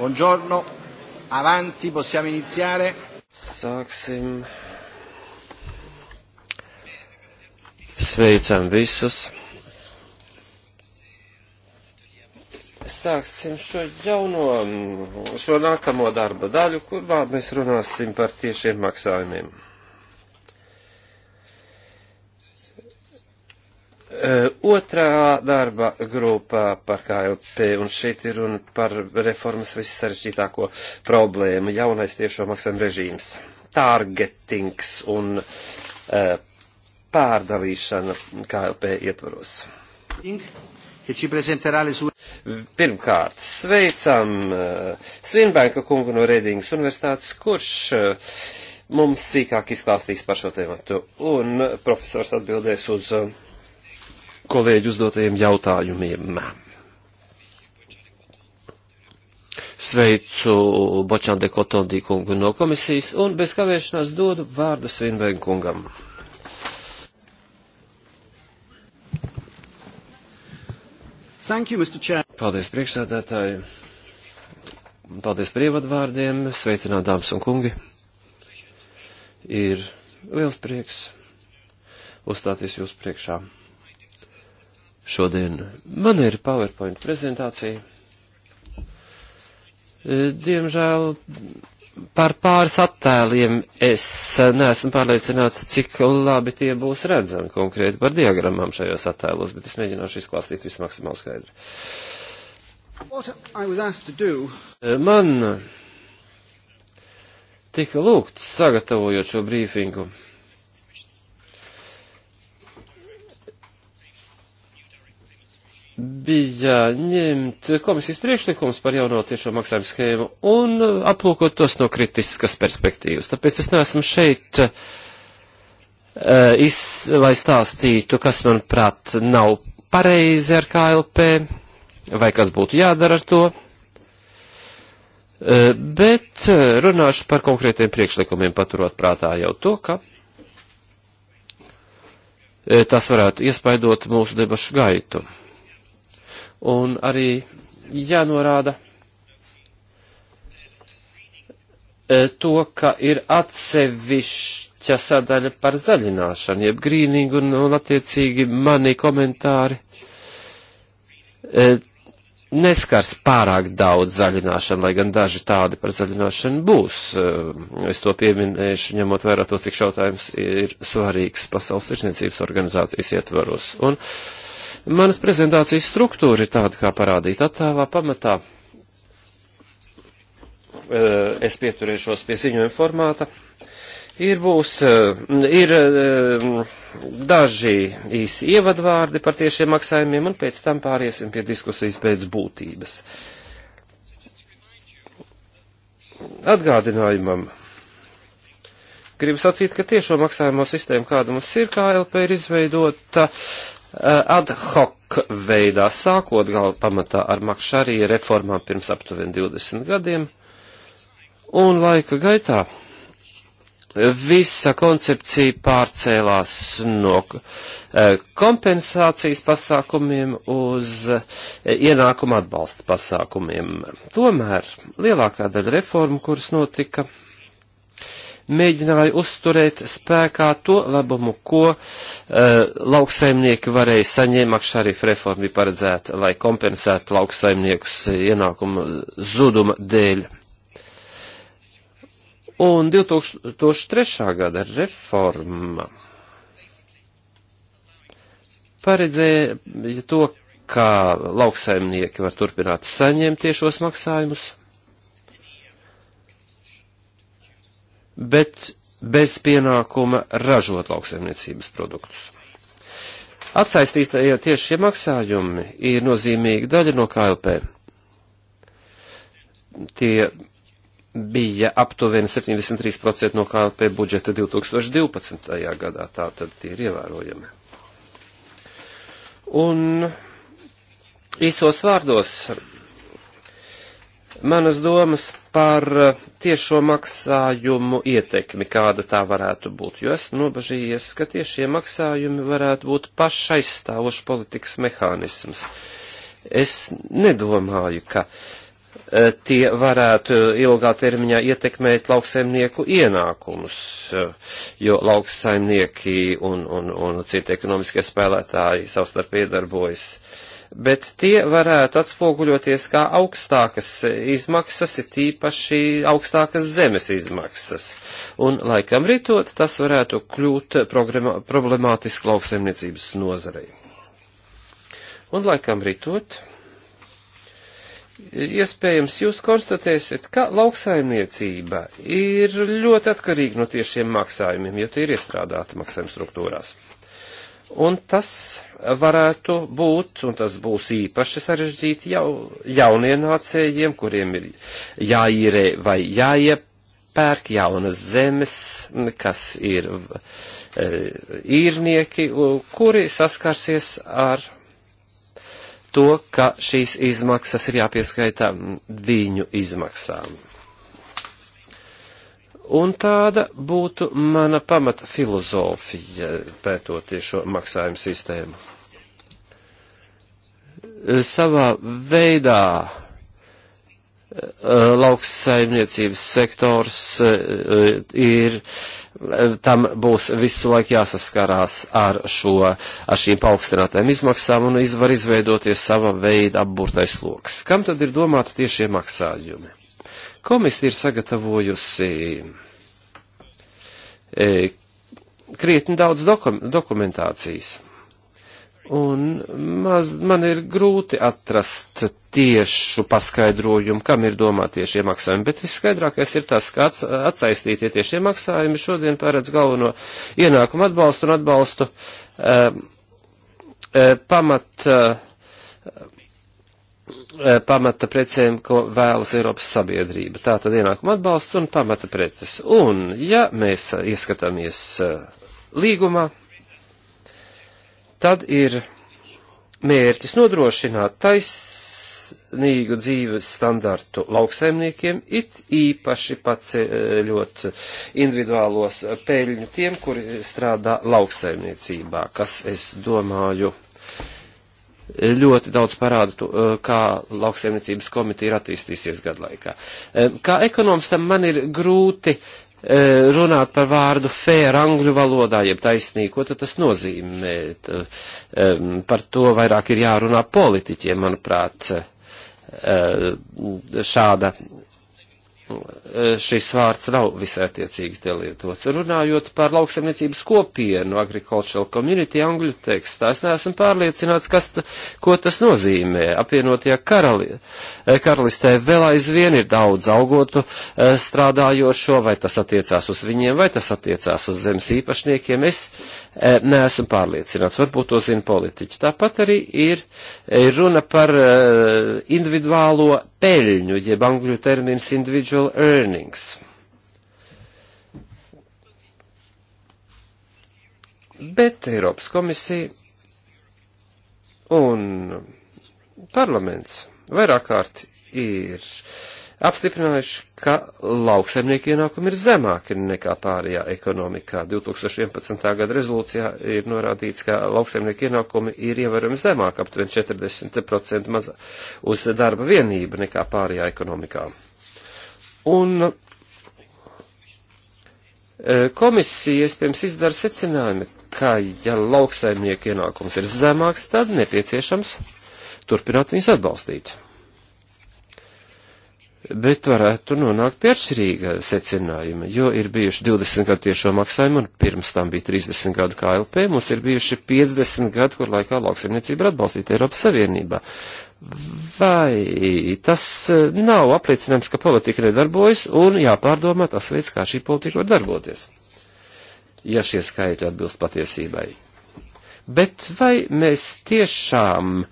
Buongiorno, avanti, possiamo iniziare. Sāksim. Sveicam visus. Sāksim šo jauno, šo nākamo darba daļu, kurā mēs runāsim par tiešiem maksājumiem. Eh, otrā darba grupā par KLP, un šeit ir runa par reformas vissarežģītāko problēmu - jaunais tiešo maksājumu režīms, tārgetings un uh, pārdalīšana KLP ietvaros. Pirmkārt, sveicam uh, Svinbēnka kungu no Redingas universitātes, kurš uh, mums sīkāk izklāstīs par šo tēmatu, un profesors atbildēs uz uh, kolēģi uzdotajiem jautājumiem. Sveicu Bočande Kotondī kungu no komisijas un bez kavēšanās dodu vārdu Svinbēn kungam. Thank you, Mr. Chair. Paldies priekšsādātāji. Paldies prievadvārdiem. Sveicināt dāmas un kungi. Ir liels prieks uzstāties jūsu priekšā šodien. Man ir PowerPoint prezentācija. E, diemžēl par pāris attēliem es neesmu pārliecināts, cik labi tie būs redzami konkrēti par diagramām šajos attēlos, bet es mēģināšu izklāstīt visu maksimāli skaidri. E, man tika lūgts sagatavojot šo brīfingu bija ņemt komisijas priekšlikums par jauno tiešo maksājumu schēmu un aplūkot tos no kritiskas perspektīvas. Tāpēc es neesmu šeit, uh, iz, lai stāstītu, kas manuprāt nav pareizi ar KLP vai kas būtu jādara ar to. Uh, bet eh, runāšu par konkrētiem priekšlikumiem, paturot prātā jau to, ka uh, tas varētu iespaidot mūsu debašu gaitu. Un arī jānorāda e, to, ka ir atsevišķa sadaļa par zaļināšanu, jeb grīnīgu un, un attiecīgi mani komentāri e, neskars pārāk daudz zaļināšanu, lai gan daži tādi par zaļināšanu būs. E, es to pieminēšu, ņemot vērā to, cik šautājums ir svarīgs pasaules tirsniecības organizācijas ietvaros. Un, uh, Manas prezentācijas struktūra ir tāda, kā parādīta attēlā pamatā. Eh, es pieturēšos pie ziņojuma formāta. Ir būs, eh, ir eh, daži īsi ievadvārdi par tiešiem maksājumiem, un pēc tam pāriesim pie diskusijas pēc būtības. Atgādinājumam gribu sacīt, ka tiešo maksājumu sistēma, kāda mums ir, kā LP ir izveidota, Eh, ad hoc veidā, sākot gal pamatā ar makšarī reformām pirms aptuveni 20 gadiem, un laika gaitā visa koncepcija pārcēlās no eh, kompensācijas pasākumiem uz eh, ienākuma atbalsta pasākumiem. Tomēr lielākā daļa reformu, kuras notika, mēģināja uzturēt spēkā to labumu, ko uh, lauksaimnieki varēja saņemt. Makšarif reforma bija paredzēta, lai kompensētu lauksaimniekus ienākumu zuduma dēļ. Un 2003. gada reforma paredzēja to, kā lauksaimnieki var turpināt saņemt tiešos maksājumus bet bez pienākuma ražot lauksaimniecības produktus. Atsaistītie ja tieši šie maksājumi ir nozīmīga daļa no KLP. Tie bija aptuveni 73% no KLP budžeta 2012. gadā, tātad tie ir ievērojami. Un īsos vārdos manas domas par eh, tiešo maksājumu ietekmi, kāda tā varētu būt, jo esmu nobažījies, ka tiešie maksājumi varētu būt pašaizstāvošs politikas mehānisms. Es nedomāju, ka eh, tie varētu eh, ilgā termiņā ietekmēt lauksaimnieku ienākumus, jo lauksaimnieki un, un, un citi ekonomiskie spēlētāji savstarp iedarbojas bet tie varētu atspoguļoties kā augstākas izmaksas, ir tīpaši augstākas zemes izmaksas. Un laikam ritot, tas varētu kļūt problemātiski lauksaimniecības nozarei. Un laikam ritot, iespējams jūs konstatēsiet, ka lauksaimniecība ir ļoti atkarīga no tiešiem maksājumiem, jo tie ir iestrādāti maksājuma struktūrās. Un tas varētu būt, un tas būs īpaši sarežģīti jau, jaunienācējiem, kuriem ir jāīrē vai jāiepērk jaunas zemes, kas ir e, īrnieki, kuri saskarsies ar to, ka šīs izmaksas ir jāpieskaitā viņu izmaksām. Un tāda būtu mana pamata filozofija pētot šo maksājumu sistēmu. Savā veidā e, lauksaimniecības sektors e, e, ir, tam būs visu laiku jāsaskarās ar šo, ar šīm paaugstinātēm izmaksām un iz, var izveidoties sava veida apburtais loks. Kam tad ir domāti tiešie maksājumi? Komisija ir sagatavojusi e, krietni daudz dokum, dokumentācijas. Un maz, man ir grūti atrast tiešu paskaidrojumu, kam ir domāti tiešie maksājumi, bet visskaidrākais ir tas, ka atsaistītie tiešie maksājumi šodien paredz galveno ienākumu atbalstu un atbalstu eh, eh, pamat eh, Eh, pamata precēm, ko vēlas Eiropas sabiedrība. Tā tad ienākuma atbalsts un pamata preces. Un, ja mēs ieskatāmies eh, līgumā, tad ir mērķis nodrošināt taisnīgu dzīves standartu lauksaimniekiem, it īpaši paceļot individuālos peļņu tiem, kuri strādā lauksaimniecībā, kas, es domāju, ļoti daudz parāda, to, eh, kā lauksaimniecības komiteja ir attīstīsies gadu laikā. Kā ekonomistam man ir grūti eh, runāt par vārdu fair angļu valodā, jeb taisnīgi, ko tad tas nozīmē. Par to vairāk ir jārunā politiķiem, manuprāt, eh, šāda šis vārds nav visētiecīgi te lietots. Runājot par lauksaimniecības kopienu, agricultural community angļu tekstā, es neesmu pārliecināts, kas, ta, ko tas nozīmē. Apvienotajā karali, eh, karalistē vēl aizvien ir daudz augotu eh, strādājošo, vai tas attiecās uz viņiem, vai tas attiecās uz zemes īpašniekiem. Es eh, neesmu pārliecināts, varbūt to zina politiķi. Tāpat arī ir runa par individuālo peļņu, jeb angļu termins individual capital earnings. Bet Eiropas komisija un parlaments vairāk kārt ir apstiprinājuši, ka lauksaimnieku ienākumi ir zemāki nekā pārējā ekonomikā. 2011. gada rezolūcijā ir norādīts, ka lauksaimnieku ienākumi ir ievērojami zemāk, aptuveni 40% maz uz darba vienību nekā pārējā ekonomikā. Un e, komisijas pirms izdara secinājumi, ka ja lauksaimnieku ienākums ir zemāks, tad nepieciešams turpināt viņus atbalstīt. Bet varētu nonākt pie atšķirīga secinājuma, jo ir bijuši 20 gadu tiešo maksājumu un pirms tam bija 30 gadu KLP, mums ir bijuši 50 gadu, kur laikā lauksaimniecība ir atbalstīta Eiropas Savienībā. Vai tas eh, nav apliecinājums, ka politika nedarbojas un jāpārdomā tas veids, kā šī politika var darboties, ja šie skaitļi atbilst patiesībai? Bet vai mēs tiešām e,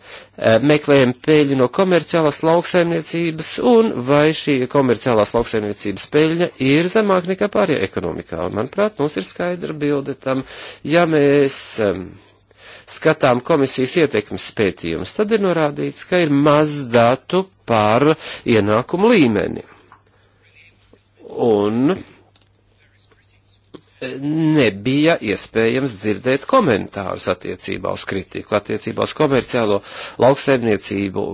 meklējam peļņu no komerciālās lauksaimniecības, un vai šī komerciālās lauksaimniecības peļņa ir zemāk nekā pārējā ekonomikā? Un, manuprāt, mums ir skaidra bilde tam, ja mēs. E, skatām komisijas ietekmes pētījumus, tad ir norādīts, ka ir maz datu par ienākumu līmeni. Un nebija iespējams dzirdēt komentārus attiecībā uz kritiku, attiecībā uz komerciālo lauksaimniecību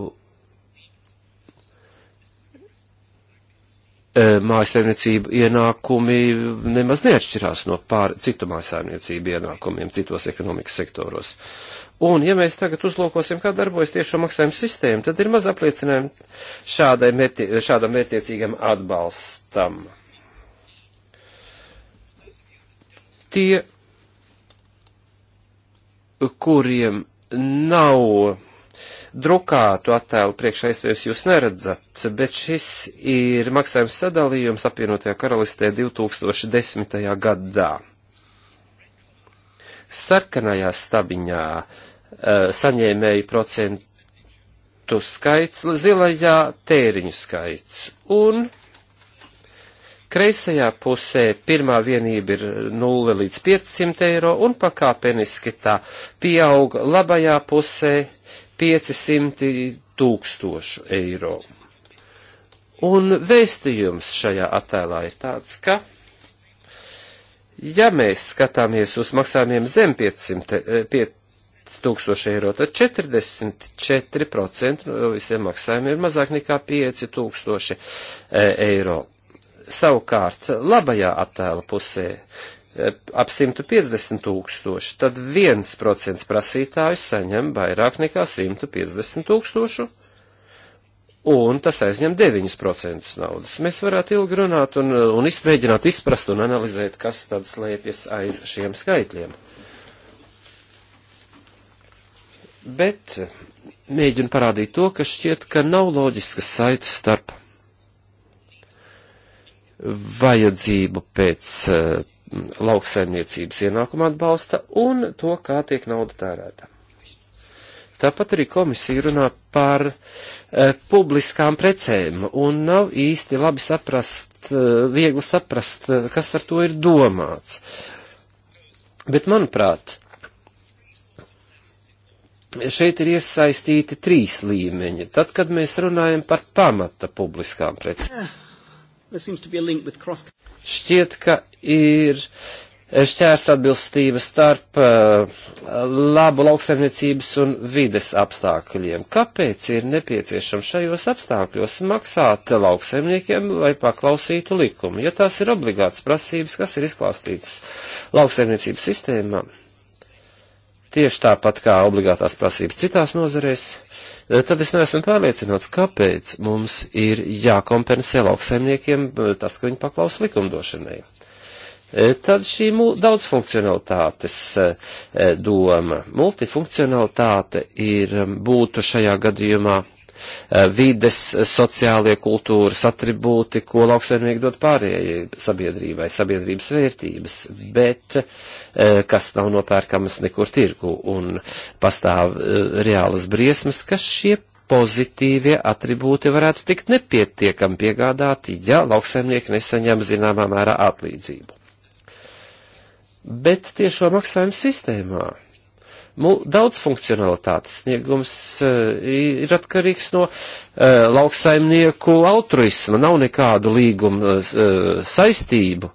E, mājasaimniecību ienākumi nemaz neatšķirās no pār citu mājasaimniecību ienākumiem citos ekonomikas sektoros. Un, ja mēs tagad uzlūkosim, kā darbojas tiešo maksājumu sistēma, tad ir maz apliecinājumi mērķi, šādam mērķiecīgam atbalstam. Tie, kuriem nav drukātu attēlu priekšā iespējams jūs neredzat, bet šis ir maksājums sadalījums apvienotajā karalistē 2010. gadā. Sarkanajā stabiņā eh, saņēmēju procentu skaits, zilajā tēriņu skaits. Un kreisajā pusē pirmā vienība ir 0 līdz 500 eiro un pakāpeniski tā pieaug labajā pusē 500 tūkstošu eiro. Un vēstījums šajā attēlā ir tāds, ka, ja mēs skatāmies uz maksājumiem zem 500, 5000 eh, eiro, tad 44% no visiem maksājumiem ir mazāk nekā 5000 eh, eiro. Savukārt, labajā attēla pusē Eh, ap 150 tūkstoši, tad 1% prasītāju saņem vairāk nekā 150 tūkstošu, un tas aizņem 9% naudas. Mēs varētu ilgi runāt un, un izmēģināt izprast un analizēt, kas tad slēpjas aiz šiem skaitļiem. Bet mēģinu parādīt to, ka šķiet, ka nav loģiskas saites starp vajadzību pēc eh, lauksaimniecības ienākuma atbalsta un to, kā tiek nauda tērēta. Tāpat arī komisija runā par e, publiskām precēm, un nav īsti labi saprast, e, viegli saprast, e, kas ar to ir domāts. Bet, manuprāt, šeit ir iesaistīti trīs līmeņi. Tad, kad mēs runājam par pamata publiskām precēm. Yeah šķiet, ka ir šķērs atbilstība starp eh, labu lauksaimniecības un vides apstākļiem. Kāpēc ir nepieciešams šajos apstākļos maksāt lauksaimniekiem, lai paklausītu likumu, ja tās ir obligātas prasības, kas ir izklāstītas lauksaimniecības sistēmām? tieši tāpat kā obligātās prasības citās nozarēs, e, tad es neesmu pārliecināts, kāpēc mums ir jākompensē lauksaimniekiem e, tas, ka viņi paklaus likumdošanai. E, tad šī daudzfunkcionalitātes doma, multifunkcionalitāte ir būtu šajā gadījumā Eh, vides, sociālie kultūras atribūti, ko lauksaimnieki dod pārējai sabiedrībai, sabiedrības vērtības, bet eh, kas nav nopērkamas nekur tirgu un pastāv eh, reālas briesmas, ka šie pozitīvie atribūti varētu tikt nepietiekami piegādāti, ja lauksaimnieki nesaņem zināmā mērā atlīdzību. Bet tiešo maksājumu sistēmā Daudz funkcionalitātes sniegums eh, ir atkarīgs no eh, lauksaimnieku altruisma, nav nekādu līgumu eh, saistību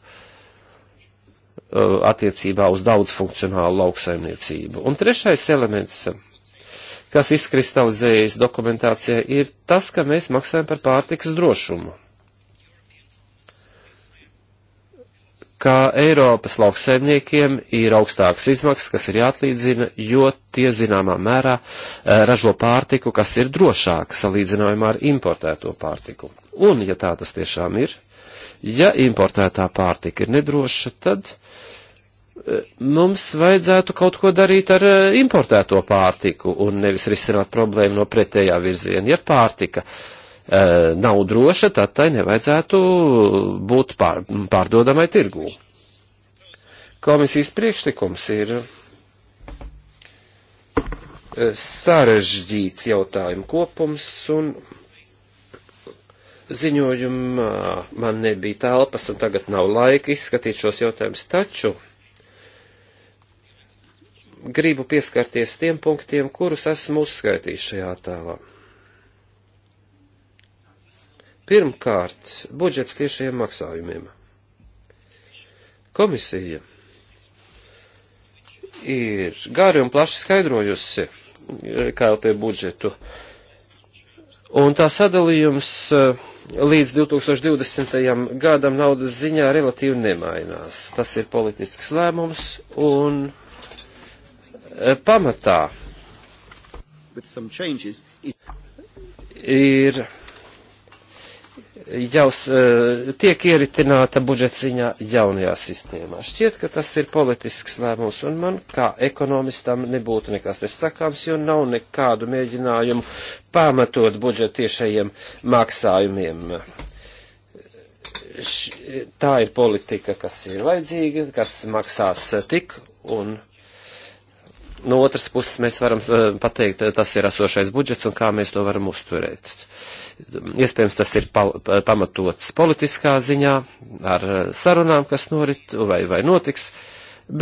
attiecībā uz daudzfunkcionālu lauksaimniecību. Un trešais elements, kas izkristalizējas dokumentācijā, ir tas, ka mēs maksājam par pārtikas drošumu. ka Eiropas lauksaimniekiem ir augstākas izmaksas, kas ir jāatlīdzina, jo tie zināmā mērā eh, ražo pārtiku, kas ir drošāka salīdzinājumā ar importēto pārtiku. Un, ja tā tas tiešām ir, ja importētā pārtika ir nedroša, tad eh, mums vajadzētu kaut ko darīt ar eh, importēto pārtiku un nevis risināt problēmu no pretējā virziena. Ja pārtika uh, Eh, nav droša, tad tai nevajadzētu būt pār, pārdodamai tirgū. Komisijas priekšlikums ir eh, sarežģīts jautājumu kopums un ziņojumā man nebija telpas un tagad nav laika izskatīt šos jautājumus, taču gribu pieskarties tiem punktiem, kurus esmu uzskaitījis šajā tēlā. Pirmkārt, budžets tiešajiem maksājumiem. Komisija ir gari un plaši skaidrojusi KLP budžetu. Un tā sadalījums eh, līdz 2020. gadam naudas ziņā relatīvi nemainās. Tas ir politisks lēmums un eh, pamatā ir jau e, tiek ieritināta budžetziņā jaunajā sistēmā. Šķiet, ka tas ir politisks lēmums, un man kā ekonomistam nebūtu nekas nesakāms, jo nav nekādu mēģinājumu pamatot budžetu tiešajiem maksājumiem. Tā ir politika, kas ir vajadzīga, kas maksās tik un no otras puses mēs varam e, pateikt, tas ir esošais budžets un kā mēs to varam uzturēt. Iespējams, tas ir pa, pamatots politiskā ziņā ar eh, sarunām, kas norit vai, vai notiks,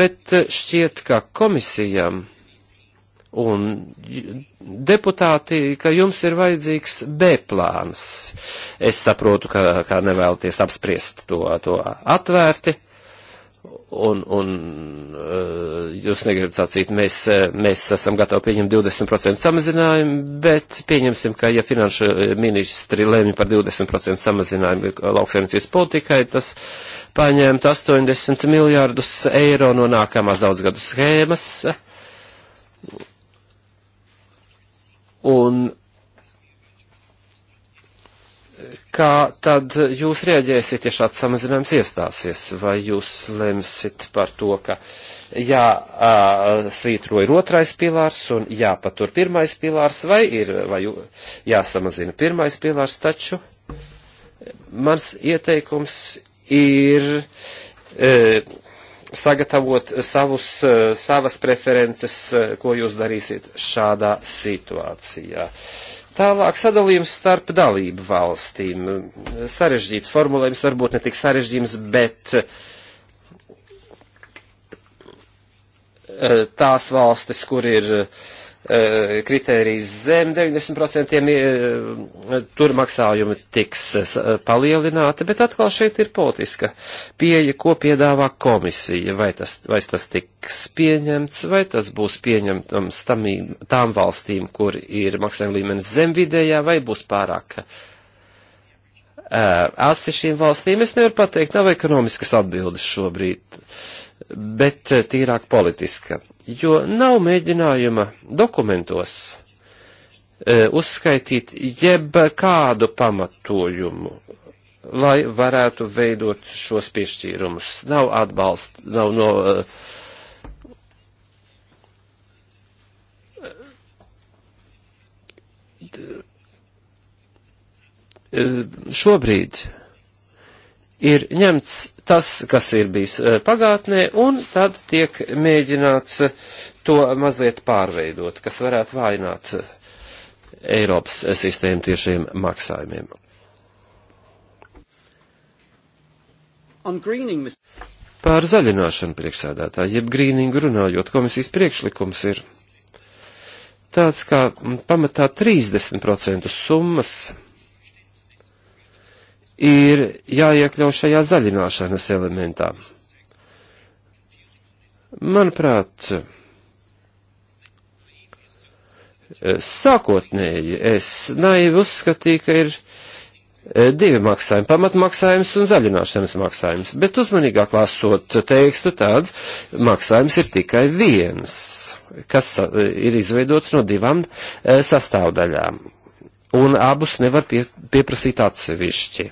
bet eh, šķiet, ka komisijām un deputāti, ka jums ir vajadzīgs B plāns. Es saprotu, ka, ka nevēlaties apspriest to, to atvērti un, un eh, jūs negribat sacīt, mēs, eh, mēs esam gatavi pieņemt 20% samazinājumu, bet pieņemsim, ka ja finanšu eh, ministri lēmi par 20% samazinājumu lauksaimniecības politikai, tas paņemt 80 miljārdus eiro no nākamās daudzgadu schēmas. Un kā tad jūs rieģēsiet, ja šāds samazinājums iestāsies? Vai jūs lemsit par to, ka jāsvītro ir otrais pilārs un jāpatur pirmais pilārs, vai ir vai jāsamazina pirmais pilārs? Taču mans ieteikums ir. E, sagatavot savus, savas preferences, ko jūs darīsiet šādā situācijā. Tālāk sadalījums starp dalību valstīm. Sarežģīts formulējums varbūt ne tik sarežģījums, bet eh, tās valstis, kur ir uh, Eh, kritērijs zem 90%, eh, tur maksājumi tiks eh, palielināti, bet atkal šeit ir politiska pieeja, ko piedāvā komisija, vai tas, vai tas tiks pieņemts, vai tas būs pieņemtams tam, tām valstīm, kur ir maksājuma līmenis zem vidējā, vai būs pārāk asi šīm valstīm. Es nevaru pateikt, nav ekonomiskas atbildes šobrīd. Uh, bet eh, tīrāk politiska, jo nav mēģinājuma dokumentos eh, uzskaitīt jeb kādu pamatojumu, lai varētu veidot šos piešķīrumus. Nav atbalsta, nav no. Eh, šobrīd ir ņemts tas, kas ir bijis eh, pagātnē, un tad tiek mēģināts eh, to mazliet pārveidot, kas varētu vājināt eh, Eiropas sistēmu tiešiem maksājumiem. Pār zaļināšanu priekšsēdētāji, jeb grīningu runājot, komisijas priekšlikums ir tāds, kā pamatā 30% summas ir jāiekļau šajā zaļināšanas elementā. Manuprāt, sākotnēji es naivi uzskatīju, ka ir e, divi maksājumi - pamatmaksājums un zaļināšanas maksājums, bet uzmanīgāk lasot tekstu tād, maksājums ir tikai viens, kas e, ir izveidots no divām e, sastāvdaļām, un abus nevar pie, pieprasīt atsevišķi.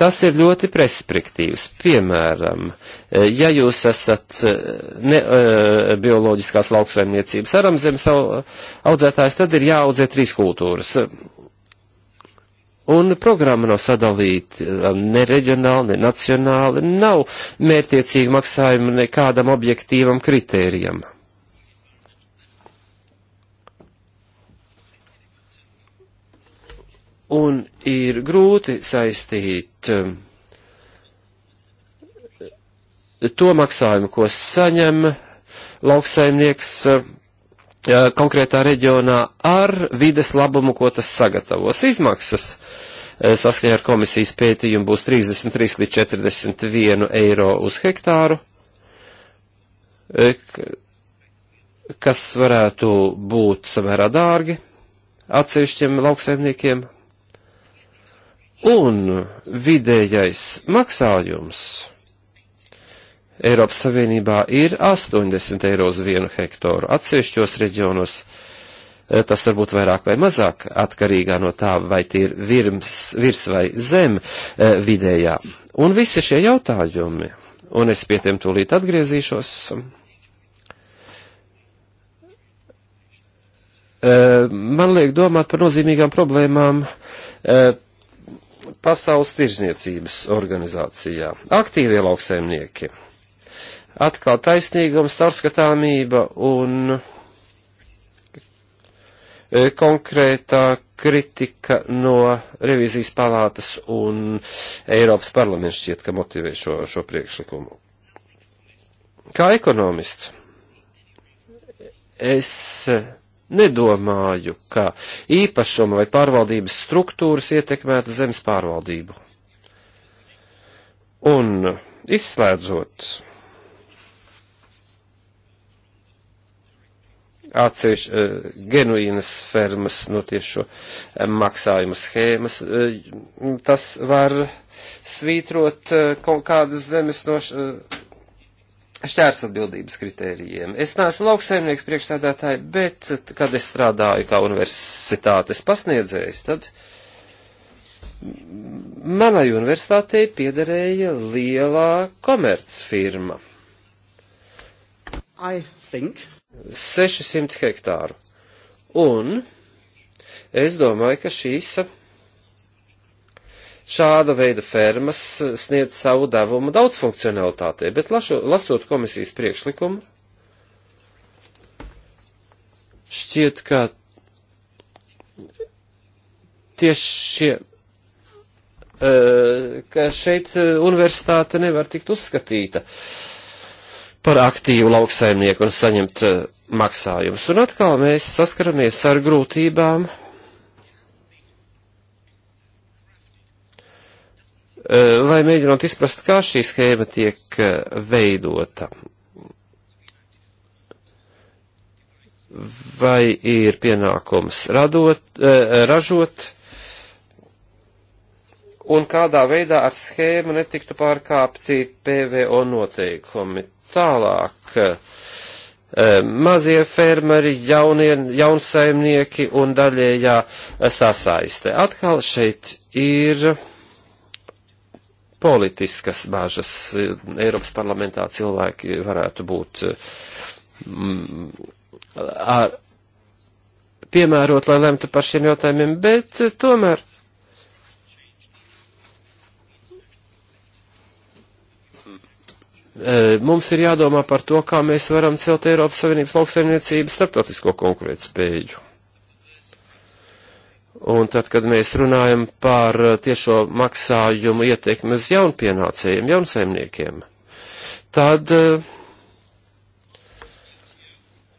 Tas ir ļoti perspektīvs. Piemēram, eh, ja jūs esat eh, ne, eh, bioloģiskās lauksaimniecības aramzemes audzētājs, tad ir jāaudzē trīs kultūras. Un programma nav sadalīta ne reģionāli, ne nacionāli, nav mērtiecīgi maksājumi nekādam objektīvam kritērijam. un ir grūti saistīt um, to maksājumu, ko saņem lauksaimnieks uh, konkrētā reģionā ar vides labumu, ko tas sagatavos. Izmaksas uh, saskaņā ar komisijas pētījumu būs 33 līdz 41 eiro uz hektāru, uh, kas varētu būt samērā dārgi atsevišķiem lauksaimniekiem. Un vidējais maksājums Eiropas Savienībā ir 80 eiro uz vienu hektāru. Atsevišķos reģionos e, tas varbūt vairāk vai mazāk atkarīgā no tā, vai tie ir virms, virs vai zem e, vidējā. Un visi šie jautājumi, un es pie tiem tūlīt atgriezīšos, e, man liek domāt par nozīmīgām problēmām Pasaules tirzniecības organizācijā. Aktīvie lauksaimnieki. Atkal taisnīgums, caurskatāmība un e, konkrētā kritika no revizijas palātas un Eiropas parlaments šķiet, ka motivē šo, šo priekšlikumu. Kā ekonomists, es nedomāju, ka īpašuma vai pārvaldības struktūras ietekmētu zemes pārvaldību. Un izslēdzot atsevišķi uh, eh, genuīnas fermas no tiešo eh, maksājumu schēmas, uh, tas var svītrot uh, kaut kādas zemes no. Uh, šķērs atbildības kritērijiem. Es neesmu lauksaimnieks priekšsēdētāji, bet kad es strādāju kā universitātes pasniedzējs, tad manai universitātei piederēja lielā komercfirma. 600 hektāru. Un es domāju, ka šīs šāda veida fermas sniedz savu devumu daudzfunkcionalitātei, bet lašo, lasot komisijas priekšlikumu, šķiet, ka tieši šie, eh, ka šeit eh, universitāte nevar tikt uzskatīta par aktīvu lauksaimnieku un saņemt eh, maksājumus. Un atkal mēs saskaramies ar grūtībām lai eh, mēģinātu izprast, kā šī schēma tiek eh, veidota. Vai ir pienākums radot, eh, ražot, un kādā veidā ar schēmu netiktu pārkāpti PVO noteikumi. Tālāk, mazie fermeri, jaunie, jaunsaimnieki un daļējā sasaiste. Atkal šeit ir politiskas bāžas. Eiropas parlamentā cilvēki varētu būt mm, ar, piemērot, lai lemtu par šiem jautājumiem, bet tomēr. E, mums ir jādomā par to, kā mēs varam celt Eiropas Savienības lauksaimniecības starptautisko konkurētspēju. Un tad, kad mēs runājam par uh, tiešo maksājumu ietekmi uz jaunpienācējiem, jaunsaimniekiem, tad uh,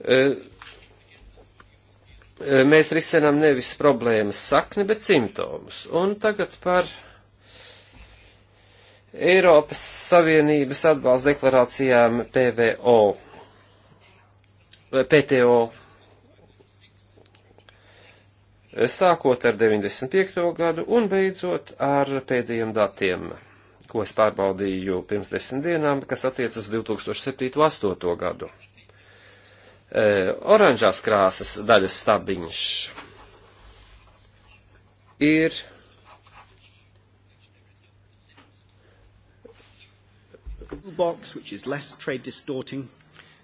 uh, mēs risinām nevis problēmas sakni, bet simptomus. Un tagad par Eiropas Savienības atbalsta deklarācijām PVO, PTO sākot ar 95. gadu un beidzot ar pēdējiem datiem, ko es pārbaudīju pirms desmit dienām, kas attiecas 2007.8. gadu. E, oranžās krāsas daļas stabiņš ir box, which is less trade distorting.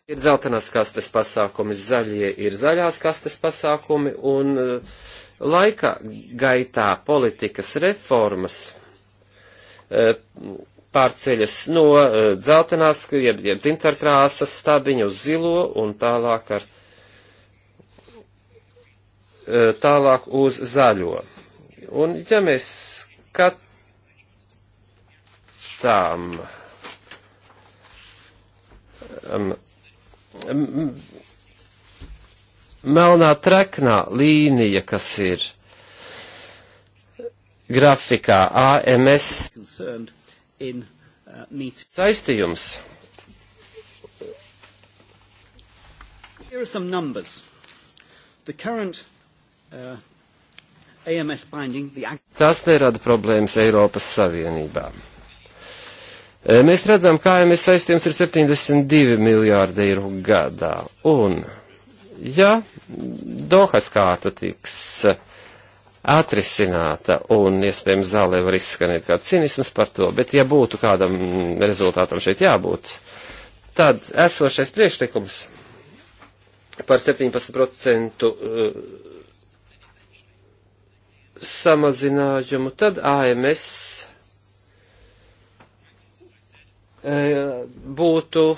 Ir dzeltenās kastes pasākumi, zaļie ir zaļās kastes pasākumi, un uh, Laika gaitā politikas reformas e, pārceļas no e, dzeltenās, jeb, jeb dzintarkrāsas stabiņu uz zilo un tālāk ar e, tālāk uz zaļo. Un ja mēs skatām um, melnā treknā līnija, kas ir grafikā AMS uh, saistījums. Here are some numbers. The current uh, AMS binding, the... Tas nerada problēmas Eiropas Savienībā. E, mēs redzam, kā AMS saistījums ir 72 miljārdi eiro gadā. Un Ja Dohas kārta tiks atrisināta un iespējams zālē var izskanēt kāds cinisms par to, bet ja būtu kādam rezultātam šeit jābūt, tad esošais priekšlikums par 17% uh, samazinājumu, tad AMS uh, būtu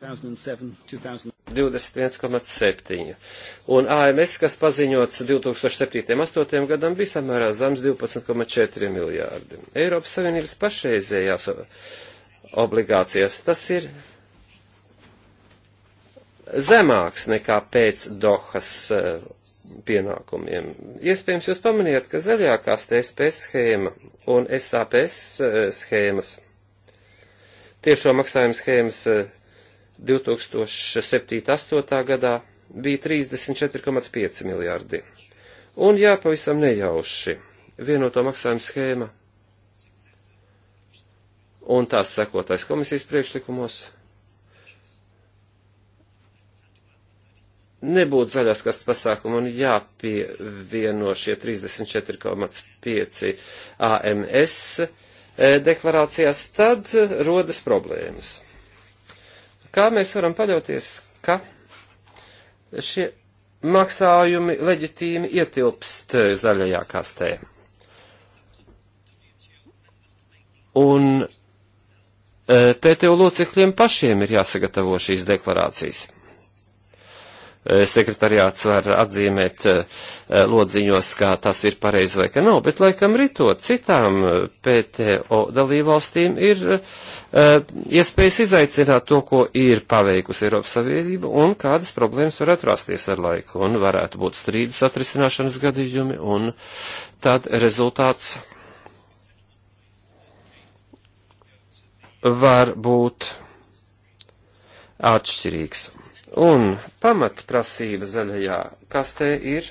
21,7. Un AMS, kas paziņots 2007.8. gadam, bija samērā zams 12,4 miljārdi. Eiropas Savienības pašreizējās obligācijas tas ir zemāks nekā pēc Dohas eh, pienākumiem. Iespējams, jūs pamanījāt, ka zaļākās TSP schēma un SAPS eh, schēmas, tiešo maksājumu schēmas eh, 2007.8. gadā bija 34,5 miljārdi. Un jā, pavisam nejauši, vienoto maksājumu schēma un tās sekotais komisijas priekšlikumos nebūtu zaļās kastes pasākumu un jāpievieno šie 34,5 AMS e, deklarācijās, tad rodas problēmas. Kā mēs varam paļauties, ka šie maksājumi leģitīmi ietilpst zaļajā kastē? Un e, PTO locekļiem pašiem ir jāsagatavo šīs deklarācijas. Eh, sekretariāts var atzīmēt eh, lodziņos, kā tas ir pareizi vai ka nav, bet laikam ritot citām eh, PTO dalībvalstīm ir iespējas izaicināt to, ko ir paveikusi Eiropas Savienība un kādas problēmas varētu rasties ar laiku un varētu būt strīdus atrisināšanas gadījumi un tad rezultāts var būt atšķirīgs. Un pamatprasība zaļajā kastē ir,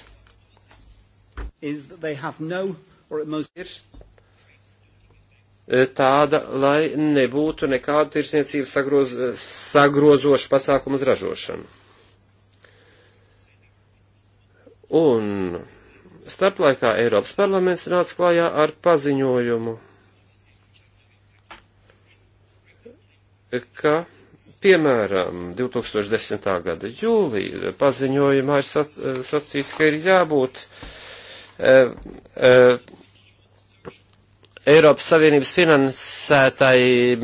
no, most... ir tāda, lai nebūtu nekādu tirsniecību sagroz, sagrozošu pasākumu uz ražošanu. Un starplaikā Eiropas parlaments nāca klājā ar paziņojumu, ka Piemēram, 2010. gada jūlija paziņojumā ir sac, eh, sacīts, ka ir jābūt e, e, Eiropas Savienības finansētājiem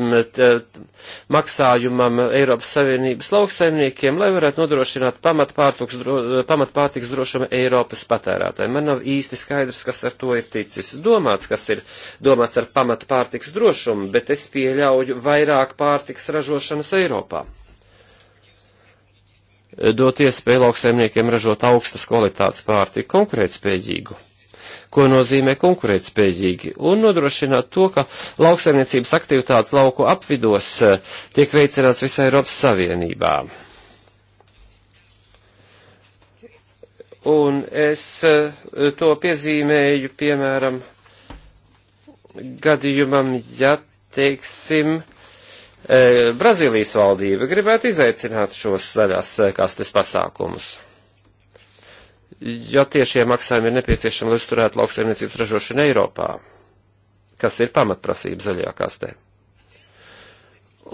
maksājumam Eiropas Savienības lauksaimniekiem, lai varētu nodrošināt pamatpārtiks drošumu Eiropas patērētājiem. Man nav īsti skaidrs, kas ar to ir ticis domāts, kas ir domāts ar pamatpārtiks drošumu, bet es pieļauju vairāk pārtiks ražošanas Eiropā. Dot iespēju lauksaimniekiem ražot augstas kvalitātes pārtiku konkurētspējīgu ko nozīmē konkurētspējīgi, un nodrošināt to, ka lauksaimniecības aktivitātes lauku apvidos eh, tiek veicināts visā Eiropas Savienībā. Un es eh, to piezīmēju, piemēram, gadījumam, ja, teiksim, eh, Brazīlijas valdība gribētu izaicināt šos zaļās kastes pasākumus jo tiešie maksājumi ir nepieciešami, lai uzturētu lauksaimniecības ražošanu Eiropā, kas ir pamatprasība zaļajā kastē.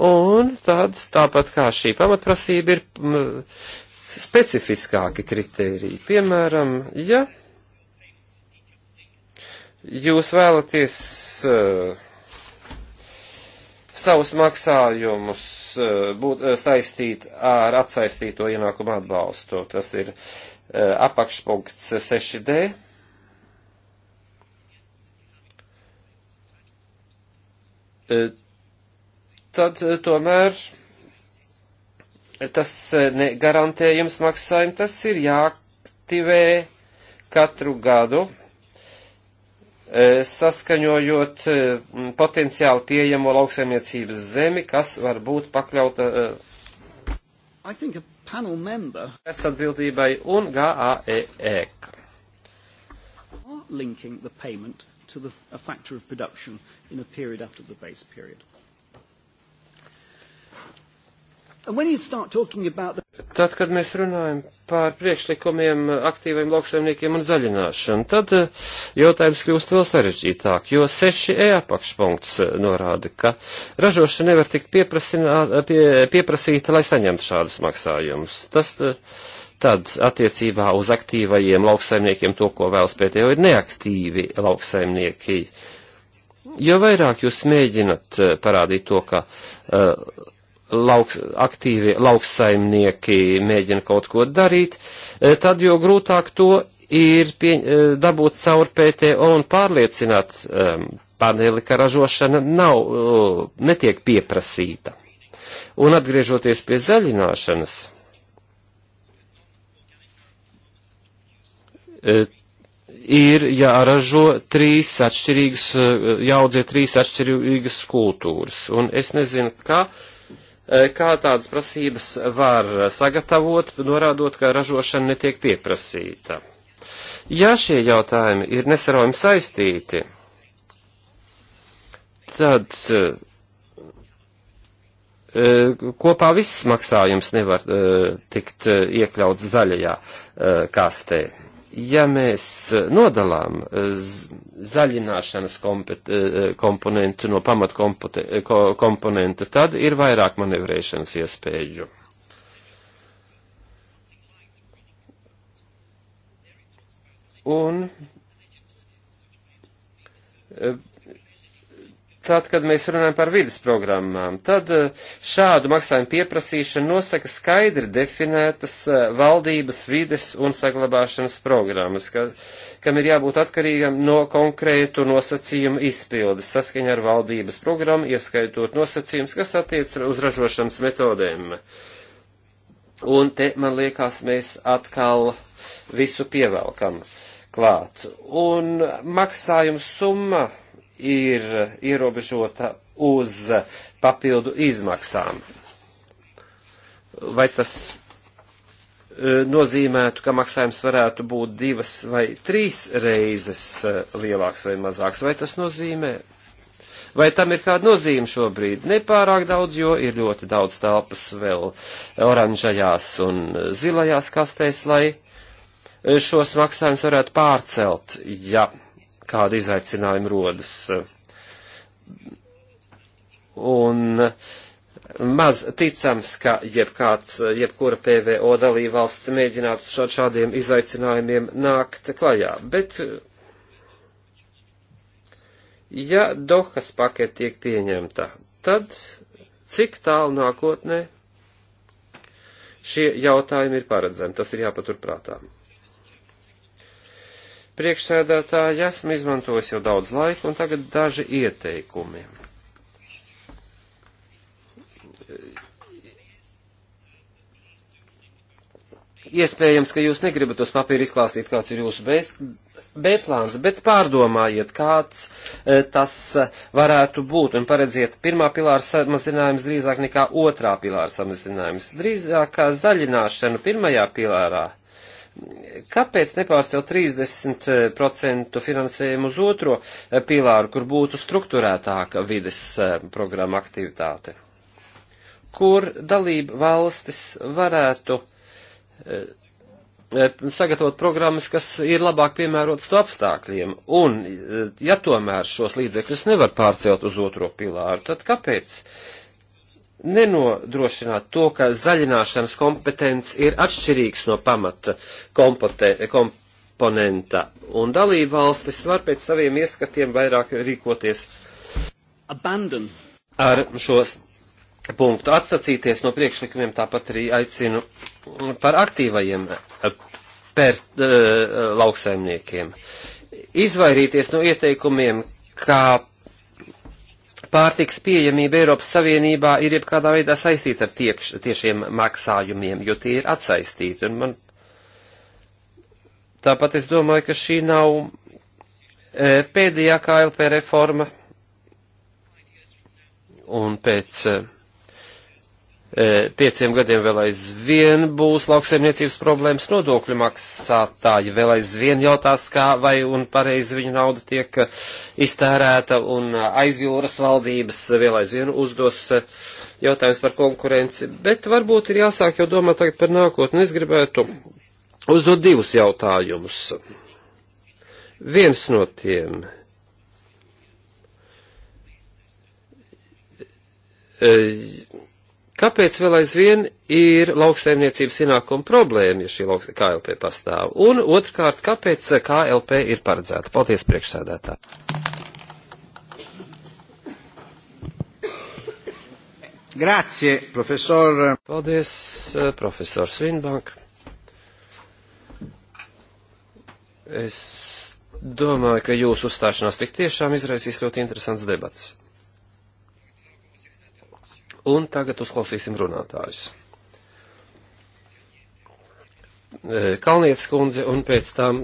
Un tad, tāpat kā šī pamatprasība, ir m, specifiskāki kritēriji. Piemēram, ja jūs vēlaties uh, savus maksājumus uh, būt, uh, saistīt ar atsaistīto ienākumu atbalstu, tas ir uh, Eh, apakšpunkts 6D. Eh, tad eh, tomēr tas garantējums maksājumi, tas ir jāaktivē katru gadu saskaņojot potenciāli pieejamo lauksaimniecības zemi, kas var būt pakļauta. I think a panel member. Es atbildībai un GAEEK. Linking the payment to the, a factor of production in a period after the base period. And when you start talking about the Tad, kad mēs runājam par priekšlikumiem aktīviem lauksaimniekiem un zaļināšanu, tad eh, jautājums kļūst vēl sarežģītāk, jo 6e apakšpunkts eh, norāda, ka ražošana nevar tikt eh, pie, pieprasīta, lai saņemtu šādus maksājumus. Tas tad attiecībā uz aktīvajiem lauksaimniekiem to, ko vēlas pētējo, ir neaktīvi lauksaimnieki. Jo vairāk jūs mēģinat parādīt to, ka uh, lauks, aktīvi lauksaimnieki mēģina kaut ko darīt, e, tad jo grūtāk to ir pie, e, dabūt caur PTO un pārliecināt um, paneli, ka ražošana nav, uh, netiek pieprasīta. Un atgriežoties pie zaļināšanas, uh, ir jāražo trīs atšķirīgas, jāaudzē trīs atšķirīgas kultūras. Un es nezinu, kā uh, Eh, kā tādas prasības var sagatavot, norādot, ka ražošana netiek pieprasīta. Ja šie jautājumi ir nesaraujami saistīti, tad eh, kopā viss maksājums nevar eh, tikt iekļauts zaļajā kastē ja mēs eh, nodalām eh, zaļināšanas eh, komponentu no pamatkomponenta, tad ir vairāk manevrēšanas iespēju. Un tad, kad mēs runājam par vidas programmām, tad eh, šādu maksājumu pieprasīšana nosaka skaidri definētas eh, valdības vides un saglabāšanas programmas, ka, kam ir jābūt atkarīgam no konkrētu nosacījumu izpildes saskaņā ar valdības programmu, ieskaitot nosacījums, kas attiec uz ražošanas metodēm. Un te, man liekas, mēs atkal visu pievelkam klāt. Un maksājuma summa ir ierobežota uz papildu izmaksām. Vai tas e, nozīmētu, ka maksājums varētu būt divas vai trīs reizes e, lielāks vai mazāks, vai tas nozīmē? Vai tam ir kāda nozīme šobrīd? Nepārāk daudz, jo ir ļoti daudz telpas vēl oranžajās un zilajās kastēs, lai e, šos maksājumus varētu pārcelt, ja kāda izaicinājuma rodas. Un maz ticams, ka jebkāds, jebkura PVO dalībvalsts mēģinātu šādiem izaicinājumiem nākt klajā. Bet, ja Dohas paketi tiek pieņemta, tad cik tālu nākotnē šie jautājumi ir paredzami? Tas ir jāpaturprātām priekšsēdētāji, esmu izmantojis jau daudz laika, un tagad daži ieteikumi. Iespējams, ka jūs negribat uz papīra izklāstīt, kāds ir jūsu bētlāns, bet pārdomājiet, kāds e, tas e, varētu būt un paredziet pirmā pilāra samazinājums drīzāk nekā otrā pilāra samazinājums. Drīzāk kā zaļināšana pirmajā pilārā Kāpēc nepārcelt 30% finansējumu uz otro eh, pilāru, kur būtu struktūrētāka vides eh, programma aktivitāte? Kur dalība valstis varētu eh, sagatavot programmas, kas ir labāk piemērotas to apstākļiem. Un, ja tomēr šos līdzekļus nevar pārcelt uz otro pilāru, tad kāpēc nenodrošināt to, ka zaļināšanas kompetence ir atšķirīgs no pamata kompote, komponenta, un dalība valstis var pēc saviem ieskatiem vairāk rīkoties Abandon. ar šos punktu atsacīties no priekšlikumiem, tāpat arī aicinu par aktīvajiem eh, per, eh, lauksaimniekiem. Izvairīties no ieteikumiem, kā pārtiks pieejamība Eiropas Savienībā ir jebkādā veidā saistīta ar tiekš, tiešiem maksājumiem, jo tie ir atsaistīti. Un man tāpat es domāju, ka šī nav e, pēdējā KLP reforma. Un pēc. E, E, pieciem gadiem vēl aizvien būs lauksaimniecības problēmas, nodokļu maksātāji vēl aizvien jautās, kā vai un pareizi viņu nauda tiek e, iztērēta, un aizjūras valdības vēl aizvien uzdos e, jautājums par konkurenci, bet varbūt ir jāsāk jau domāt tagad par nākotni. Es gribētu uzdot divus jautājumus. Viens no tiem e, Kāpēc vēl aizvien ir lauksaimniecības ienākuma problēma, ja šī KLP pastāv? Un otrkārt, kāpēc KLP ir paredzēta? Paldies, priekšsēdētā. Grazie, profesor. Paldies, eh, profesor Svinbank. Es domāju, ka jūsu uzstāšanās tik tiešām izraisīs ļoti interesants debats. Un tagad uzklausīsim runātājus. E, Kalnietes kundze un pēc tam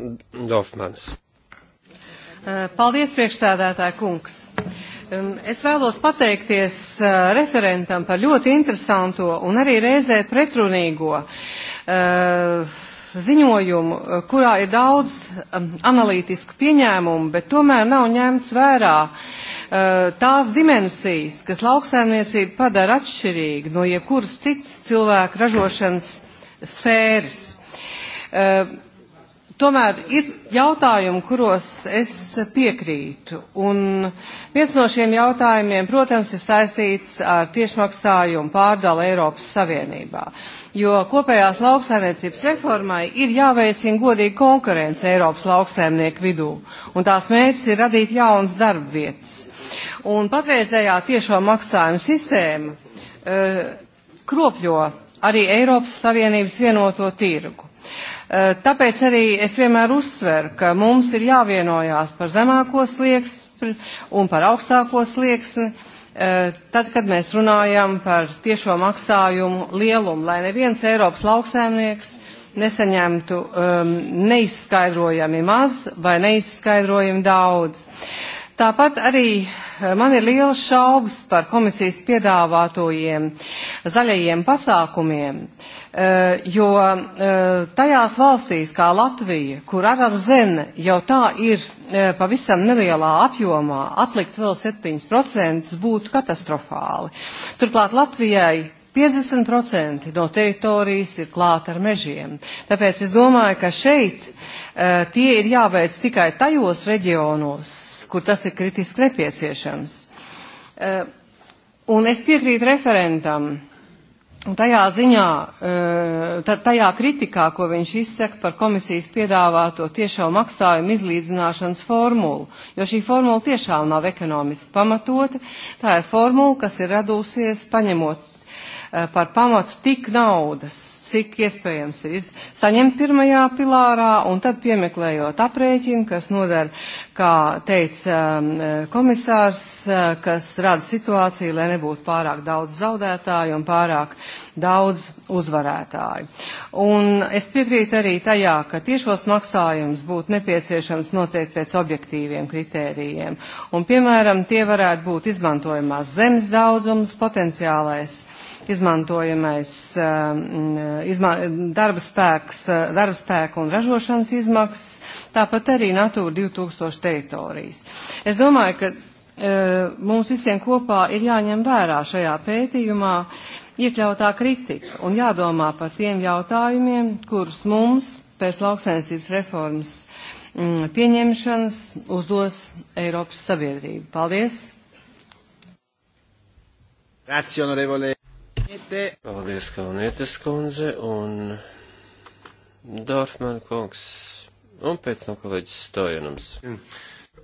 Dofmans. E, paldies, priekšsēdētāja kungs. E, es vēlos pateikties referentam par ļoti interesanto un arī reizē pretrunīgo ziņojumu, kurā ir daudz analītisku pieņēmumu, bet tomēr nav ņemts vērā uh, Eh, tās dimensijas, kas lauksēmniecību padara atšķirīgu no jebkuras citas cilvēku ražošanas sfēras. Eh, tomēr ir jautājumi, kuros es piekrītu. Un viens no šiem jautājumiem, protams, ir saistīts ar tiešmaksājumu pārdalu Eiropas Savienībā. Jo kopējās lauksaimniecības reformai ir jāveicina godīga konkurence Eiropas lauksaimnieku vidū. Un tās mērķis ir radīt jaunas darba vietas. Un patreizējā tiešo maksājumu sistēma uh, kropļo arī Eiropas Savienības vienoto tirgu. Uh, tāpēc arī es vienmēr uzsveru, ka mums ir jāvienojās par zemāko slieksni un par augstāko slieksni, e, tad, kad mēs runājam par tiešo maksājumu lielumu, lai neviens Eiropas lauksēmnieks nesaņemtu um, neizskaidrojami maz vai neizskaidrojami daudz. Uh, Tāpat arī eh, man ir liels šaubas par komisijas piedāvātojiem zaļajiem pasākumiem, eh, jo eh, tajās valstīs kā Latvija, kur aram zene jau tā ir pavisam nelielā apjomā, atlikt vēl 7% būtu katastrofāli. Turklāt Latvijai 50% no teritorijas ir klāta ar mežiem. Tāpēc es domāju, ka šeit uh, tie ir jāveic tikai tajos reģionos, kur tas ir kritiski nepieciešams. Uh, un es piekrītu referentam. Tajā ziņā, uh, tajā kritikā, ko viņš izsaka par komisijas piedāvāto tiešo maksājumu izlīdzināšanas formulu, jo šī formula tiešām nav ekonomiski pamatota, tā ir formula, kas ir radusies paņemot Eh, par pamatu tik naudas, cik iespējams ir saņemt pirmajā pilārā, un tad piemeklējot aprēķinu, kas nodara, kā teica eh, komisārs, eh, kas rada situāciju, lai nebūtu pārāk daudz zaudētāju un pārāk daudz uzvarētāju. Un es piekrītu arī tajā, ka tiešos maksājumus būtu nepieciešams noteikti pēc objektīviem kritērijiem. Un, piemēram, tie varētu būt izmantojamās zemes daudzums, potenciālais uh, izmantojamais um, izma, darba, spēks, darba spēka un ražošanas izmaksas, tāpat arī Natūra 2000 teritorijas. Es domāju, ka uh, mums visiem kopā ir jāņem vērā šajā pētījumā iekļautā kritika un jādomā par tiem jautājumiem, kurus mums pēc lauksainicības reformas mm, pieņemšanas uzdos Eiropas Savienība. Paldies! Grazie, onorevole. Paldies, Kalnietes kundze un Dorfman kungs. Un pēc tam no kolēģis Stojanums.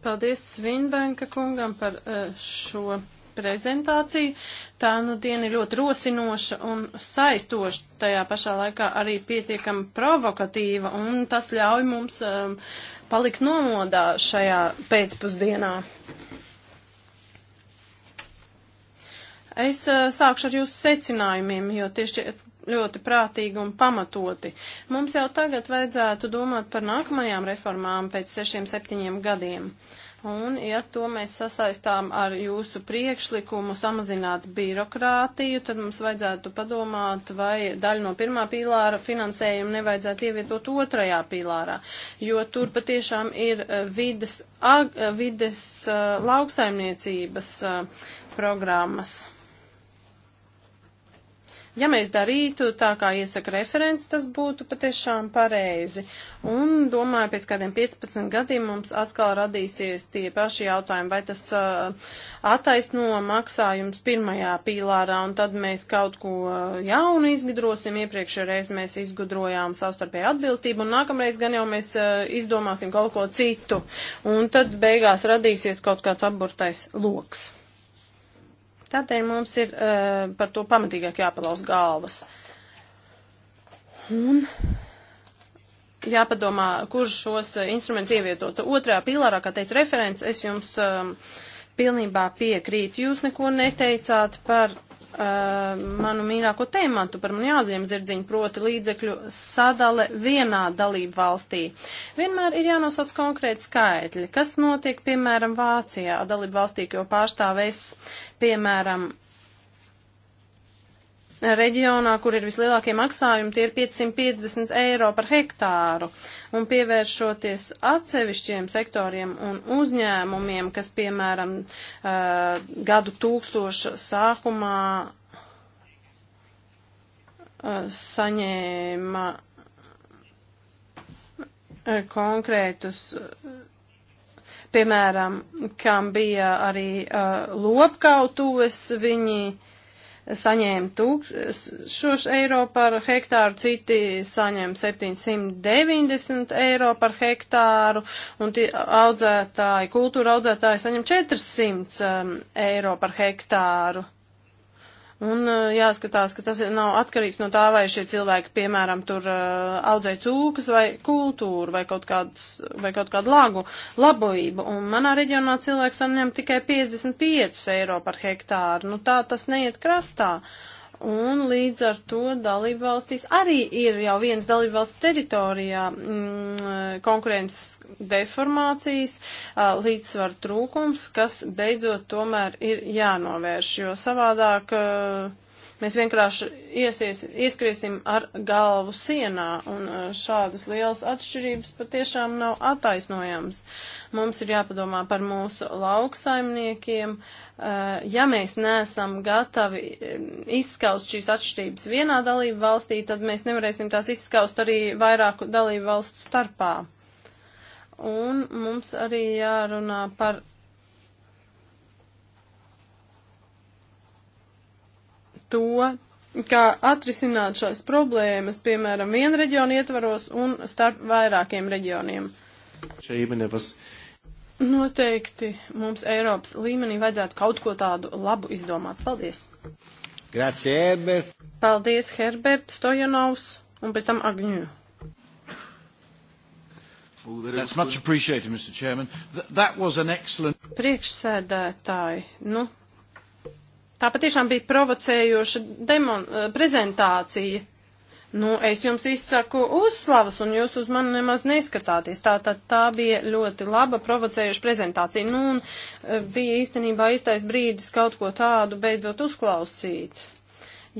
Paldies Svinbanka kungam par eh, šo prezentāciju. Tā nu diena ir ļoti rosinoša un saistoša, tajā pašā laikā arī pietiekami provokatīva, un tas ļauj mums um, palikt nomodā šajā pēcpusdienā. Es uh, sākšu ar jūsu secinājumiem, jo tieši ļoti prātīgi un pamatoti. Mums jau tagad vajadzētu domāt par nākamajām reformām pēc sešiem, septiņiem gadiem. Un, ja to mēs sasaistām ar jūsu priekšlikumu samazināt birokrātiju, tad mums vajadzētu padomāt, vai daļu no pirmā pīlāra finansējumu nevajadzētu ievietot otrajā pīlārā, jo tur patiešām ir eh, vides, ag, eh, vides lauksaimniecības programmas. Ja mēs darītu tā, kā iesaka referents, tas būtu patiešām pareizi. Un domāju, pēc kādiem 15 gadiem mums atkal radīsies tie paši jautājumi, vai tas uh, attaisno maksājums pirmajā pīlārā, un tad mēs kaut ko uh, jaunu izgudrosim. Iepriekšējā reizē mēs izgudrojām savstarpēju atbilstību, un nākamreiz gan jau mēs uh, izdomāsim kaut ko citu. Un tad beigās radīsies kaut kāds apburtais loks. Tādēļ mums ir uh, par to pamatīgāk jāpalauz galvas. Un jāpadomā, kurš šos eh, instrumentus ievietot. Otrajā pilārā, kā teica referents, es jums um, pilnībā piekrītu. Jūs neko neteicāt par uh, manu mīļāko tēmatu par mani jaudiem zirdziņu, proti līdzekļu sadale vienā dalību valstī. Vienmēr ir jānosauc konkrēti skaitļi, kas notiek, piemēram, Vācijā dalību valstī, jo pārstāvēs, piemēram, reģionā, kur ir vislielākie maksājumi, tie ir 550 eiro par hektāru. Un pievēršoties atsevišķiem sektoriem un uzņēmumiem, kas, piemēram, gadu tūkstoša sākumā saņēma konkrētus piemēram, kam bija arī uh, lopkautuves, viņi saņēma tūkstoš eiro par hektāru, citi saņēma 790 eiro par hektāru, un tie audzētāji, kultūra audzētāji saņem 400 um, eiro par hektāru. Un uh, jāskatās, ka tas nav atkarīgs no tā, vai šie cilvēki, piemēram, tur uh, audzē cūkas vai kultūru vai kaut, kāds, vai kaut kādu lagu, labojību. Un manā reģionā cilvēks saņem tikai 55 eiro par hektāru. Nu tā tas neiet krastā. Uh, Un līdz ar to dalībvalstīs arī ir jau viens dalībvalsts teritorijā mm, konkurences deformācijas, līdzsvar trūkums, kas beidzot tomēr ir jānovērš, jo savādāk mēs vienkārši iesies, ieskriesim ar galvu sienā, un šādas lielas atšķirības patiešām nav attaisnojams. Mums ir jāpadomā par mūsu lauksaimniekiem. Uh, Eh, ja mēs neesam gatavi izskaust šīs atšķirības vienā dalību valstī, tad mēs nevarēsim tās izskaust arī vairāku dalību valstu starpā. Un mums arī jārunā par to, kā atrisināt šās problēmas, piemēram, vienu reģionu ietvaros un starp vairākiem reģioniem. Šeit, Noteikti mums Eiropas līmenī vajadzētu kaut ko tādu labu izdomāt. Paldies! Grazie, Herbert! Paldies, Herbert Stojanovs un pēc tam Agņu. That's much appreciated, Mr. Chairman. Th that was an excellent... Priekšsēdētāji, nu, tā patiešām bija provocējoša demon, eh, prezentācija. Nu, es jums izsaku uzslavas, un jūs uz mani nemaz neskatāties. Tā, tā, tā bija ļoti laba, provocējuša prezentācija. Nu, un e, bija īstenībā īstais brīdis kaut ko tādu beidzot uzklausīt.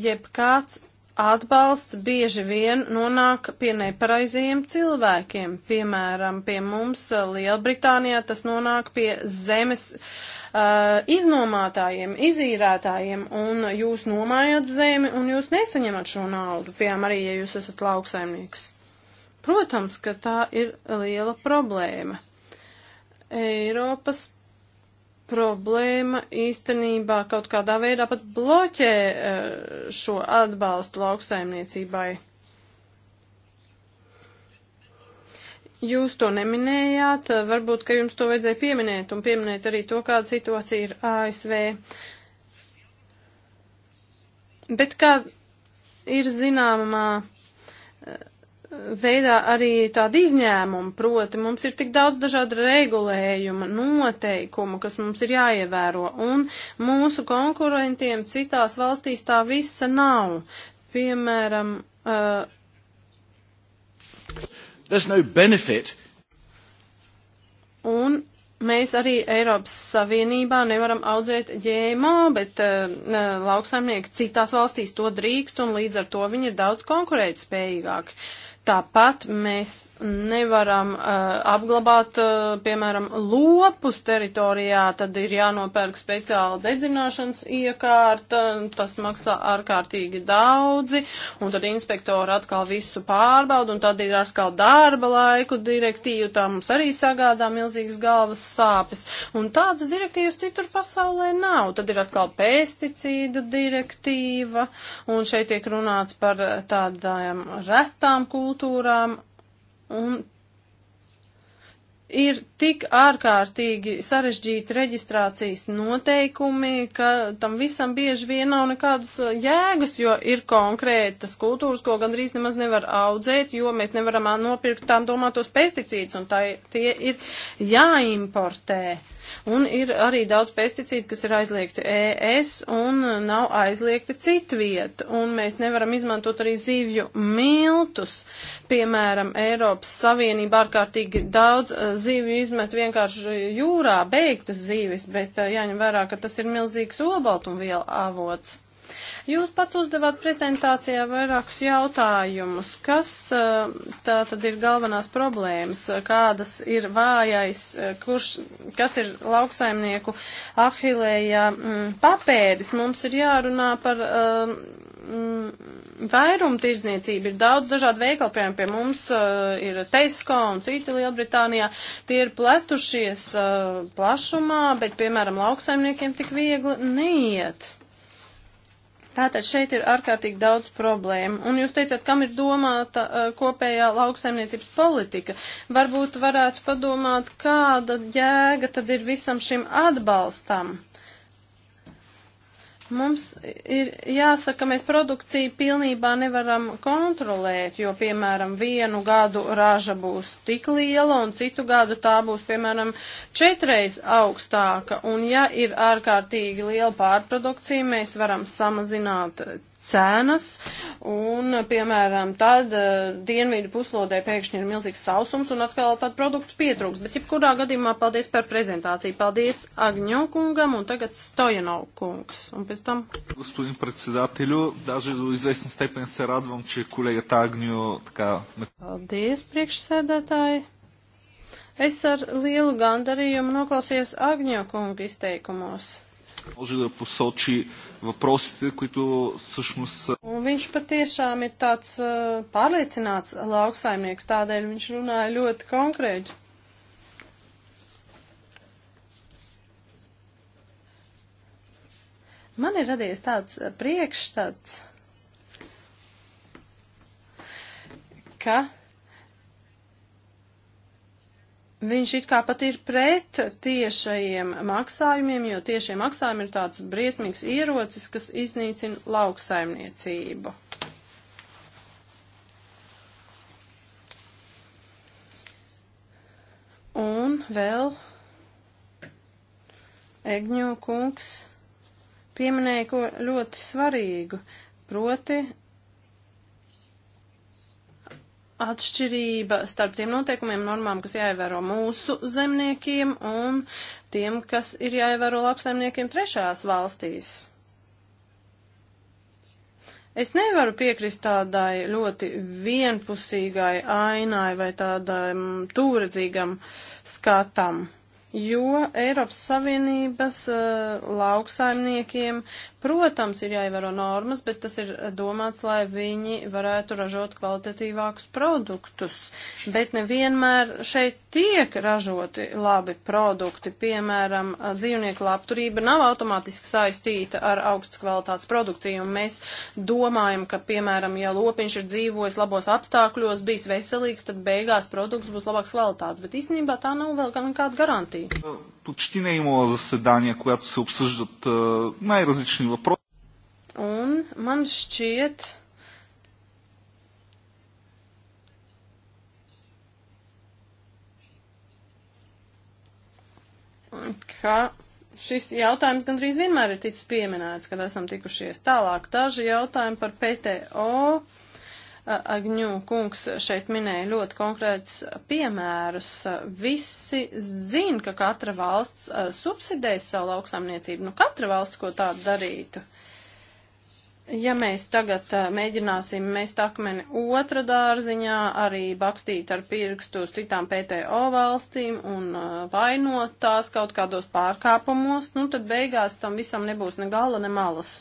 Jeb kāds atbalsts bieži vien nonāk pie nepareizajiem cilvēkiem. Piemēram, pie mums e, Lielbritānijā tas nonāk pie zemes. Uh, uh, iznomātājiem, izīrētājiem, un jūs nomājat zemi, un jūs nesaņemat šo naudu, piemēram, arī, ja jūs esat lauksaimnieks. Protams, ka tā ir liela problēma. Eiropas problēma īstenībā kaut kādā veidā pat bloķē uh, šo atbalstu lauksaimniecībai. Jūs to neminējāt, varbūt, ka jums to vajadzēja pieminēt un pieminēt arī to, kāda situācija ir ASV. Bet kā ir zināmā eh, veidā arī tāda izņēmuma, proti mums ir tik daudz dažādu regulējumu, noteikumu, kas mums ir jāievēro, un mūsu konkurentiem citās valstīs tā visa nav. Piemēram, uh, There's no benefit. Un mēs arī Eiropas Savienībā nevaram audzēt ģēmā, bet uh, lauksaimnieki citās valstīs to drīkst un līdz ar to viņi ir daudz konkurētspējīgāki. Uh, Tāpat mēs nevaram uh, apglabāt, uh, piemēram, lopus teritorijā, tad ir jānopērk speciāla dedzināšanas iekārta, tas maksā ārkārtīgi daudzi, un tad inspektori atkal visu pārbauda, un tad ir atkal darba laiku direktīva, tā mums arī sagādā milzīgas galvas sāpes, un tādas direktīvas citur pasaulē nav. Tad ir atkal pesticīda direktīva, un šeit tiek runāts par tādām retām kultūrām kultūrām un ir tik ārkārtīgi sarežģīti reģistrācijas noteikumi, ka tam visam bieži vien nav nekādas jēgas, jo ir konkrētas kultūras, ko gandrīz nemaz nevar audzēt, jo mēs nevaram nopirkt tām domātos pesticīdus, un tā, tie ir jāimportē. Un ir arī daudz pesticīdu, kas ir aizliegti ES un nav aizliegti citviet. Un mēs nevaram izmantot arī zīvju miltus. Piemēram, Eiropas Savienība ārkārtīgi daudz eh, zīvju izmet vienkārši jūrā, beigtas zīvis, bet eh, jāņem vērā, ka tas ir milzīgs obaltumvielu avots. Jūs pats uzdevāt prezentācijā vairākus jautājumus. Kas eh, tā tad ir galvenās problēmas? Kādas ir vājais, eh, kurš, kas ir lauksaimnieku ahilēja mm, papēdis? Mums ir jārunā par. Um, eh, mm, vairumtirdzniecība ir daudz dažādu veikalu, piemēram, pie mums uh, ir Tesco un citi Lielbritānijā. Tie ir pletušies uh, plašumā, bet, piemēram, lauksaimniekiem tik viegli neiet. Tātad šeit ir ārkārtīgi daudz problēmu. Un jūs teicāt, kam ir domāta uh, kopējā lauksaimniecības politika? Varbūt varētu padomāt, kāda jēga tad ir visam šim atbalstam. Mums ir jāsaka, mēs produkciju pilnībā nevaram kontrolēt, jo, piemēram, vienu gadu raža būs tik liela un citu gadu tā būs, piemēram, četreiz augstāka. Un ja ir ārkārtīgi liela pārprodukcija, mēs varam samazināt cenas, un, piemēram, tad uh, eh, dienvīdu puslodē pēkšņi ir milzīgs sausums, un atkal tad produktu pietrūks. Bet, jebkurā gadījumā, paldies par prezentāciju. Paldies Agņo kungam, un tagad Stojanov kungs. Un pēc tam... Господин председателю, даже до известен степен се радвам, че колегата Агньо така... Paldies, priekšsēdētāji. Es ar lielu gandarījumu noklausījos Agņo kunga izteikumos. Може да посочи въпросите, които всъщност са. Un viņš patiešām ir tāds pārliecināts lauksaimnieks, tādēļ viņš runāja ļoti konkrēti. Man ir radies tāds priekšstats, ka Viņš it kā pat ir pret tiešajiem maksājumiem, jo tiešie maksājumi ir tāds briesmīgs ierocis, kas iznīcina lauksaimniecību. Un vēl Egņo kungs pieminēja ko ļoti svarīgu, proti atšķirība starp tiem noteikumiem, normām, kas jāievēro mūsu zemniekiem un tiem, kas ir jāievēro lauksaimniekiem trešās valstīs. Es nevaru piekrist tādai ļoti vienpusīgai ainai vai tādam tūredzīgam skatam jo Eiropas Savienības uh, lauksaimniekiem, protams, ir jāievēro normas, bet tas ir domāts, lai viņi varētu ražot kvalitatīvākus produktus. Bet nevienmēr šeit tiek ražoti labi produkti. Piemēram, dzīvnieku labturība nav automātiski saistīta ar augstas kvalitātes produkciju, un mēs domājam, ka, piemēram, ja lopiņš ir dzīvojis labos apstākļos, bijis veselīgs, tad beigās produkts būs labāks kvalitātes, bet īstenībā tā nav vēl nekāda garantija минути. Почти не е имала заседания, която се обсъждат най-различни въпроси. Un man šķiet, ka šis jautājums gandrīz vienmēr ir ticis pieminēts, kad esam tikušies tālāk. Daži jautājumi par PTO. Uh, Agņū kungs šeit minēja ļoti konkrētus piemērus. Visi zin, ka katra valsts subsidēs savu lauksamniecību. Nu, katra valsts, ko tādu darītu. Ja mēs tagad mēģināsim mest akmeni otra dārziņā, arī bakstīt ar pirkstu uz citām PTO valstīm un vainot tās kaut kādos pārkāpumos, nu tad beigās tam visam nebūs ne gala, ne malas.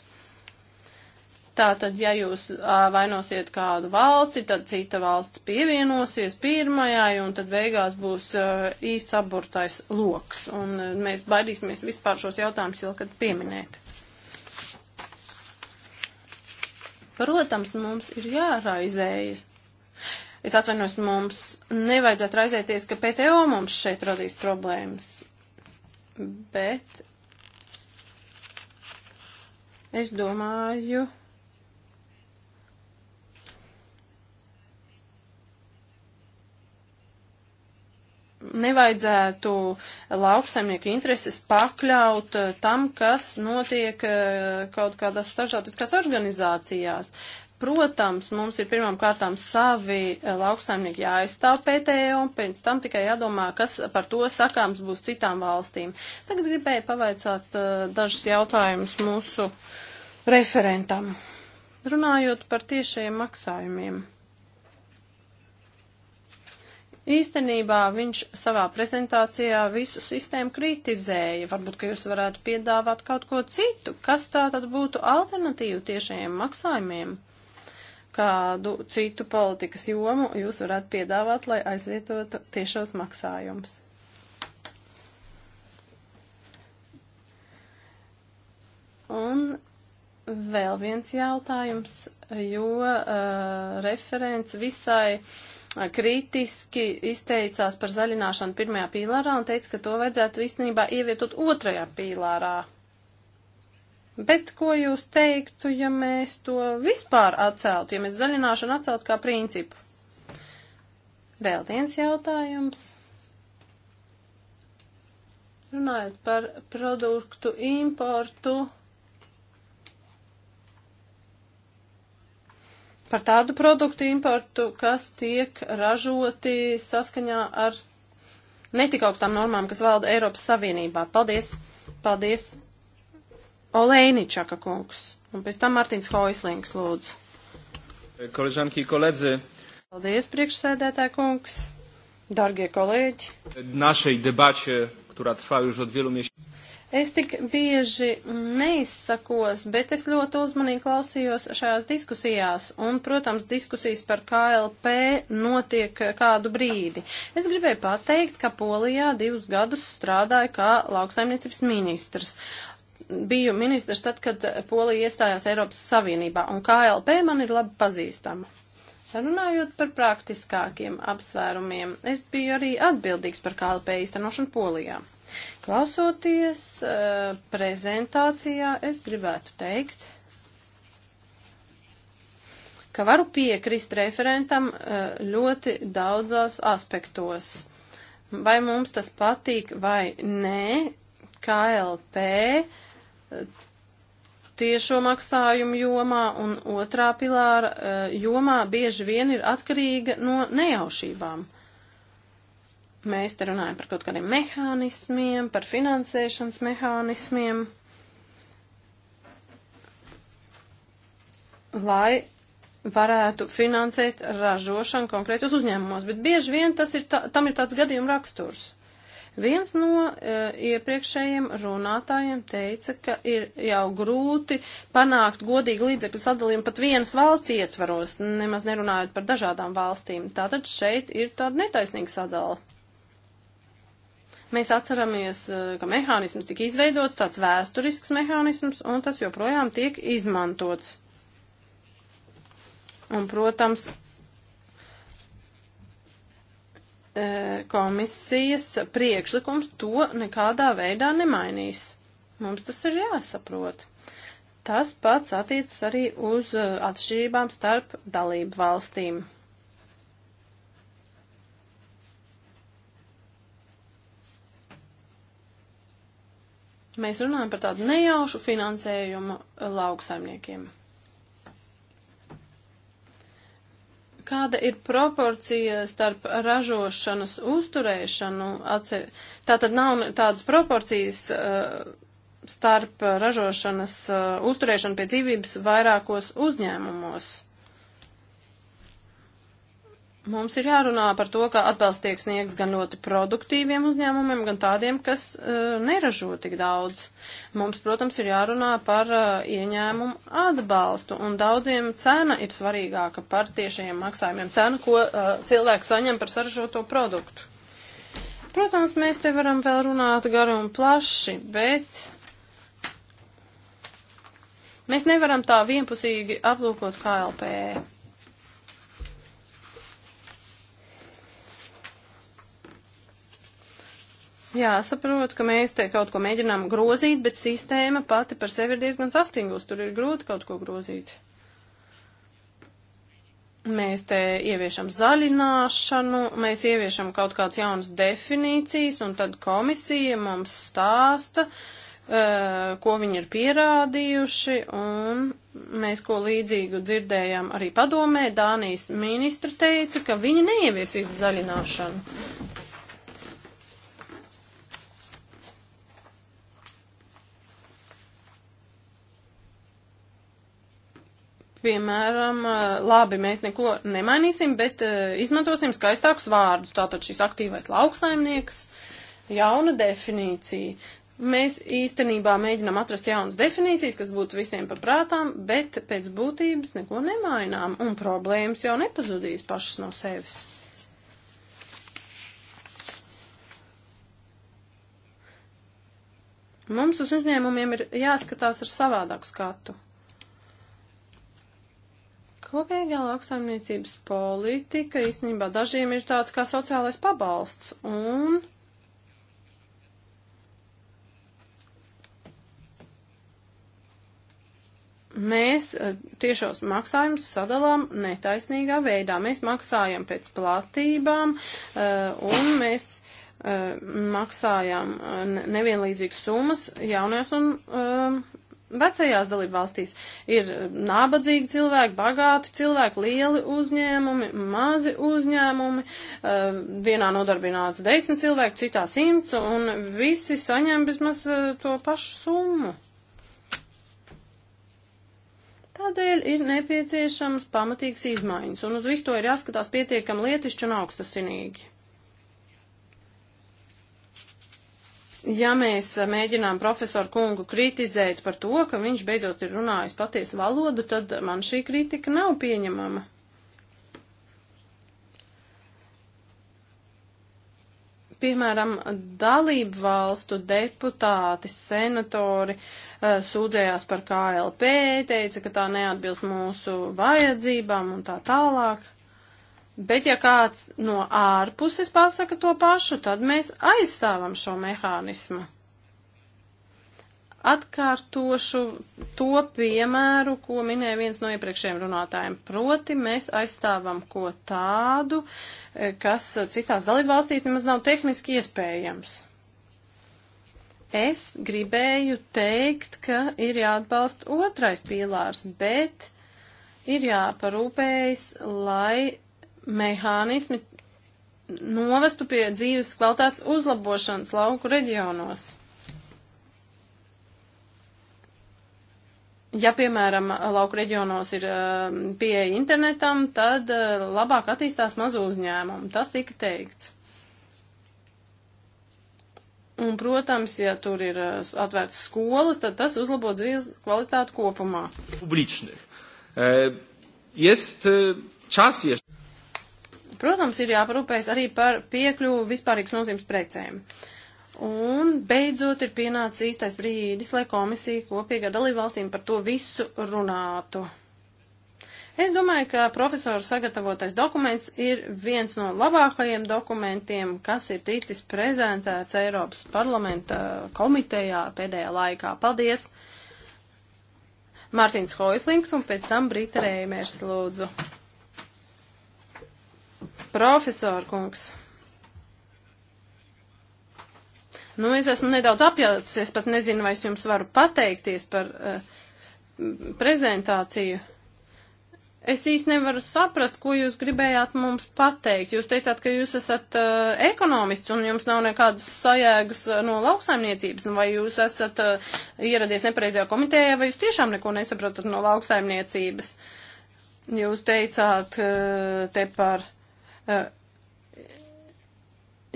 Tātad, ja jūs vainosiet kādu valsti, tad cita valsts pievienosies pirmajai, un tad beigās būs īsts aburtais loks. Un mēs baidīsimies vispār šos jautājumus jau kad pieminēt. Protams, mums ir jāraizējas. Es atvainojos, mums nevajadzētu raizēties, ka PTO mums šeit radīs problēmas. Bet es domāju, nevajadzētu lauksaimnieku intereses pakļaut eh, tam, kas notiek eh, kaut kādās starptautiskās organizācijās. Protams, mums ir pirmām kārtām savi eh, lauksaimnieki jāaizstāv PTO, un pēc tam tikai jādomā, kas par to sakāms būs citām valstīm. Tagad gribēju pavaicāt dažus jautājumus mūsu referentam, runājot par tiešajiem maksājumiem. Īstenībā viņš savā prezentācijā visu sistēmu kritizēja. Varbūt, ka jūs varētu piedāvāt kaut ko citu. Kas tā tad būtu alternatīva tiešajiem maksājumiem? Kādu citu politikas jomu jūs varētu piedāvāt, lai aizvietotu tiešos maksājumus? Un vēl viens jautājums, jo uh, referents visai kritiski izteicās par zaļināšanu pirmajā pīlārā un teica, ka to vajadzētu īstenībā ievietot otrajā pīlārā. Bet ko jūs teiktu, ja mēs to vispār atceltu, ja mēs zaļināšanu atceltu kā principu? Vēl viens jautājums. Runājot par produktu importu par tādu produktu importu, kas tiek ražoti saskaņā ar netik augstām normām, kas valda Eiropas Savienībā. Paldies! Paldies! Olēničaka kungs. Un pēc tam Martins Hoislings lūdzu. Koležanki, koledzi. Paldies, priekšsēdētāja kungs. Dargie kolēģi. Našai debače, kurā trvā jau od vielu mēnešu. Es tik bieži neizsakos, bet es ļoti uzmanīgi klausījos šajās diskusijās, un, protams, diskusijas par KLP notiek kādu brīdi. Es gribēju pateikt, ka Polijā divus gadus strādāju kā lauksaimniecības ministrs biju ministrs tad, kad Polija iestājās Eiropas Savienībā, un KLP man ir labi pazīstama. Runājot par praktiskākiem apsvērumiem, es biju arī atbildīgs par KLP īstenošanu Polijā. Klausoties eh, prezentācijā, es gribētu teikt, ka varu piekrist referentam eh, ļoti daudzos aspektos. Vai mums tas patīk vai nē, KLP eh, tiešo maksājumu jomā un otrā pilāra jomā bieži vien ir atkarīga no nejaušībām. Mēs te runājam par kaut kādiem mehānismiem, par finansēšanas mehānismiem, lai varētu finansēt ražošanu konkrētos uzņēmumos, bet bieži vien tas ir tā, tam ir tāds gadījuma raksturs. Viens no e, iepriekšējiem runātājiem teica, ka ir jau grūti panākt godīgu līdzekļu sadalījumu pat vienas valsts ietvaros, nemaz nerunājot par dažādām valstīm. Tātad šeit ir tāda netaisnīga sadala. Mēs atceramies, eh, ka mehānisms tika izveidots, tāds vēsturisks mehānisms, un tas joprojām tiek izmantots. Un, protams, eh, komisijas priekšlikums to nekādā veidā nemainīs. Mums tas ir jāsaprot. Tas pats attiecas arī uz eh, atšķirībām starp dalību valstīm. Mēs runājam par tādu nejaušu finansējumu lauksaimniekiem. kāda ir proporcija starp ražošanas uzturēšanu? Atse... Tā tad nav tādas proporcijas uh, starp ražošanas uh, uzturēšanu pie dzīvības vairākos uzņēmumos. Mums ir jārunā par to, ka atbalsts tiek sniegts gan ļoti produktīviem uzņēmumiem, gan tādiem, kas uh, neražo tik daudz. Mums, protams, ir jārunā par uh, ieņēmumu atbalstu, un daudziem cena ir svarīgāka par tiešajiem maksājumiem cenu, ko uh, e, cilvēks saņem par saražoto produktu. Protams, mēs te varam vēl runāt gari un plaši, bet Mēs nevaram tā vienpusīgi aplūkot KLP. jāsaprot, ka mēs te kaut ko mēģinām grozīt, bet sistēma pati par sevi ir diezgan sastingus, tur ir grūti kaut ko grozīt. Mēs te ieviešam zaļināšanu, mēs ieviešam kaut kādas jaunas definīcijas, un tad komisija mums stāsta, eh, ko viņi ir pierādījuši, un mēs ko līdzīgu dzirdējām arī padomē. Dānijas ministra teica, ka viņi neieviesīs zaļināšanu. piemēram, labi, mēs neko nemainīsim, bet izmantosim skaistākus vārdus. Tātad šis aktīvais lauksaimnieks, jauna definīcija. Mēs īstenībā mēģinām atrast jaunas definīcijas, kas būtu visiem paprātām, bet pēc būtības neko nemainām, un problēmas jau nepazudīs pašas no sevis. Mums uz uzņēmumiem ir jāskatās ar savādāku skatu. Kopīgā lauksaimniecības politika īstenībā dažiem ir tāds kā sociālais pabalsts un mēs e, tiešos maksājumus sadalām netaisnīgā veidā. Mēs maksājam pēc platībām e, un mēs e, maksājam nevienlīdzīgas summas jaunajās un Vecajās dalību valstīs ir eh, nabadzīgi cilvēki, bagāti cilvēki, lieli uzņēmumi, mazi uzņēmumi, eh, vienā nodarbināts desmit cilvēki, citā simts, un visi saņem vismaz eh, to pašu summu. Tādēļ ir nepieciešams pamatīgs izmaiņas, un uz visu to ir jāskatās pietiekam lietišķi un augstasinīgi. ja mēs mēģinām profesoru kungu kritizēt par to, ka viņš beidzot ir runājis patiesu valodu, tad man šī kritika nav pieņemama. Piemēram, dalību valstu deputāti, senatori eh, sūdzējās par KLP, teica, ka tā neatbilst mūsu vajadzībām un tā tālāk. Bet ja kāds no ārpuses pasaka to pašu, tad mēs aizstāvam šo mehānismu. Atkārtošu to piemēru, ko minēja viens no iepriekšējiem runātājiem. Proti, mēs aizstāvam ko tādu, e, kas citās dalībvalstīs nemaz nav tehniski iespējams. Es gribēju teikt, ka ir jāatbalsta otrais pīlārs, bet ir jāparūpējas, lai mehānismi novestu pie dzīves kvalitātes uzlabošanas lauku reģionos. Ja, piemēram, lauku reģionos ir eh, pieeja internetam, tad eh, labāk attīstās mazu uzņēmumu. Tas tika teikts. Un, protams, ja tur ir eh, atvērts skolas, tad tas uzlabo dzīves kvalitāti kopumā. Publičnih. Jest čas, ir Protams, ir jāparūpējas arī par piekļuvu vispārīgas nozīmes precēm. Un beidzot ir pienācis īstais brīdis, lai komisija kopīgi ar dalībvalstīm par to visu runātu. Es domāju, ka profesora sagatavotais dokuments ir viens no labākajiem dokumentiem, kas ir ticis prezentēts Eiropas parlamenta komitejā pēdējā laikā. Paldies! Mārtiņš Hoislings un pēc tam Brita Reimers lūdzu. Profesor kungs. Nu, es esmu nedaudz apjaucis, es pat nezinu, vai es jums varu pateikties par uh, prezentāciju. Es īsti nevaru saprast, ko jūs gribējāt mums pateikt. Jūs teicāt, ka jūs esat uh, ekonomists un jums nav nekādas sajēgas eh, no lauksaimniecības, nu, vai jūs esat uh, ieradies nepareizajā komitejā, vai jūs tiešām neko nesaprotat no lauksaimniecības. Jūs teicāt uh, te par Uh,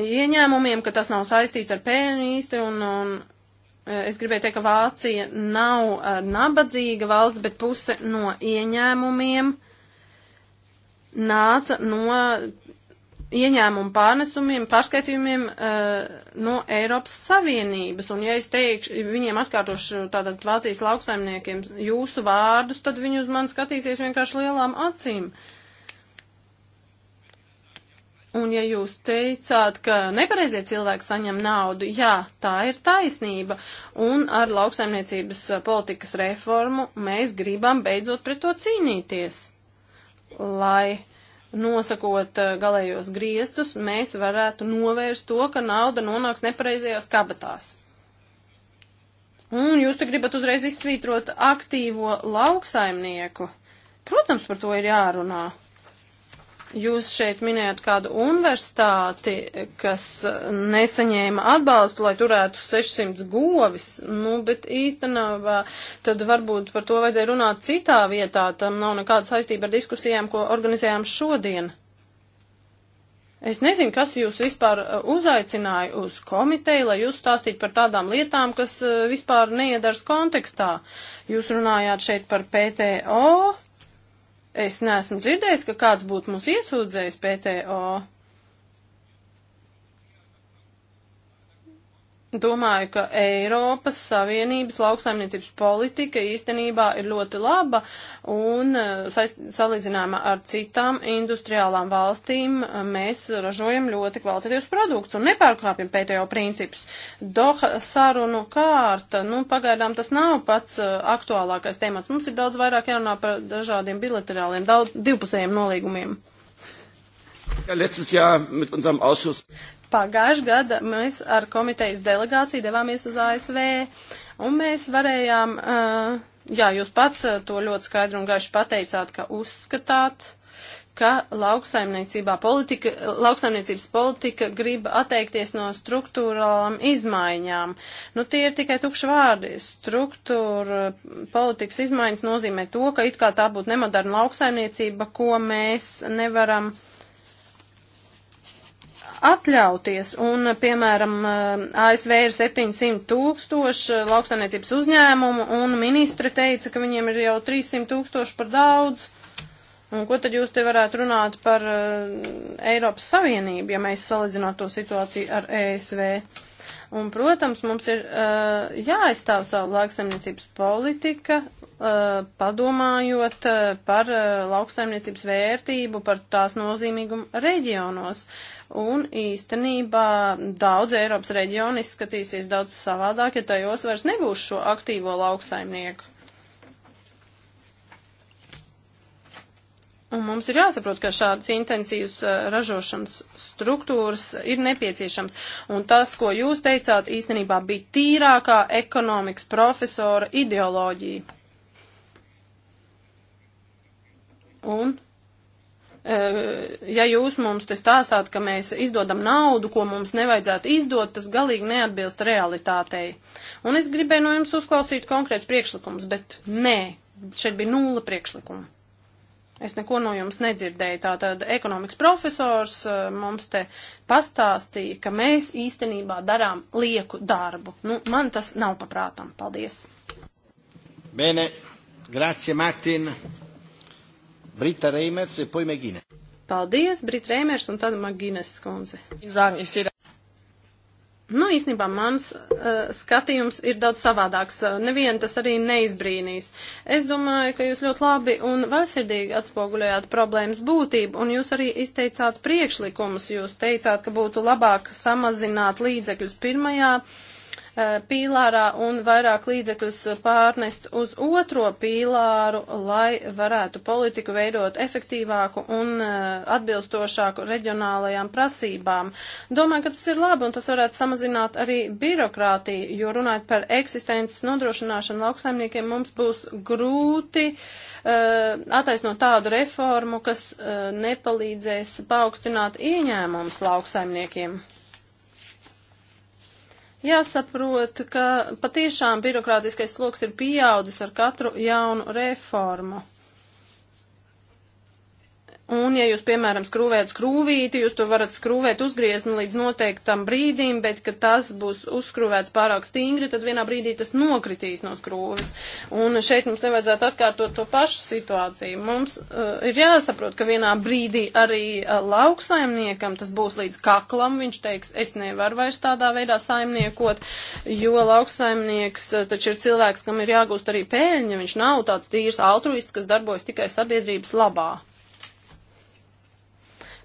ieņēmumiem, ka tas nav saistīts ar pēļņu īsti un, un uh, Es gribēju teikt, ka Vācija nav uh, nabadzīga valsts, bet puse no ieņēmumiem nāca no ieņēmumu pārnesumiem, pārskaitījumiem uh, no Eiropas Savienības. Un ja es teikšu, viņiem atkārtošu tātad Vācijas lauksaimniekiem jūsu vārdus, tad viņi uz mani skatīsies vienkārši lielām acīm. Uh, Un ja jūs teicāt, ka nepareizie cilvēki saņem naudu, jā, tā ir taisnība. Un ar lauksaimniecības politikas reformu mēs gribam beidzot pret to cīnīties, lai nosakot eh, galējos griestus, mēs varētu novērst to, ka nauda nonāks nepareizajās kabatās. Un jūs te gribat uzreiz izsvītrot aktīvo lauksaimnieku. Protams, par to ir jārunā. Jūs šeit minējat kādu universitāti, kas nesaņēma atbalstu, lai turētu 600 govis, nu, bet īstenībā tad varbūt par to vajadzēja runāt citā vietā, tam nav nekāda saistība ar diskusijām, ko organizējām šodien. Es nezinu, kas jūs vispār uh, uzaicināja uz komiteju, lai jūs stāstītu par tādām lietām, kas uh, vispār neiedars kontekstā. Jūs runājāt šeit par PTO, Es neesmu dzirdējis, ka kāds būtu mūs iesūdzējis PTO. domāju, ka Eiropas Savienības lauksaimniecības politika īstenībā ir ļoti laba un eh, salīdzinājumā ar citām industriālām valstīm eh, mēs ražojam ļoti kvalitatīvus produktus un nepārkāpjam PTO principus. Doha sarunu kārta, nu pagaidām tas nav pats eh, aktuālākais temats. Mums ir daudz vairāk jārunā par dažādiem bilaterāliem, daudz divpusējiem nolīgumiem. Ja, letztes Jahr mit unserem Ausschuss. Pagājušajā gada mēs ar komitejas delegāciju devāmies uz ASV, un mēs varējām, jā, jūs pats to ļoti skaidri un gaiši pateicāt, ka uzskatāt, ka lauksaimniecībā politika, lauksaimniecības politika grib atteikties no struktūrālām izmaiņām. Nu, tie ir tikai tukši vārdi. Struktūra politikas izmaiņas nozīmē to, ka it kā tā būtu nemoderna lauksaimniecība, ko mēs nevaram uh, atļauties. Un, piemēram, ASV ir 700 tūkstoši lauksaimniecības uzņēmumu, un ministre teica, ka viņiem ir jau 300 tūkstoši par daudz. Un ko tad jūs te varētu runāt par eh, Eiropas Savienību, ja mēs salīdzinātu to situāciju ar ASV? Un, protams, mums ir uh, jāaizstāv savu lauksaimniecības politika, Uh, padomājot uh, par uh, lauksaimniecības vērtību, par tās nozīmīgumu reģionos. Un īstenībā daudz Eiropas reģionu izskatīsies daudz savādāk, ja tajos vairs nebūs šo aktīvo lauksaimnieku. Un mums ir jāsaprot, ka šādas intensīvas ražošanas struktūras ir nepieciešams. Un tas, ko jūs teicāt, īstenībā bija tīrākā ekonomikas profesora ideoloģija. Un e, ja jūs mums te stāstāt, ka mēs izdodam naudu, ko mums nevajadzētu izdot, tas galīgi neatbilst realitātei. Un es gribēju no jums uzklausīt konkrēts priekšlikums, bet nē, šeit bija nula priekšlikuma. Es neko no jums nedzirdēju. Tātad ekonomikas profesors e, mums te pastāstīja, ka mēs īstenībā darām lieku darbu. Nu, man tas nav paprātam. Paldies. Bene. Grazie, Martin. Brita Reimers un poi Megine. Paldies, Brita Reimers un tad Magines skundze. Nu, īstenībā mans uh, skatījums ir daudz savādāks. Nevienu tas arī neizbrīnīs. Es domāju, ka jūs ļoti labi un vaisirdīgi atspoguļojāt problēmas būtību, un jūs arī izteicāt priekšlikumus. Jūs teicāt, ka būtu labāk samazināt līdzekļus pirmajā uh, Eh, pīlārā un vairāk līdzekļus pārnest uz otro pīlāru, lai varētu politiku veidot efektīvāku un eh, atbilstošāku reģionālajām prasībām. Domāju, ka tas ir labi un tas varētu samazināt arī birokrātiju, jo runājot par eksistences nodrošināšanu lauksaimniekiem mums būs grūti uh, attaisnot tādu reformu, kas uh, nepalīdzēs paaugstināt ieņēmumus lauksaimniekiem. Jāsaprot, ka patiešām birokrātiskais sloks ir pieaudzis ar katru jaunu reformu. Un, ja jūs, piemēram, skrūvējat skrūvīti, jūs to varat skrūvēt uzgriezni līdz noteiktam brīdim, bet, kad tas būs uzskrūvēts pārāk stingri, tad vienā brīdī tas nokritīs no skrūves. Un šeit mums nevajadzētu atkārtot to pašu situāciju. Mums uh, ir jāsaprot, ka vienā brīdī arī uh, lauksaimniekam tas būs līdz kaklam. Viņš teiks, es nevaru vairs tādā veidā saimniekot, jo lauksaimnieks uh, taču ir cilvēks, kam ir jāgūst arī pēļņa. Viņš nav tāds tīrs altruists, kas darbojas tikai sabiedrības labā.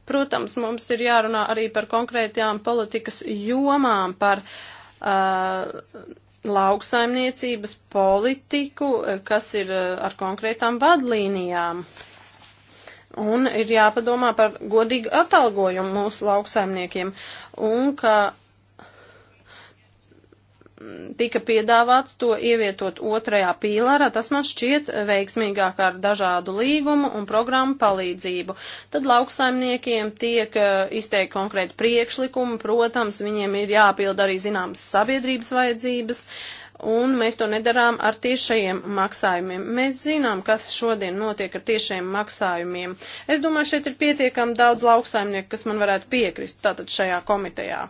Protams, mums ir jārunā arī par konkrētajām politikas jomām, par uh, lauksaimniecības politiku, kas ir uh, ar konkrētām vadlīnijām. Un ir jāpadomā par godīgu atalgojumu mūsu lauksaimniekiem. Un ka tika piedāvāts to ievietot otrajā pīlārā, tas man šķiet veiksmīgāk ar dažādu līgumu un programmu palīdzību. Tad lauksaimniekiem tiek eh, izteikti konkrēti priekšlikumi, protams, viņiem ir jāpild arī zināmas sabiedrības vajadzības. Un mēs to nedarām ar tiešajiem maksājumiem. Mēs zinām, kas šodien notiek ar tiešajiem maksājumiem. Es domāju, šeit ir pietiekami daudz lauksaimnieku, kas man varētu piekrist tātad šajā komitejā.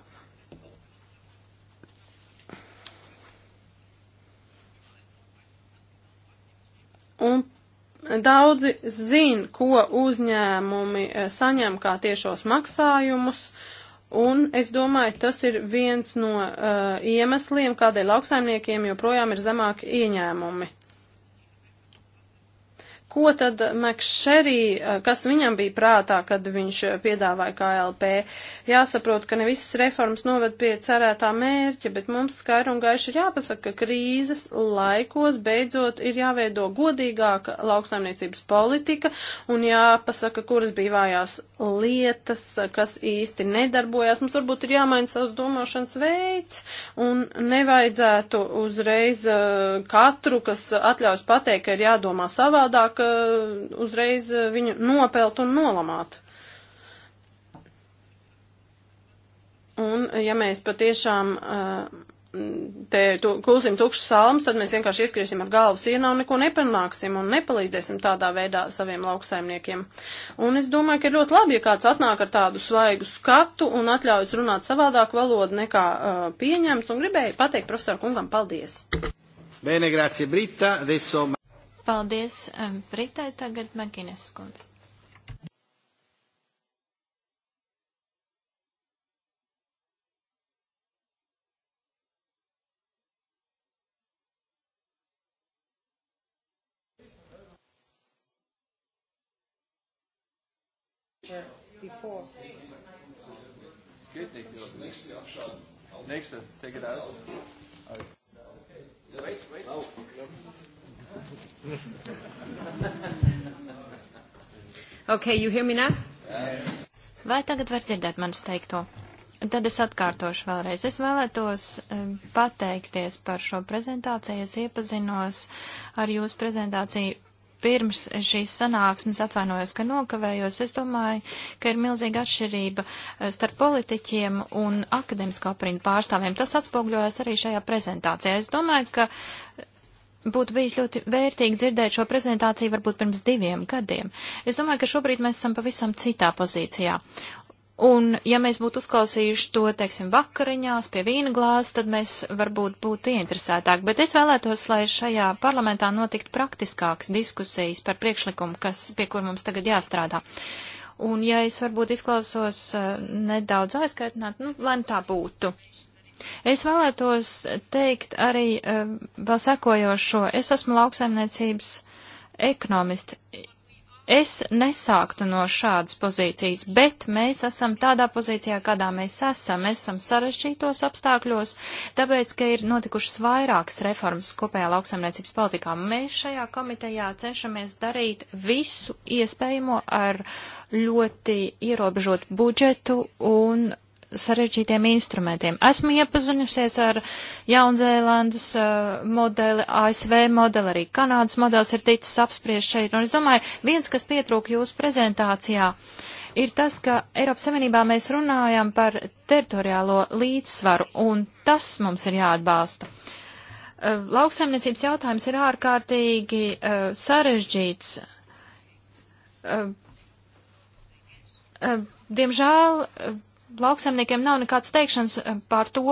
Un daudzi zin, ko uzņēmumi eh, saņem kā tiešos maksājumus. Un es domāju, tas ir viens no uh, iemesliem, kādēļ lauksaimniekiem joprojām ir zemāki ieņēmumi. Ko tad Makšerī, eh, kas viņam bija prātā, kad viņš eh, piedāvāja KLP? Jāsaprot, ka ne visas reformas noved pie cerētā mērķa, bet mums skaidri un gaiši ir jāpasaka, ka krīzes laikos beidzot ir jāveido godīgāka lauksaimniecības politika un jāpasaka, kuras bija vājās lietas, kas īsti nedarbojās. Mums varbūt ir jāmaina savs domāšanas veids un nevajadzētu uzreiz eh, katru, kas atļaus pateikt, ka ir jādomā savādāk, sāk uzreiz eh, viņu nopelt un nolamāt. Un, eh, ja mēs patiešām eh, te tu, kulsim tukšas salmas, tad mēs vienkārši ieskriesim ar galvu sienā un neko nepanāksim un nepalīdzēsim tādā veidā saviem lauksaimniekiem. Un es domāju, ka ir ļoti labi, ja kāds atnāk ar tādu svaigu skatu un atļaujas runāt savādāk valodu nekā uh, pieņemts un gribēju pateikt profesoru kungam paldies. Bene, grazie Britta. Adesso... Paldies um, Britai, tagad Magines skundze. before. Good, they feel the next Next, take it out. Wait, wait. Oh, okay. Okay, you hear me now? Vai tagad var dzirdēt manis teikto? Tad es atkārtošu vēlreiz. Es vēlētos um, pateikties par šo prezentāciju. Es iepazinos ar jūsu prezentāciju pirms šīs sanāksmes atvainojos, ka nokavējos. Es domāju, ka ir milzīga atšķirība uh, starp politiķiem un akadēmisko aprindu pārstāvjiem. Tas atspogļojas arī šajā prezentācijā. Es domāju, ka būtu bijis ļoti vērtīgi dzirdēt šo prezentāciju varbūt pirms diviem gadiem. Es domāju, ka šobrīd mēs esam pavisam citā pozīcijā. Un ja mēs būtu uzklausījuši to, teiksim, vakariņās pie vīna glāzes, tad mēs varbūt būtu ieinteresētāki. Bet es vēlētos, lai šajā parlamentā notikt praktiskāks diskusijas par priekšlikumu, kas, pie kur mums tagad jāstrādā. Un ja es varbūt izklausos uh, nedaudz aizskaitināt, nu, lai nu tā būtu. Uh, Es vēlētos teikt arī eh, vēl sekojošo. Es esmu lauksaimniecības ekonomisti. Es nesāktu no šādas pozīcijas, bet mēs esam tādā pozīcijā, kādā mēs esam. Mēs esam sarežģītos apstākļos, tāpēc, ka ir notikušas vairākas reformas kopējā lauksaimniecības politikā. Mēs šajā komitejā cenšamies darīt visu iespējamo ar ļoti ierobežotu budžetu un sarežģītiem instrumentiem. Esmu iepazinusies ar Jaunzēlandes uh, modeli, ASV modeli, arī Kanādas modelis ir ticis apspriest šeit. Un es domāju, viens, kas pietrūk jūsu prezentācijā, ir tas, ka Eiropas Savienībā mēs runājam par teritoriālo līdzsvaru, un tas mums ir jāatbalsta. Uh, lauksaimniecības jautājums ir ārkārtīgi uh, sarežģīts. Uh, uh, diemžēl uh, lauksemniekiem nav nekāds teikšanas eh, par to,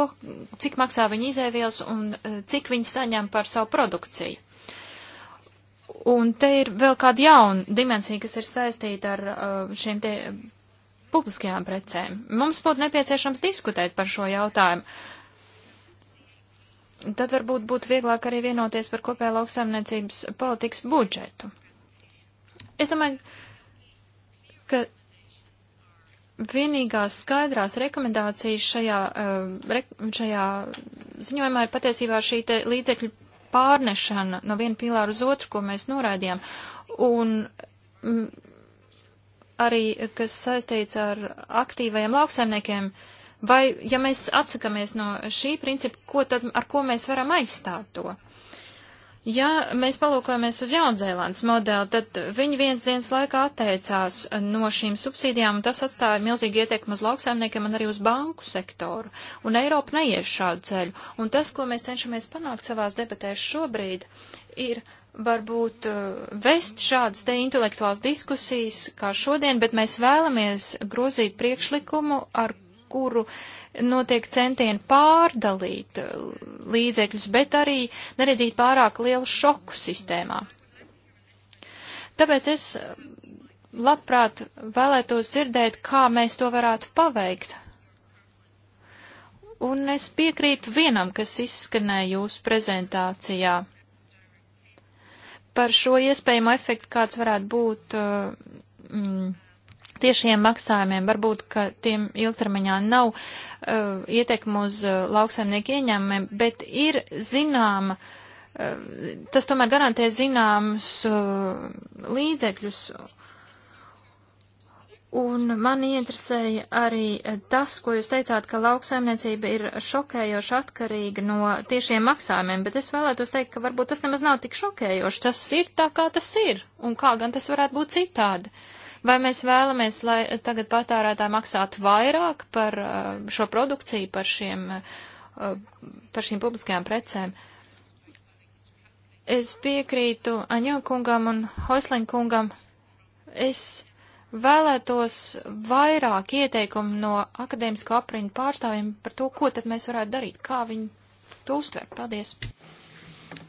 cik maksā viņi izēvielas un eh, cik viņi saņem par savu produkciju. Un te ir vēl kāda jauna dimensija, kas ir saistīta ar eh, šiem te publiskajām precēm. Mums būtu nepieciešams diskutēt par šo jautājumu. Tad varbūt būtu vieglāk arī vienoties par kopēju lauksaimniecības politikas budžetu. Es domāju, ka vienīgās skaidrās rekomendācijas šajā, um, šajā ziņojumā ir patiesībā šī līdzekļu pārnešana no viena pilāra uz otru, ko mēs noraidījām. Un arī, kas saistīts ar aktīvajiem lauksaimniekiem, vai ja mēs atsakamies no šī principa, ko tad, ar ko mēs varam aizstāt to? Ja mēs palūkojamies uz Jaunzēlandes modeli, tad viņi viens dienas laikā atteicās no šīm subsīdijām, un tas atstāja milzīgu ietekmu uz lauksaimniekiem un arī uz banku sektoru. Un Eiropa neies šādu ceļu. Un tas, ko mēs cenšamies panākt savās debatēs šobrīd, ir varbūt uh, vest šādas te intelektuālas diskusijas kā šodien, bet mēs vēlamies grozīt priekšlikumu, ar kuru notiek centieni pārdalīt uh, līdzekļus, bet arī neredīt pārāk lielu šoku sistēmā. Tāpēc es uh, labprāt vēlētos dzirdēt, kā mēs to varētu paveikt. Un es piekrītu vienam, kas izskanēja jūsu prezentācijā par šo iespējamo efektu, kāds varētu būt uh, mm, tiešiem maksājumiem. Varbūt, ka tiem ilgtermiņā nav uh, ietekmu uz uh, lauksaimnieku ieņēmumiem, bet ir zināma, uh, tas tomēr garantē zināmus uh, līdzekļus. Un man interesēja arī tas, ko jūs teicāt, ka lauksaimniecība ir šokējoši atkarīga no tiešiem maksājumiem, bet es vēlētos teikt, ka varbūt tas nemaz nav tik šokējoši. Tas ir tā, kā tas ir, un kā gan tas varētu būt citādi. Uh, Vai mēs vēlamies, lai tagad patērētāji maksātu vairāk par uh, šo produkciju, par, šiem, uh, par šīm publiskajām precēm? Es piekrītu Aņo kungam un Hoisling kungam. Es vēlētos vairāk ieteikumu no akadēmisko apriņu pārstāvjiem par to, ko tad mēs varētu darīt, kā viņi to uztver. Paldies!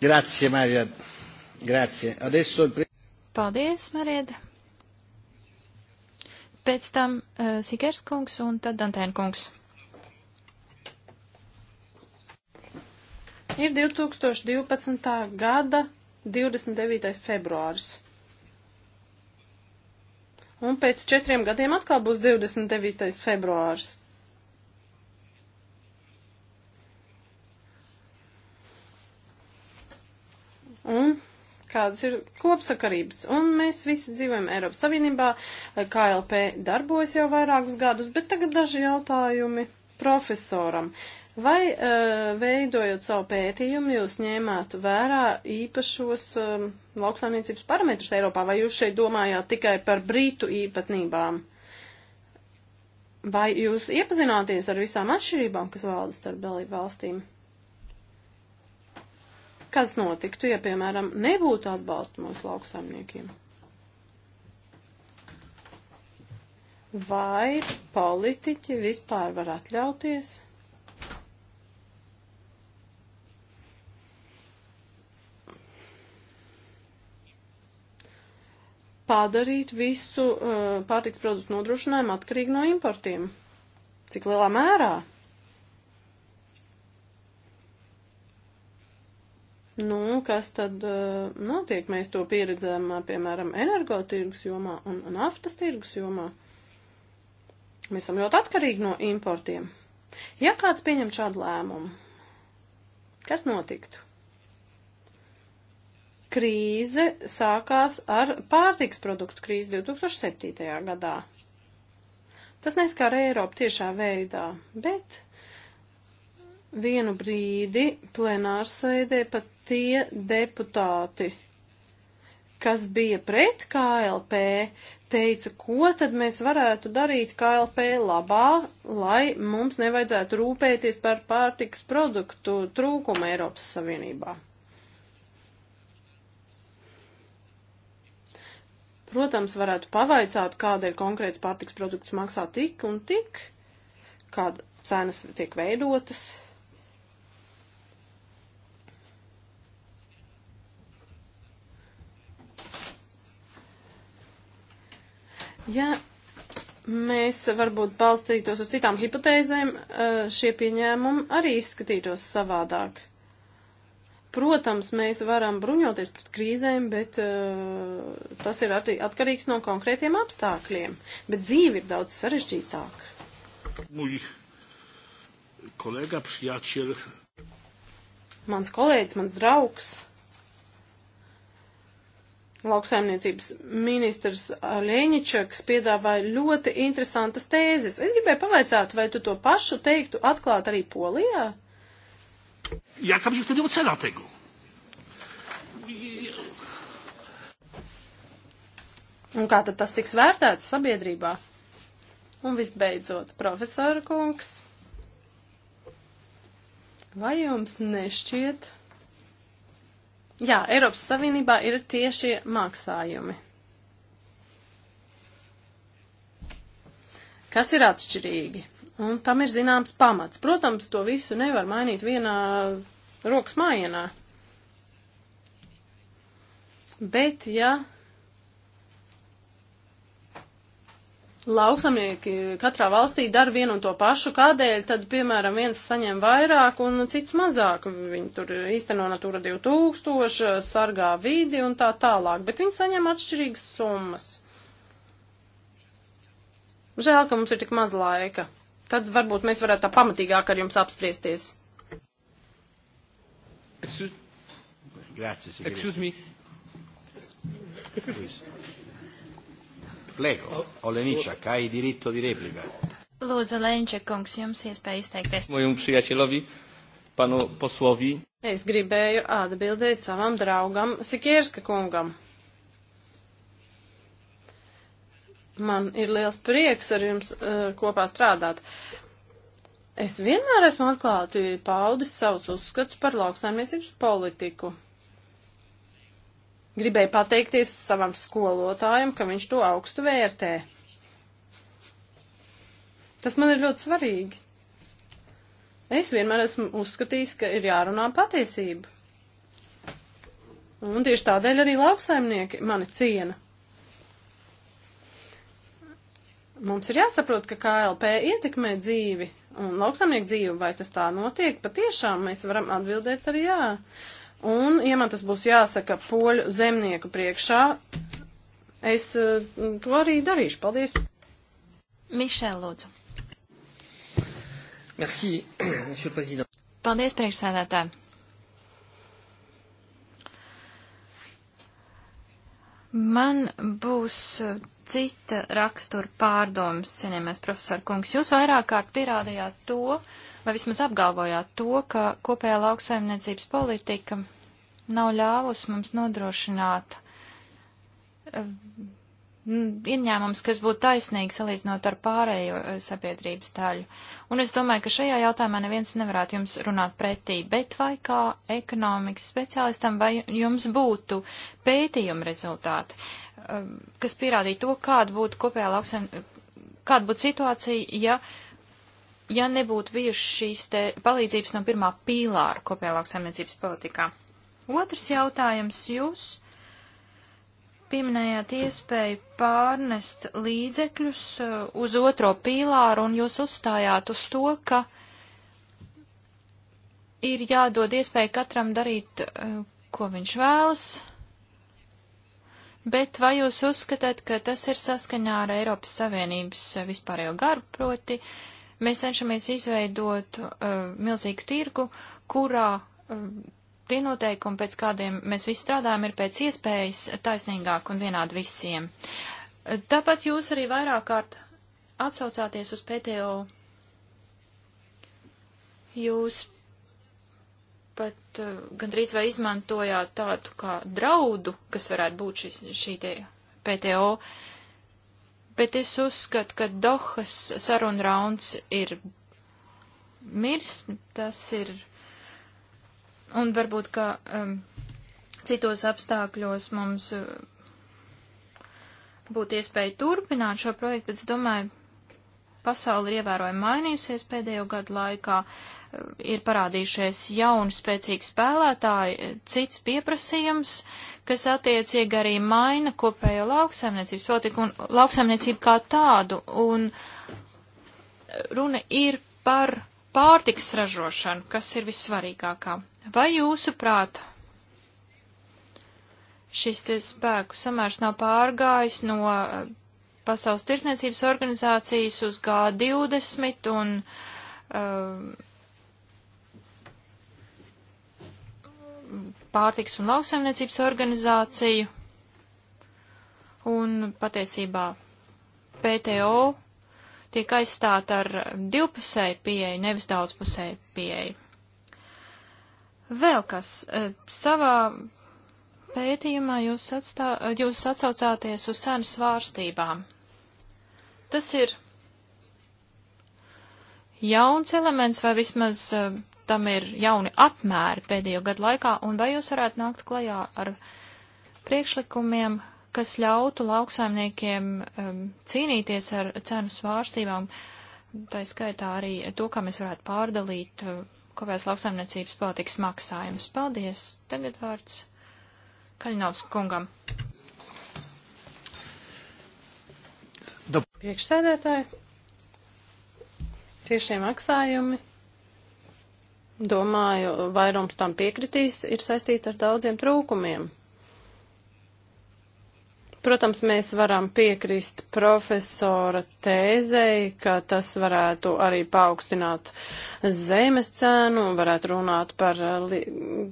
Grazie, Marija! Grazie! Adesso... Paldies, Marija! pēc tam uh, Sikers kungs un tad Dantēna kungs. Ir 2012. gada 29. februāris. Un pēc četriem gadiem atkal būs 29. februāris. Un kādas ir kopsakarības. Un mēs visi dzīvojam Eiropas Savienībā, KLP darbojas jau vairākus gadus, bet tagad daži jautājumi profesoram. Vai uh, veidojot savu pētījumu, jūs ņēmāt vērā īpašos uh, lauksaimniecības parametrus Eiropā, vai jūs šeit domājāt tikai par brītu īpatnībām? Vai jūs iepazināties ar visām atšķirībām, kas valda starp dalību valstīm? Kas notiktu, ja, piemēram, nebūtu atbalsta mūsu lauksaimniekiem? Vai politiķi vispār var atļauties padarīt visu uh, pārtiks produktu nodrošinājumu atkarīgu no importiem. Cik lielā mērā? Nu, kas tad eh, notiek? Mēs to pieredzējām, eh, piemēram, energotirgus jomā un naftas tirgus jomā. Mēs esam ļoti atkarīgi no importiem. Ja kāds pieņem šādu lēmumu, kas notiktu? Krīze sākās ar pārtiks produktu krīzi 2007. gadā. Tas neskar Eiropu tiešā veidā, bet vienu brīdi plenārsēdē pat tie deputāti, kas bija pret KLP, teica, ko tad mēs varētu darīt KLP labā, lai mums nevajadzētu rūpēties par pārtiks produktu trūkumu Eiropas Savienībā. Protams, varētu pavaicāt, kādēļ konkrēts pārtiks produkts maksā tik un tik, kāda cenas tiek veidotas. Ja mēs varbūt balstītos uz citām hipotēzēm, eh, šie pieņēmumi arī izskatītos savādāk. Protams, mēs varam bruņoties pret krīzēm, bet uh, tas ir arī atkarīgs no konkrētiem apstākļiem. Bet dzīve ir daudz sarežģītāka. Mūj kolēga, pšļāčiel. Mans kolēģis, mans draugs lauksaimniecības ministrs Lēņičaks piedāvāja ļoti interesantas tēzes. Es gribēju pavaicāt, vai tu to pašu teiktu atklāt arī Polijā? Jā, kāpēc jūs tad jau cenā teiku? Un kā tad tas tiks vērtēts sabiedrībā? Un visbeidzot, profesora kungs, vai jums nešķiet? Jā, Eiropas Savienībā ir tiešie maksājumi. Kas ir atšķirīgi? Un tam ir zināms pamats. Protams, to visu nevar mainīt vienā rokas mājienā. Bet, ja lauksamnieki katrā valstī dara vienu un to pašu, kādēļ tad, piemēram, viens saņem vairāk un cits mazāk. Viņi tur īsteno Natura 2000, sargā vidi un tā tālāk, bet viņi saņem atšķirīgas summas. Žēl, ka mums ir tik maz laika. Tad varbūt mēs varētu tā pamatīgāk ar jums apspriesties. Excuse, Grazie, Excuse me. Please. Lego, Oleničak, hai diritto di replika. Lūdzu, Leničak, kungs, jums iespēja izteikties. Mojum prijateļovi, panu poslovi. Es gribēju atbildēt savam draugam Sikierska kungam. Man ir liels prieks ar jums uh, kopā strādāt. Es vienmēr esmu atklāti paudis savus uzskatus par lauksaimniecības politiku. Gribēju pateikties savam skolotājam, ka viņš to augstu vērtē. Tas man ir ļoti svarīgi. Es vienmēr esmu uzskatījis, ka ir jārunā patiesība. Un tieši tādēļ arī lauksaimnieki mani ciena. Mums ir jāsaprot, ka KLP ietekmē dzīvi un lauksaimnieku dzīvi, vai tas tā notiek, patiešām mēs varam atbildēt arī jā. Un, ja man tas būs jāsaka poļu zemnieku priekšā, es eh, to arī darīšu. Paldies! Mišēl, lūdzu. Merci, monsieur le président. Paldies, priekšsēdētāji. Man būs eh, cita rakstura pārdomas, cienījamais profesor Kungs. Jūs vairāk kārt pierādījāt to, vai vismaz apgalvojāt to, ka kopējā lauksaimniecības politika nav ļāvusi mums nodrošināt eh, ieņēmums, kas būtu taisnīgi salīdzinot ar pārējo eh, sabiedrības daļu. Un es domāju, ka šajā jautājumā neviens nevarētu jums runāt pretī, bet vai kā ekonomikas speciālistam, vai jums būtu pētījuma rezultāti, eh, kas pierādīja to, kāda būtu kopējā lauksaim, kāda būtu situācija, ja uh, ja nebūtu bijušas šīs te palīdzības no pirmā pīlāra kopējā lauksaimniecības politikā. Otrs jautājums jūs pieminējāt iespēju pārnest līdzekļus uh, uz otro pīlāru, un jūs uzstājāt uz to, ka ir jādod iespēja katram darīt, uh, ko viņš vēlas, bet vai jūs uzskatāt, ka tas ir saskaņā ar Eiropas Savienības uh, vispārējo garu proti, uh, Mēs cenšamies izveidot uh, milzīgu tirgu, kurā uh, tie noteikumi, pēc kādiem mēs visi strādājam, ir pēc iespējas taisnīgāk un vienādi visiem. Uh, tāpat jūs arī vairāk kārt atsaucāties uz PTO. Jūs pat uh, gandrīz vai izmantojāt tādu kā draudu, kas varētu būt šī, šī te PTO. Uh, bet es uzskatu, ka Dohas saruna rauns ir mirst, tas ir, un varbūt, ka um, citos apstākļos mums uh, būtu iespēja turpināt šo projektu, bet es domāju, pasauli ir ievērojami mainījusies pēdējo gadu laikā, uh, ir parādījušies jauni spēcīgi spēlētāji, uh, cits pieprasījums, uh, kas attiecīgi arī maina kopējo lauksaimniecības politiku un lauksaimniecību kā tādu. Un runa ir par pārtiks ražošanu, kas ir vissvarīgākā. Vai jūsuprāt, šis spēku samērs nav pārgājis no eh, Pasaules tirdzniecības organizācijas uz G20 un um, pārtiks un lauksaimniecības organizāciju, un patiesībā PTO tiek aizstāta ar divpusēju pieeju, nevis daudzpusēju pieeju. Vēl kas, e, savā pētījumā jūs, atstā, jūs atsaucāties uz cenu svārstībām. Tas ir jauns elements vai vismaz e, tam ir jauni apmēri pēdējo gadu laikā, un vai jūs varētu nākt klajā ar priekšlikumiem, kas ļautu lauksaimniekiem um, cīnīties ar cenu svārstībām, tā skaitā arī to, kā mēs varētu pārdalīt uh, kopējās lauksaimniecības politikas maksājumus. Paldies! Tagad vārds Kaļinovs kungam. Priekšsēdētāji, tiešie maksājumi domāju, vairums tam piekritīs, ir saistīta ar daudziem trūkumiem. Protams, mēs varam piekrist profesora tēzei, ka tas varētu arī paaugstināt zemes cēnu un varētu runāt par li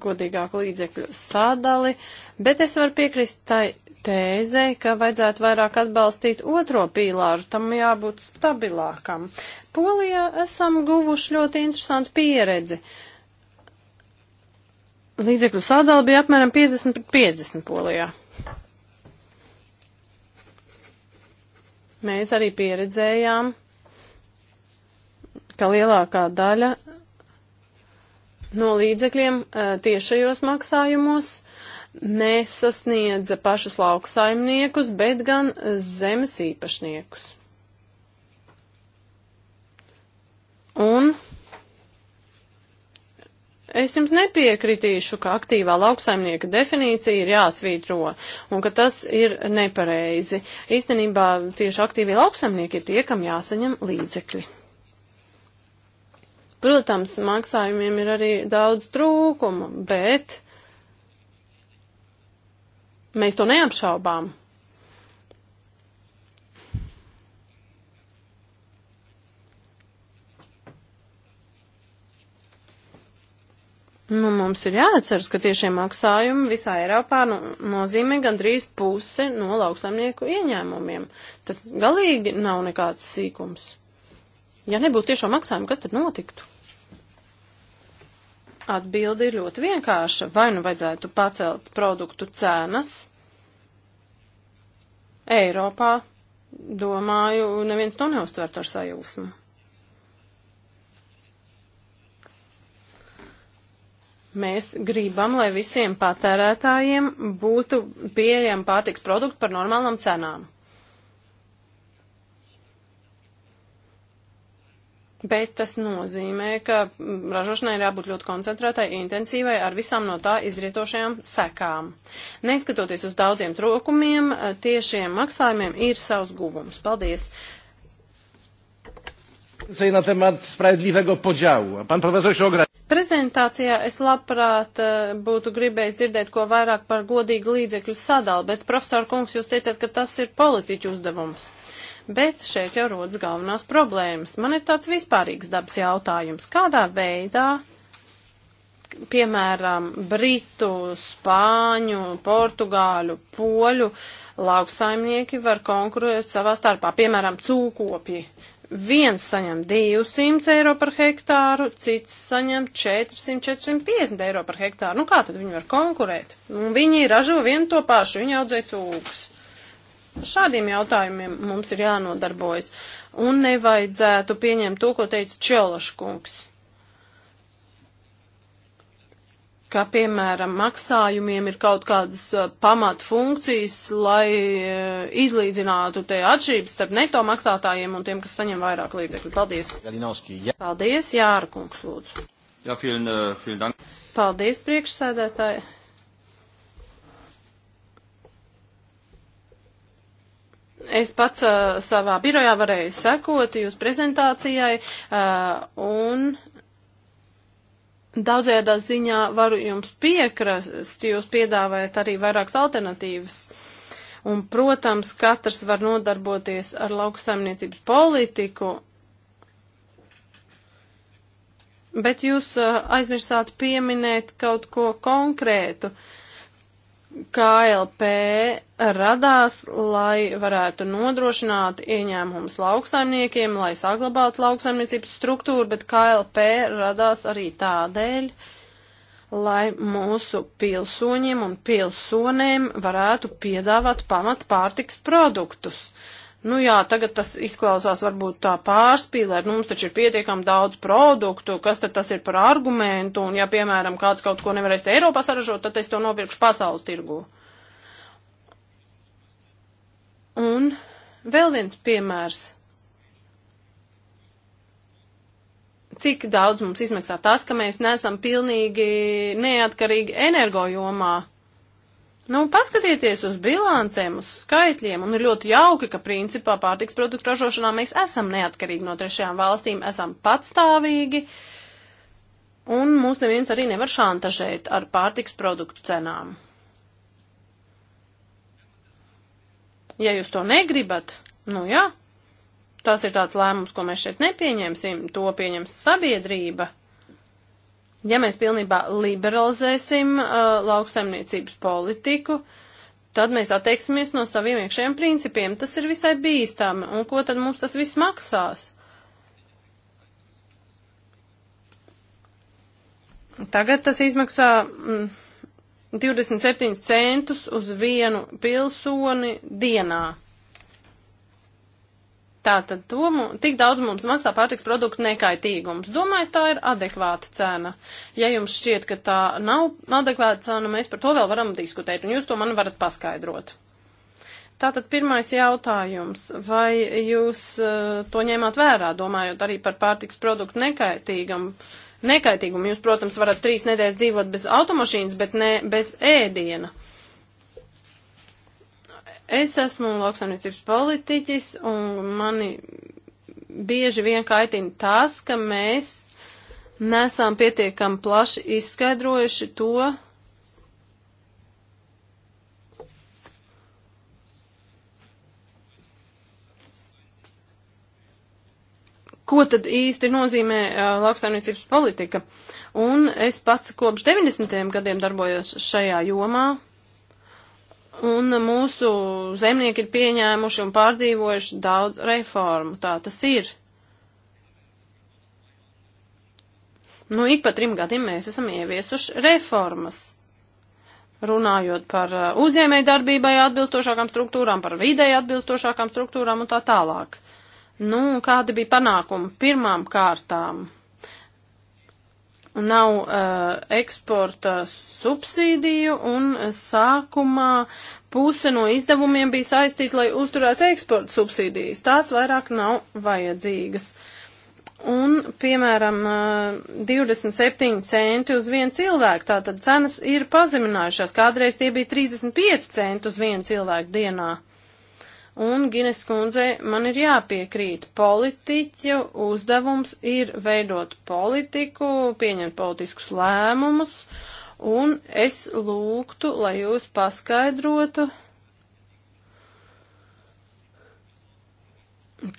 godīgāku līdzekļu sadali, bet es varu piekrist tai tēzei, ka vajadzētu vairāk atbalstīt otro pīlāru, tam jābūt stabilākam. Polijā esam guvuši ļoti interesantu pieredzi. Līdzekļu sadala bija apmēram 50 pret 50 polijā. Mēs arī pieredzējām, ka lielākā daļa no līdzekļiem eh, tiešajos maksājumos nesasniedza pašus lauksaimniekus, bet gan zemes īpašniekus. Un es jums nepiekritīšu, ka aktīvā lauksaimnieka definīcija ir jāsvītro un ka tas ir nepareizi. Īstenībā tieši aktīvie lauksaimnieki ir tie, kam jāsaņem līdzekļi. Protams, maksājumiem ir arī daudz trūkumu, bet Mēs to neapšaubām. Nu, mums ir jāatceras, ka tiešie maksājumi visā Eiropā nu, nozīmē gandrīz pusi no lauksaimnieku ieņēmumiem. Tas galīgi nav nekāds sīkums. Ja nebūtu tiešo maksājumu, kas tad notiktu? Atbildi ir ļoti vienkārša. Vai nu vajadzētu pacelt produktu cenas Eiropā, domāju, neviens to neuztvert ar sajūsmu. Mēs gribam, lai visiem patērētājiem būtu pieejama pārtiks produkti par normālām cenām. Bet tas nozīmē, ka ražošanai ir jābūt ļoti koncentrētai, intensīvai ar visām no tā izrietošajām sekām. Neskatoties uz daudziem trūkumiem, tiešiem maksājumiem ir savs guvums. Paldies! na temat sprawiedliwego podziału. Pan profesor się ogra... Prezentācijā es labprāt e, būtu gribējis dzirdēt ko vairāk par godīgu līdzekļu sadalu, bet profesor Kungs, jūs teicat, ka tas ir politiķu uzdevums. Bet šeit jau rodas galvenās problēmas. Man ir tāds vispārīgs dabas jautājums. Kādā veidā, piemēram, britu, spāņu, portugāļu, poļu lauksaimnieki var konkurēt savā starpā, piemēram, cūkopji. Viens saņem 200 eiro par hektāru, cits saņem 400-450 eiro par hektāru. Nu kā tad viņi var konkurēt? Un nu, viņi ražo vienu to pašu, viņi audzē cūkus. Šādiem jautājumiem mums ir jānodarbojas. Un nevajadzētu pieņemt to, ko teica Čelaškungs. ka, piemēram, maksājumiem ir kaut kādas eh, pamatfunkcijas, lai eh, izlīdzinātu te atšķirības starp neto maksātājiem un tiem, kas saņem vairāk līdzekļu. Paldies. Galinovski, jā. Paldies, Jāra kungs, lūdzu. Jā, vielen, eh, vielen dank. Paldies, priekšsēdētāji. Es pats uh, savā birojā varēju sekot jūs prezentācijai uh, un daudzējādā ziņā varu jums piekrast, jūs piedāvājat arī vairākas alternatīvas. Un, protams, katrs var nodarboties ar lauksaimniecības politiku, bet jūs aizmirsāt pieminēt kaut ko konkrētu. Uh, KLP radās, lai varētu nodrošināt ieņēmumus lauksaimniekiem, lai saglabātu lauksaimniecības struktūru, bet KLP radās arī tādēļ, lai mūsu pilsoņiem un pilsonēm varētu piedāvāt pamat pārtiks produktus. Nu jā, tagad tas izklausās varbūt tā pārspīlēt, nu mums taču ir pietiekami daudz produktu, kas tad tas ir par argumentu, un ja, piemēram, kāds kaut ko nevarēs te Eiropā saražot, tad es to nopirkšu pasaules tirgu. Un vēl viens piemērs. Cik daudz mums izmaksā tas, ka mēs nesam pilnīgi neatkarīgi energojumā? Nu, paskatieties uz bilancēm, uz skaitļiem, un ir ļoti jauki, ka principā pārtiks produktu ražošanā mēs esam neatkarīgi no trešajām valstīm, esam patstāvīgi, un mūs neviens arī nevar šantažēt ar pārtiks produktu cenām. Ja jūs to negribat, nu jā, tas ir tāds lēmums, ko mēs šeit nepieņemsim, to pieņems sabiedrība. Ja mēs pilnībā liberalizēsim uh, lauksaimniecības politiku, tad mēs atteiksimies no saviem iekšējiem principiem. Tas ir visai bīstami. Un ko tad mums tas viss maksās? Tagad tas izmaksā mm, 27 centus uz vienu pilsoni dienā. Tātad to, tik daudz mums maksā pārtiks produktu nekaitīgums. Domāju, tā ir adekvāta cena. Ja jums šķiet, ka tā nav adekvāta cena, mēs par to vēl varam diskutēt, un jūs to man varat paskaidrot. Tātad pirmais jautājums, vai jūs uh, to ņēmāt vērā, domājot arī par pārtiks produktu nekaitīgumu? Nekaitīgumu jūs, protams, varat trīs nedēļas dzīvot bez automašīnas, bet ne bez ēdiena. Uh, Es esmu lauksaimniecības politiķis un mani bieži vien kaitina tas, ka mēs nesam pietiekami plaši izskaidrojuši to, ko tad īsti nozīmē uh, lauksaimniecības politika. Un es pats kopš 90. gadiem darbojos šajā jomā. Un mūsu zemnieki ir pieņēmuši un pārdzīvojuši daudz reformu. Tā tas ir. Nu, ik pa trim gadiem mēs esam ieviesuši reformas. Runājot par uh, uzņēmēju darbībai atbilstošākām struktūrām, par videi atbilstošākām struktūrām un tā tālāk. Nu, kādi bija panākumi pirmām kārtām? nav uh, eksporta subsīdiju un sākumā puse no izdevumiem bija saistīta, lai uzturētu eksporta subsīdijas. Tās vairāk nav vajadzīgas. Un, piemēram, 27 uh, centi uz vienu cilvēku, tātad cenas ir pazeminājušās. Kādreiz tie bija 35 centi uz vienu cilvēku dienā. Uh, Un, Gines kundzei, man ir jāpiekrīt, politiķa uzdevums ir veidot politiku, pieņemt politiskus lēmumus, un es lūgtu, lai jūs paskaidrotu,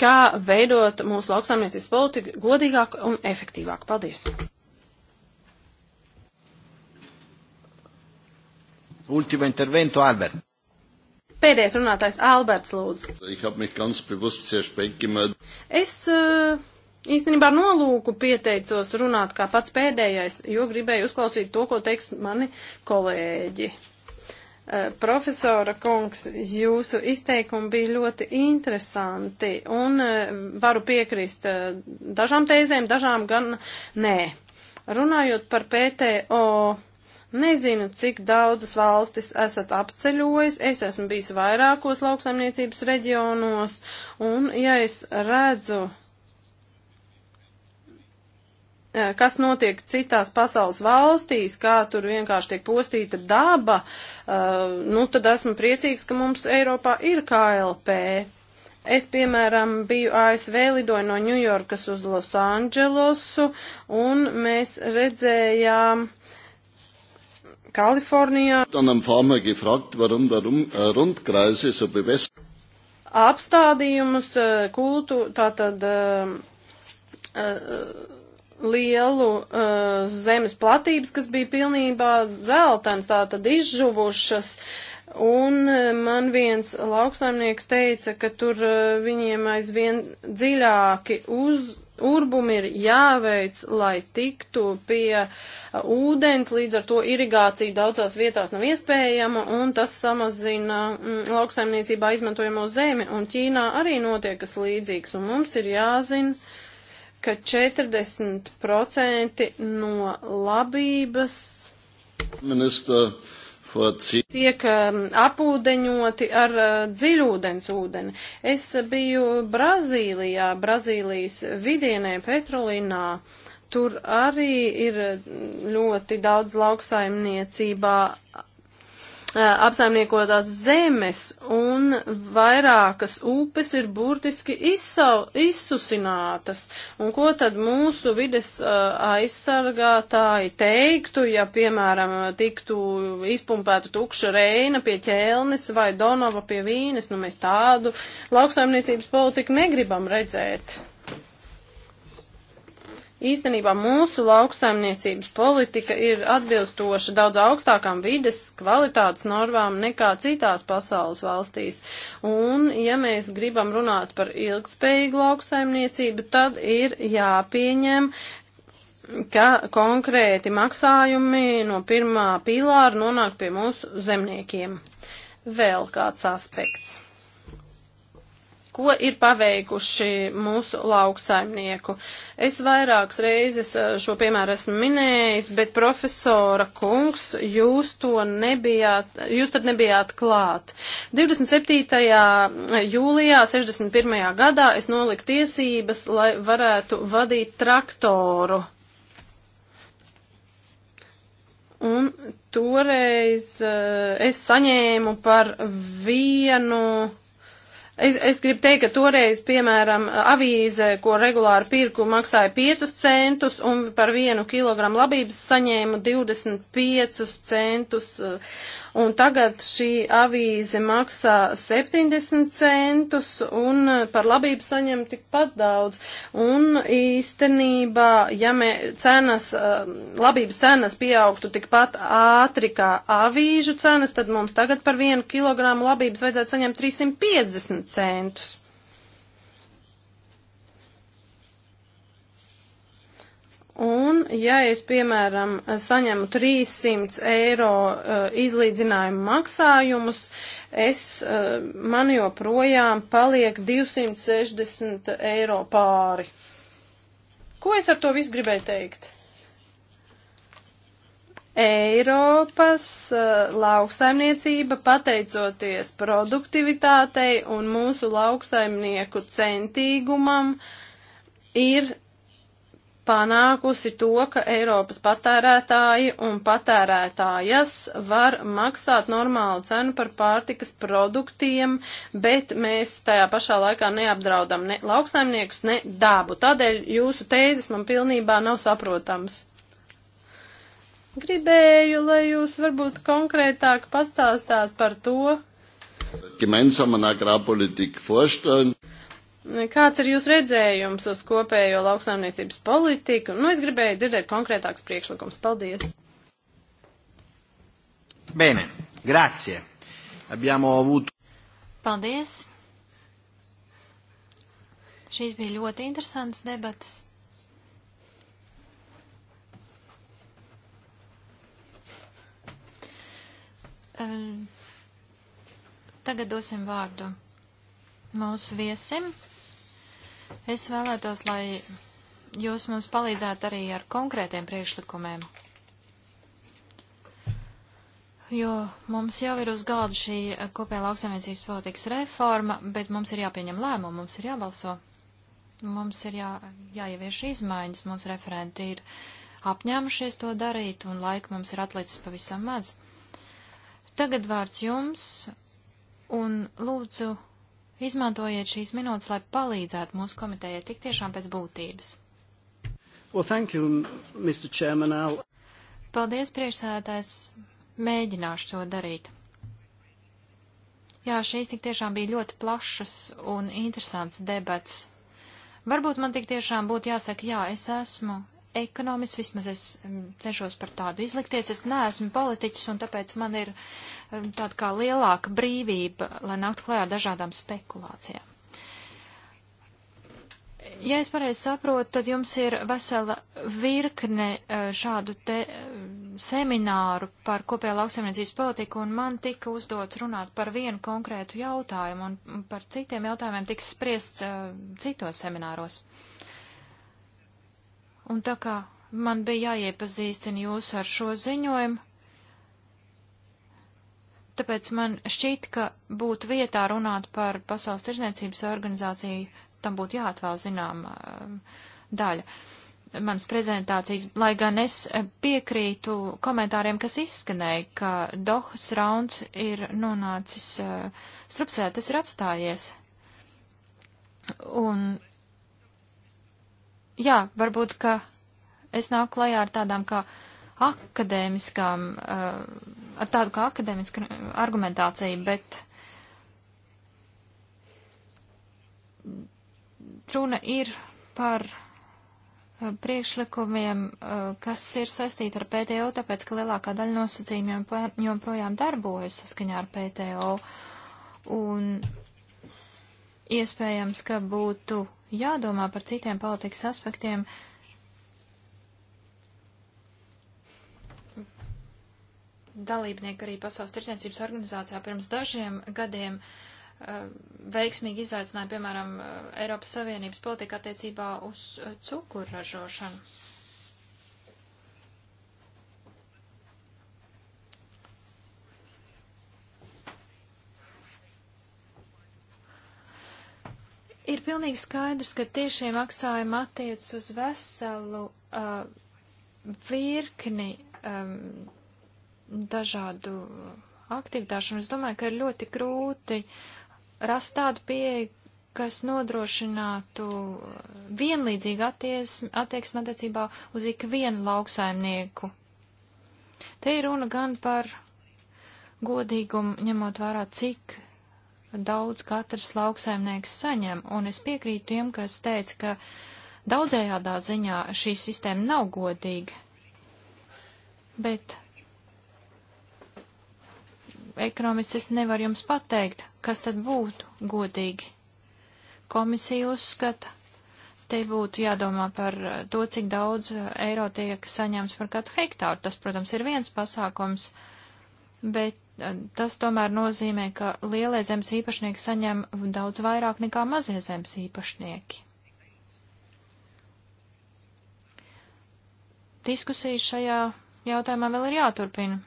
kā veidot mūsu lauksaimniecības politiku godīgāk un efektīvāk. Paldies! Ultimo intervento, Albert. Pēdējais runātājs Alberts Lūdzu. Es uh, īstenībā nolūku pieteicos runāt kā pats pēdējais, jo gribēju uzklausīt to, ko teiks mani kolēģi. Uh, profesora kungs, jūsu izteikumi bija ļoti interesanti un uh, varu piekrist uh, dažām tēzēm, dažām gan nē. Runājot par PTO Nezinu, cik daudzas valstis esat apceļojis, es esmu bijis vairākos lauksaimniecības reģionos, un ja es redzu, e, kas notiek citās pasaules valstīs, kā tur vienkārši tiek postīta daba, e, nu tad esmu priecīgs, ka mums Eiropā ir KLP. Es, piemēram, biju ASV, lidoju no Ņujorkas uz Losandželosu, un mēs redzējām, uh, Kalifornijā. Gefragt, warum darum, äh, rundkreise so bewest... Apstādījumus äh, kultu, tātad äh, lielu zemes platības, kas bija pilnībā dzeltens, tātad izžuvušas. Un man viens lauksaimnieks teica, ka tur viņiem aizvien dziļāki uz, urbumi ir jāveic, lai tiktu pie uh, ūdens, līdz ar to irigācija daudzās vietās nav iespējama, un tas samazina mm, lauksaimniecībā izmantojamo zemi, un Ķīnā arī notiek kas līdzīgs, un mums ir jāzina, ka 40% no labības. Ministra. Uh tiek um, apūdeņoti ar uh, dziļūdens ūdeni. Es biju Brazīlijā, Brazīlijas vidienē, Petrolīnā. Tur arī ir ļoti daudz lauksaimniecībā Uh, apsaimniekotās zemes un vairākas upes ir burtiski izsau, izsusinātas. Un ko tad mūsu vides uh, aizsargātāji teiktu, ja, piemēram, tiktu izpumpēta tukša reina pie ķēlnes vai Donava pie vīnes? Nu, mēs tādu lauksaimniecības politiku negribam redzēt. Īstenībā mūsu lauksaimniecības politika ir atbilstoša daudz augstākām vides kvalitātes normām nekā citās pasaules valstīs. Un, ja mēs gribam runāt par ilgspējīgu lauksaimniecību, tad ir jāpieņem ka konkrēti maksājumi no pirmā pīlāra nonāk pie mūsu zemniekiem. Vēl kāds aspekts ko ir paveikuši mūsu lauksaimnieku. Es vairākas reizes eh, šo piemēru esmu minējis, bet profesora kungs, jūs to nebijāt, jūs tad nebijāt klāt. 27. jūlijā 61. gadā es noliku tiesības, lai varētu vadīt traktoru. Un toreiz uh, es saņēmu par vienu Es, es gribu teikt, ka toreiz, piemēram, avīze, ko regulāri pirku, maksāja 5 centus un par vienu kilogramu labības saņēmu 25 centus. Eh, un tagad šī avīze maksā 70 centus un par labību saņem tikpat daudz. Un īstenībā, ja mē, cenas, um, labības cenas pieaugtu tikpat ātri kā avīžu cenas, tad mums tagad par vienu kilogramu labības vajadzētu saņemt 350 centus. Un, ja es, piemēram, saņemu 300 eiro uh, izlīdzinājumu maksājumus, es, uh, man joprojām paliek 260 eiro pāri. Ko es ar to visu gribēju teikt? Eiropas uh, lauksaimniecība pateicoties produktivitātei un mūsu lauksaimnieku centīgumam ir panākusi to, ka Eiropas patērētāji un patērētājas var maksāt normālu cenu par pārtikas produktiem, bet mēs tajā pašā laikā neapdraudam ne lauksaimniekus, ne dabu. Tādēļ jūsu tēzes man pilnībā nav saprotams. Gribēju, lai jūs varbūt konkrētāk pastāstāt par to. Gemeinsame Agrarpolitik vorstellen Kāds ir jūs redzējums uz kopējo lauksaimniecības politiku? Nu, es gribēju dzirdēt konkrētāks priekšlikums. Paldies! Bene, grazie. Abbiamo avuto. Paldies! Šīs bija ļoti interesants debatas. Tagad dosim vārdu mūsu viesim. Es vēlētos, lai jūs mums palīdzētu arī ar konkrētiem priekšlikumiem. Jo mums jau ir uz galda šī kopējā lauksaimniecības politikas reforma, bet mums ir jāpieņem lēmumu, mums ir jābalso, mums ir jā, jāievieš izmaiņas, mums referenti ir apņēmušies to darīt, un laika mums ir atlicis pavisam maz. Tagad vārds jums, un lūdzu Izmantojiet šīs minūtes, lai palīdzētu mūsu komitējai tik tiešām pēc būtības. Well, thank you, Mr. Chairman. I'll... Paldies, priekšsēdētājs. Mēģināšu to darīt. Jā, šīs tik tiešām bija ļoti plašas un interesants debats. Varbūt man tik tiešām būtu jāsaka, jā, es esmu ekonomists, vismaz es mm, cenšos par tādu izlikties. Es neesmu politiķis, un tāpēc man ir Um, tāda kā lielāka brīvība, lai nāktu klajā ar dažādām spekulācijām. Ja es pareizi saprotu, tad jums ir vesela virkne uh, šādu te uh, semināru par kopējā lauksaimniecības politiku, un man tika uzdots runāt par vienu konkrētu jautājumu, un par citiem jautājumiem tiks spriests uh, citos semināros. Un tā kā man bija jāiepazīstina jūs ar šo ziņojumu, Tāpēc man šķiet, ka būtu vietā runāt par Pasaules tirzniecības organizāciju, tam būtu jāatvēl zinām eh, daļa manas prezentācijas, lai gan es eh, piekrītu komentāriem, kas izskanēja, ka Dohas rauns ir nonācis eh, strupsē, tas ir apstājies. Un jā, varbūt, ka es nāku klajā ar tādām kā. Ka akadēmiskām, eh, ar tādu kā akadēmisku argumentāciju, bet runa ir par eh, priekšlikumiem, eh, kas ir saistīti ar PTO, tāpēc, ka lielākā daļa nosacījumiem joprojām darbojas saskaņā ar PTO. Un iespējams, ka būtu jādomā par citiem politikas aspektiem, uh, dalībnieki arī Pasaules tirdzniecības organizācijā pirms dažiem gadiem uh, veiksmīgi izaicināja, piemēram, uh, Eiropas Savienības politika attiecībā uz uh, cukurražošanu. Ir pilnīgi skaidrs, ka tiešie maksājumi attiec uz veselu uh, virkni um, dažādu aktivitāšu, un es domāju, ka ir ļoti grūti rast tādu pieeju, kas nodrošinātu vienlīdzīgu attieksmi attiecībā uz ikvienu lauksaimnieku. Te ir runa gan par godīgumu, ņemot vērā, cik daudz katrs lauksaimnieks saņem, un es piekrītu tiem, kas teica, ka daudzējādā ziņā šī sistēma nav godīga. Bet ekonomists, es nevaru jums pateikt, kas tad būtu godīgi. Komisija uzskata, te būtu jādomā par eh, to, cik daudz eh, eiro tiek saņemts par katru hektāru. Tas, protams, ir viens pasākums, bet eh, tas tomēr nozīmē, ka lielie zemes īpašnieki saņem daudz vairāk nekā mazie zemes īpašnieki. Diskusijas šajā jautājumā vēl ir jāturpina.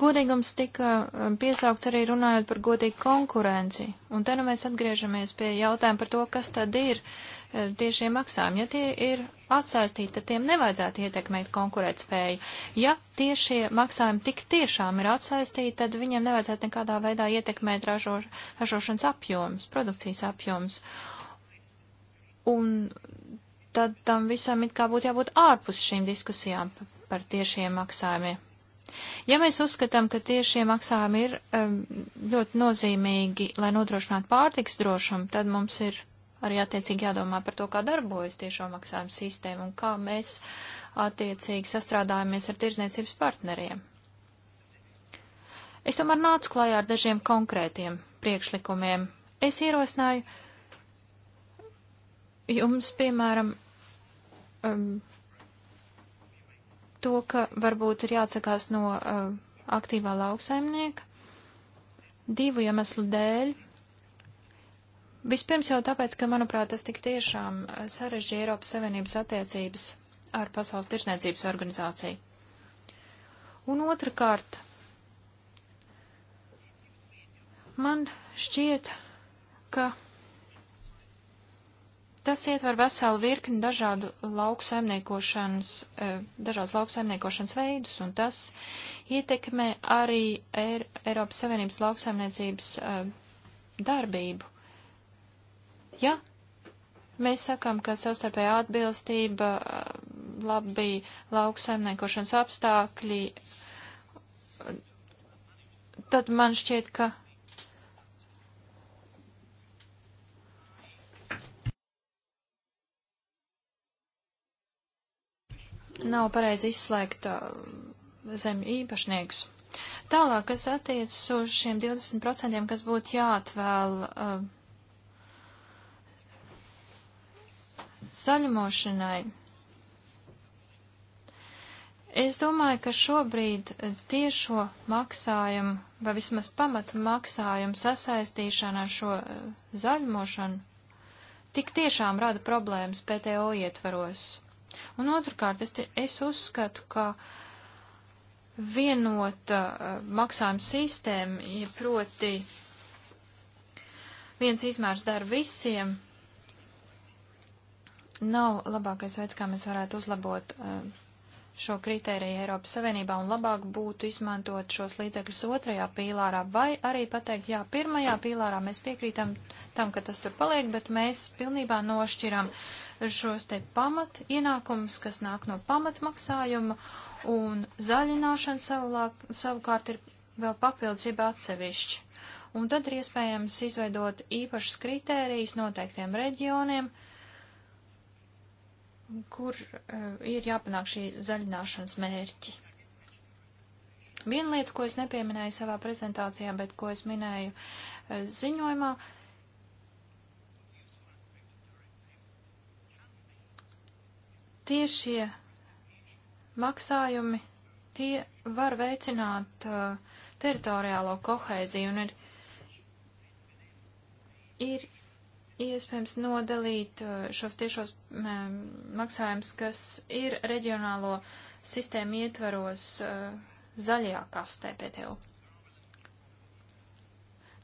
Godīgums tika um, piesaukts arī runājot par godīgu konkurenci, un te nu mēs atgriežamies pie jautājuma par to, kas tad ir um, tiešie maksājumi. Ja tie ir atsaistīti, tad tiem nevajadzētu ietekmēt konkurētspēju. Ja tiešie maksājumi tik tiešām ir atsaistīti, tad viņiem nevajadzētu nekādā veidā ietekmēt ražo, ražošanas apjoms, produkcijas apjoms. Un tad tam visam it kā būtu jābūt ārpus šīm diskusijām par tiešiem maksājumiem. Ja mēs uzskatām, ka tiešie maksājumi ir um, ļoti nozīmīgi, lai nodrošinātu pārtiks drošumu, tad mums ir arī attiecīgi jādomā par to, kā darbojas tiešo maksājumu sistēma un kā mēs attiecīgi sastrādājamies ar tirzniecības partneriem. Es tomēr nācu klājā ar dažiem konkrētiem priekšlikumiem. Es ierosināju jums, piemēram, um, to, ka varbūt ir jāatsakās no uh, aktīvā lauksaimnieka divu iemeslu dēļ. Vispirms jau tāpēc, ka, manuprāt, tas tik tiešām uh, sarežģīja Eiropas Savienības attiecības ar Pasaules tirsniecības organizāciju. Un otrkārt, man šķiet, ka Tas ietver veselu virkni dažādu lauksaimniekošanas, e, dažādas lauksaimniekošanas veidus, un tas ietekmē arī Eir Eiropas Savienības lauksaimniecības e, darbību. Ja mēs sakām, ka savstarpējā atbilstība, e, labi lauksaimniekošanas apstākļi, tad man šķiet, ka nav pareizi izslēgt uh, zemju īpašniekus. Tālāk, kas attiecas uz šiem 20%, kas būtu jāatvēl uh, zaļumošanai. Es domāju, ka šobrīd uh, tiešo maksājumu vai vismaz pamatu maksājumu sasaistīšana ar šo uh, zaļumošanu tik tiešām rada problēmas PTO ietvaros. Un otrkārt, es, es uzskatu, ka vienota uh, maksājuma sistēma, ja proti viens izmērs dara visiem, nav labākais veids, kā mēs varētu uzlabot uh, šo kritēriju Eiropas Savienībā un labāk būtu izmantot šos līdzekļus otrajā pīlārā vai arī pateikt, jā, pirmajā pīlārā mēs piekrītam tam, ka tas tur paliek, bet mēs pilnībā nošķiram uh, šos te pamat ienākumus, kas nāk no pamatmaksājuma, un zaļināšana savulāk, savukārt ir vēl papildus jeb atsevišķi. Un tad ir iespējams izveidot īpašas kritērijas noteiktiem reģioniem, kur uh, ir jāpanāk šī zaļināšanas mērķi. Viena lieta, ko es nepieminēju savā prezentācijā, bet ko es minēju uh, ziņojumā, uh, Tiešie maksājumi, tie var veicināt uh, teritoriālo kohēziju un ir, ir iespējams nodalīt uh, šos tiešos um, maksājumus, kas ir reģionālo sistēmu ietvaros uh, zaļajā kastē pēdējo.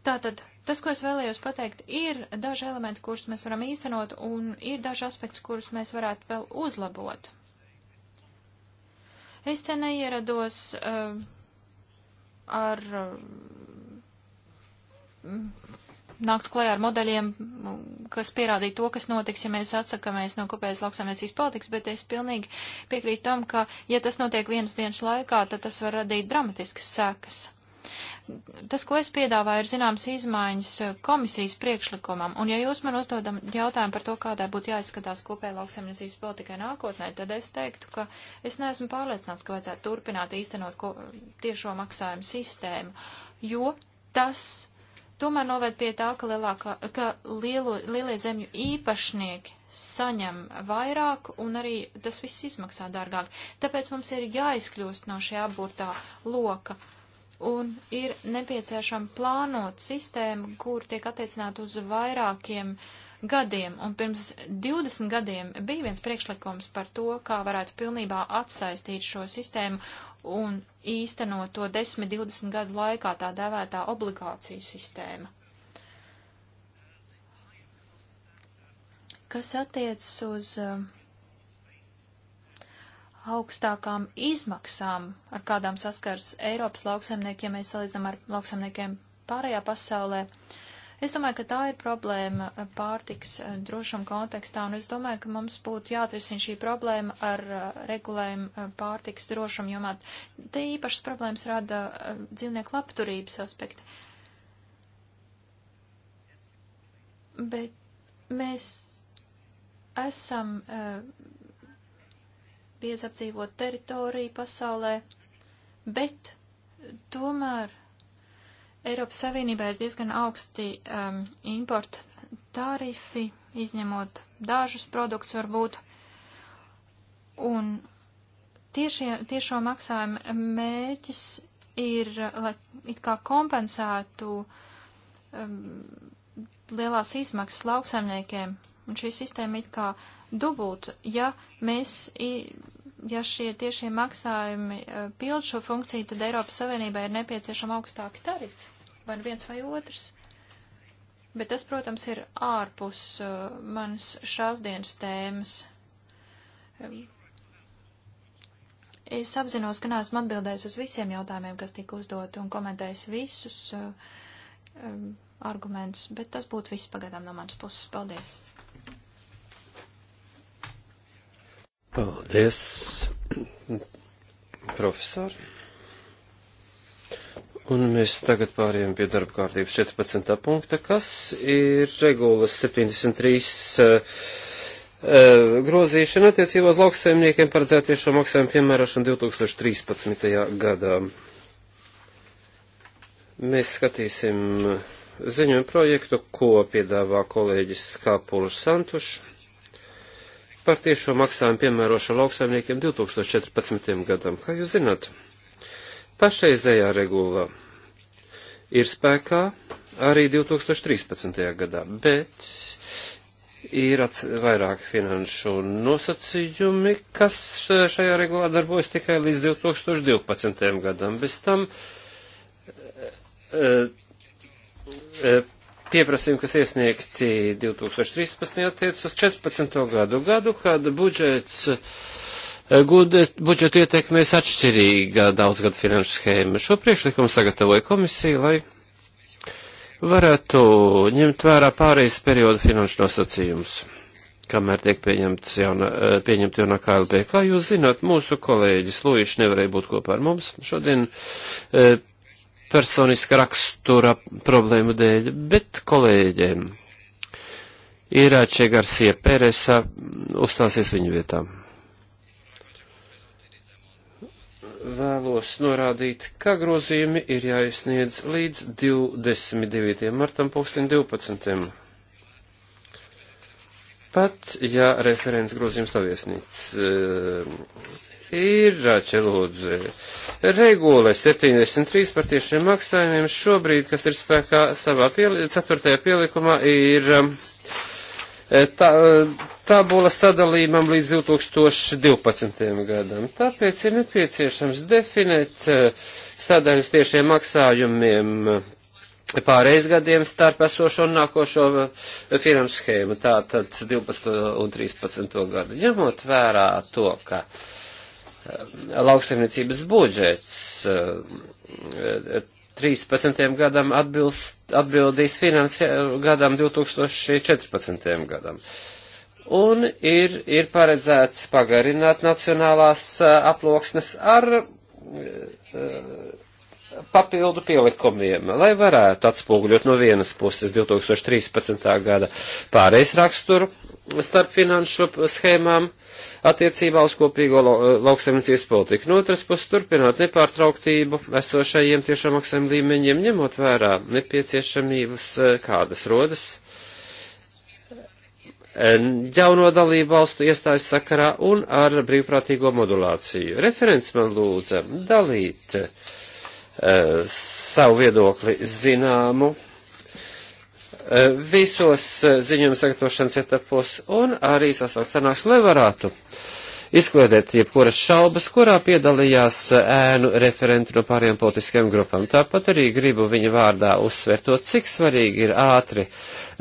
Tātad Tas, ko es vēlējos pateikt, ir daži elementi, kurus mēs varam īstenot, un ir daži aspekti, kurus mēs varētu vēl uzlabot. Es te neierados uh, ar uh, nākt klajā ar modeļiem, um, kas pierādīja to, kas notiks, ja mēs atsakamies no kopējas lauksaimniecības politikas, bet es pilnīgi piekrītu tam, ka, ja tas notiek vienas dienas laikā, tad tas var radīt dramatiskas sekas. Tas, ko es piedāvāju, ir zināms izmaiņas komisijas priekšlikumam, un ja jūs man uzdodam jautājumu par to, kādai būtu jāizskatās kopēja lauksaimniecības politikai nākotnē, tad es teiktu, ka es neesmu pārliecināts, ka vajadzētu turpināt īstenot ko, tiešo maksājumu sistēmu, jo tas tomēr noved pie tā, ka, lielākā, ka lielo, lielie zemju īpašnieki saņem vairāk un arī tas viss izmaksā dārgāk. Tāpēc mums ir jāizkļūst no šī apburtā loka. Uh, un ir nepieciešama plānot sistēmu, kur tiek attiecināta uz vairākiem gadiem. Un pirms 20 gadiem bija viens priekšlikums par to, kā varētu pilnībā atsaistīt šo sistēmu un īstenot to 10-20 gadu laikā tā dēvētā obligāciju sistēma. Kas attiecas uz uh, augstākām izmaksām, ar kādām saskars Eiropas lauksaimniekiem, ja mēs salīdzinām ar lauksaimniekiem pārējā pasaulē. Es domāju, ka tā ir problēma pārtiks drošuma kontekstā, un es domāju, ka mums būtu jāatrisina šī problēma ar uh, regulējumu uh, pārtiks drošumu jomā. Te īpašas problēmas rada uh, dzīvnieku labturības aspekti. Bet mēs esam uh, biezapdzīvot teritoriju pasaulē, bet tomēr Eiropas Savienībā ir diezgan augsti um, importa tarifi, izņemot dažus produktus varbūt. Un tiešie, tiešo maksājumu mērķis ir, lai it kā kompensētu um, lielās izmaksas lauksaimniekiem. Un šī sistēma it kā dubult, ja mēs ja šie tiešie maksājumi e, pild šo funkciju, tad Eiropas Savienībai ir nepieciešama augstāki tarifi, vai nu viens vai otrs. Bet tas, protams, ir ārpus uh, manas šās dienas tēmas. E, es apzinos, ka neesmu atbildējis uz visiem jautājumiem, kas tika uzdot un komentējis visus uh, um, argumentus, bet tas būtu viss pagadām no manas puses. Paldies! Paldies, profesori. Un mēs tagad pāriem pie darba kārtības 14. punkta, kas ir regulas 73. Uh, eh, eh, grozīšana attiecībā uz lauksaimniekiem paredzēt tiešo maksājumu piemērošanu 2013. gadā. Mēs skatīsim ziņojumu projektu, ko piedāvā kolēģis Skāpulis Santušs par tiešo maksājumu piemērošanu lauksaimniekiem 2014. gadam. Kā jūs zināt, pašreizējā regula ir spēkā arī 2013. gadā, bet ir vairāk finanšu nosacījumi, kas šajā regulā darbojas tikai līdz 2012. gadam. Bez tam e, e, pieprasījumi, kas iesniegti 2013. attiec uz 14. gadu, gadu, kad budžets eh, budžetu ietekmēs atšķirīga daudzgada finanšu schēma. Šo priekšlikumu sagatavoja komisija, lai varētu ņemt vērā pārejas perioda finanšu nosacījumus, kamēr tiek pieņemts jauna, eh, pieņemt jaunā KLP. Kā jūs zināt, mūsu kolēģis Lūjišs nevarēja būt kopā ar mums šodien. Eh, personiska rakstura problēmu dēļ, bet kolēģiem. Irāče Garsie Pēresa uzstāsies viņu vietā. Vēlos norādīt, ka grozījumi ir jāizsniedz līdz 29. martam 2012. Pat, ja referents grozījums nav iesniegts. E ir, Čelūdze, regula 73 par tiešiem maksājumiem šobrīd, kas ir spēkā savā pieli, ceturtajā pielikumā, ir um, tā, tabula sadalījumam līdz 2012. gadam. Tāpēc ir nepieciešams definēt uh, sadaļas tiešiem maksājumiem uh, pāreiz gadiem starp esošo un nākošo uh, finanšu schēmu, tātad 12 un 13 gadu. Ņemot vērā to, ka lauksaimniecības budžets 13. Eh, gadam atbilst, atbildīs finansi gadam 2014. gadam. Un ir, ir paredzēts pagarināt nacionālās eh, aploksnes ar eh, papildu pielikumiem, lai varētu atspoguļot no vienas puses 2013. gada pārejas raksturu starp finanšu schēmām attiecībā uz kopīgo eh, lauksaimniecības politiku. No otras puses turpināt nepārtrauktību esošajiem tiešām maksājuma līmeņiem, ņemot vērā nepieciešamības, eh, kādas rodas eh, jauno dalību valstu iestājas sakarā un ar brīvprātīgo modulāciju. Referents man lūdza dalīt uh, Eh, savu viedokli zināmu eh, visos eh, ziņojuma sagatavošanas etapos un arī sasaukt sanāks, lai varētu izkliedēt jebkuras šaubas, kurā piedalījās ēnu referenti no pāriem politiskajām grupām. Tāpat arī gribu viņa vārdā uzsvērt to, cik svarīgi ir ātri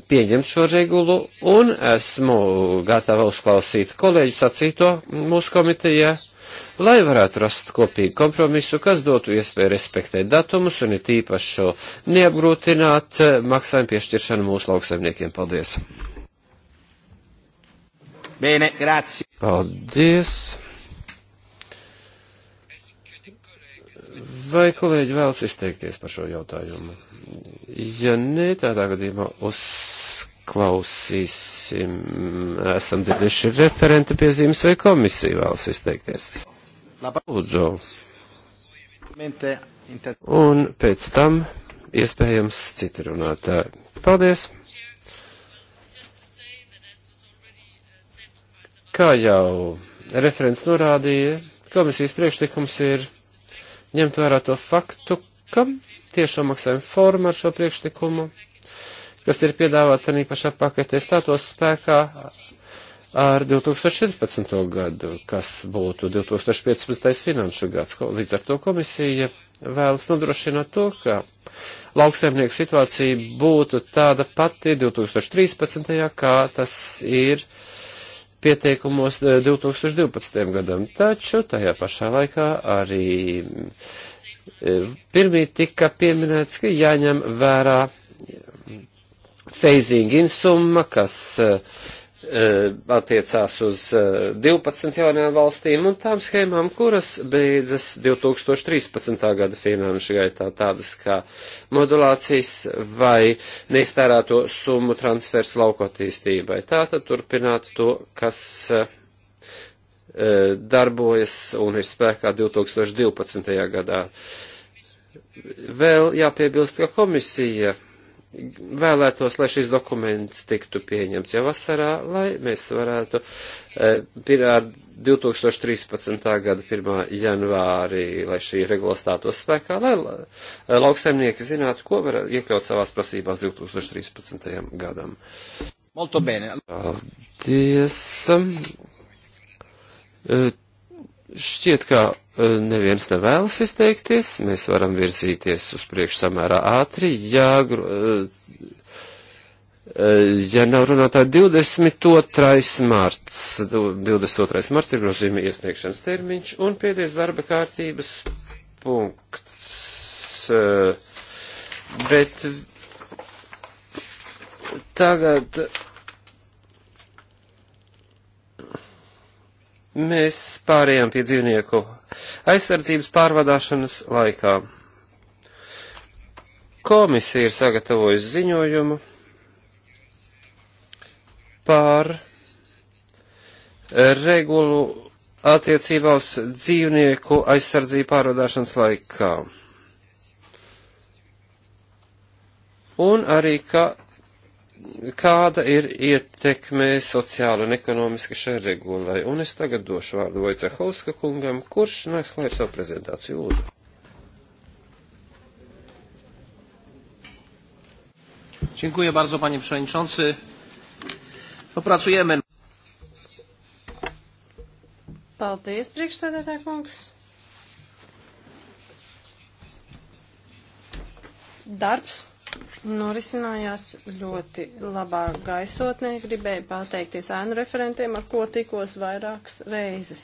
pieņemt šo regulu, un esmu gatava uzklausīt kolēģu sacīto mūsu komitejā. Ja lai varētu rast kopīgu kompromisu, kas dotu iespēju respektēt datumus un ir tīpaši šo neapgrūtināt eh, maksājumu piešķiršanu mūsu lauksaimniekiem. Paldies! Bene, grazie. Paldies! Vai kolēģi vēlas izteikties par šo jautājumu? Ja nē, tādā gadījumā uz Uzklausīsim, esam dzirdējuši referenta piezīmes vai komisija vēlas izteikties. Lūdzu. Un pēc tam iespējams citi runātāji. Paldies! Kā jau referents norādīja, komisijas priekšlikums ir ņemt vērā to faktu, ka tiešo maksājumu forma ar šo priekšlikumu kas ir piedāvāta arī pašā paketē, stātos spēkā ar 2014. gadu, kas būtu 2015. finanšu gads. Līdz ar to komisija vēlas nodrošināt to, ka lauksaimnieku situācija būtu tāda pati 2013. kā tas ir pieteikumos 2012. Eh, gadam. Taču tajā pašā laikā arī eh, pirmī tika pieminēts, ka jāņem vērā phasing in summa, kas eh, eh, attiecās uz 12 eh, jaunajām valstīm un tām schēmām, kuras beidzas 2013. gada finanšu gaitā, tādas kā modulācijas vai neiztērēto summu transfers lauko attīstībai. Tātad turpināt to, kas darbojas un ir spēkā 2012. gadā. Vēl jāpiebilst, ka komisija vēlētos, lai šis dokuments tiktu pieņemts jau vasarā, lai mēs varētu e, ar 2013. gada 1. janvārī, lai šī regula stātos spēkā, lai e, lauksaimnieki zinātu, ko var iekļaut savās prasībās 2013. gadam. Molto bene. Paldies. E, Šķiet, ka e, neviens nevēlas izteikties, mēs varam virzīties uz priekšu samērā ātri, jā, e, e, ja nav runātāji 22. marts, 22. marts ir grozījuma iesniegšanas termiņš un pēdējais darba kārtības punkts, bet tagad Mēs pārējām pie dzīvnieku aizsardzības pārvadāšanas laikā. Komisija ir sagatavojusi ziņojumu par regulu attiecībā uz dzīvnieku aizsardzību pārvadāšanas laikā. Un arī, ka kāda ir ietekme sociāla un ekonomiska šai regulai. Un es tagad došu vārdu Vojcehovska kungam, kurš nāks klāt savu prezentāciju lūdzu. Dziękuję bardzo, panie przewodniczący. Popracujemy. Paldies, priekšstādātā kungs. Darbs norisinājās ļoti labā gaisotnē. Gribēju pateikties ēnu referentiem, ar ko tikos vairākas reizes.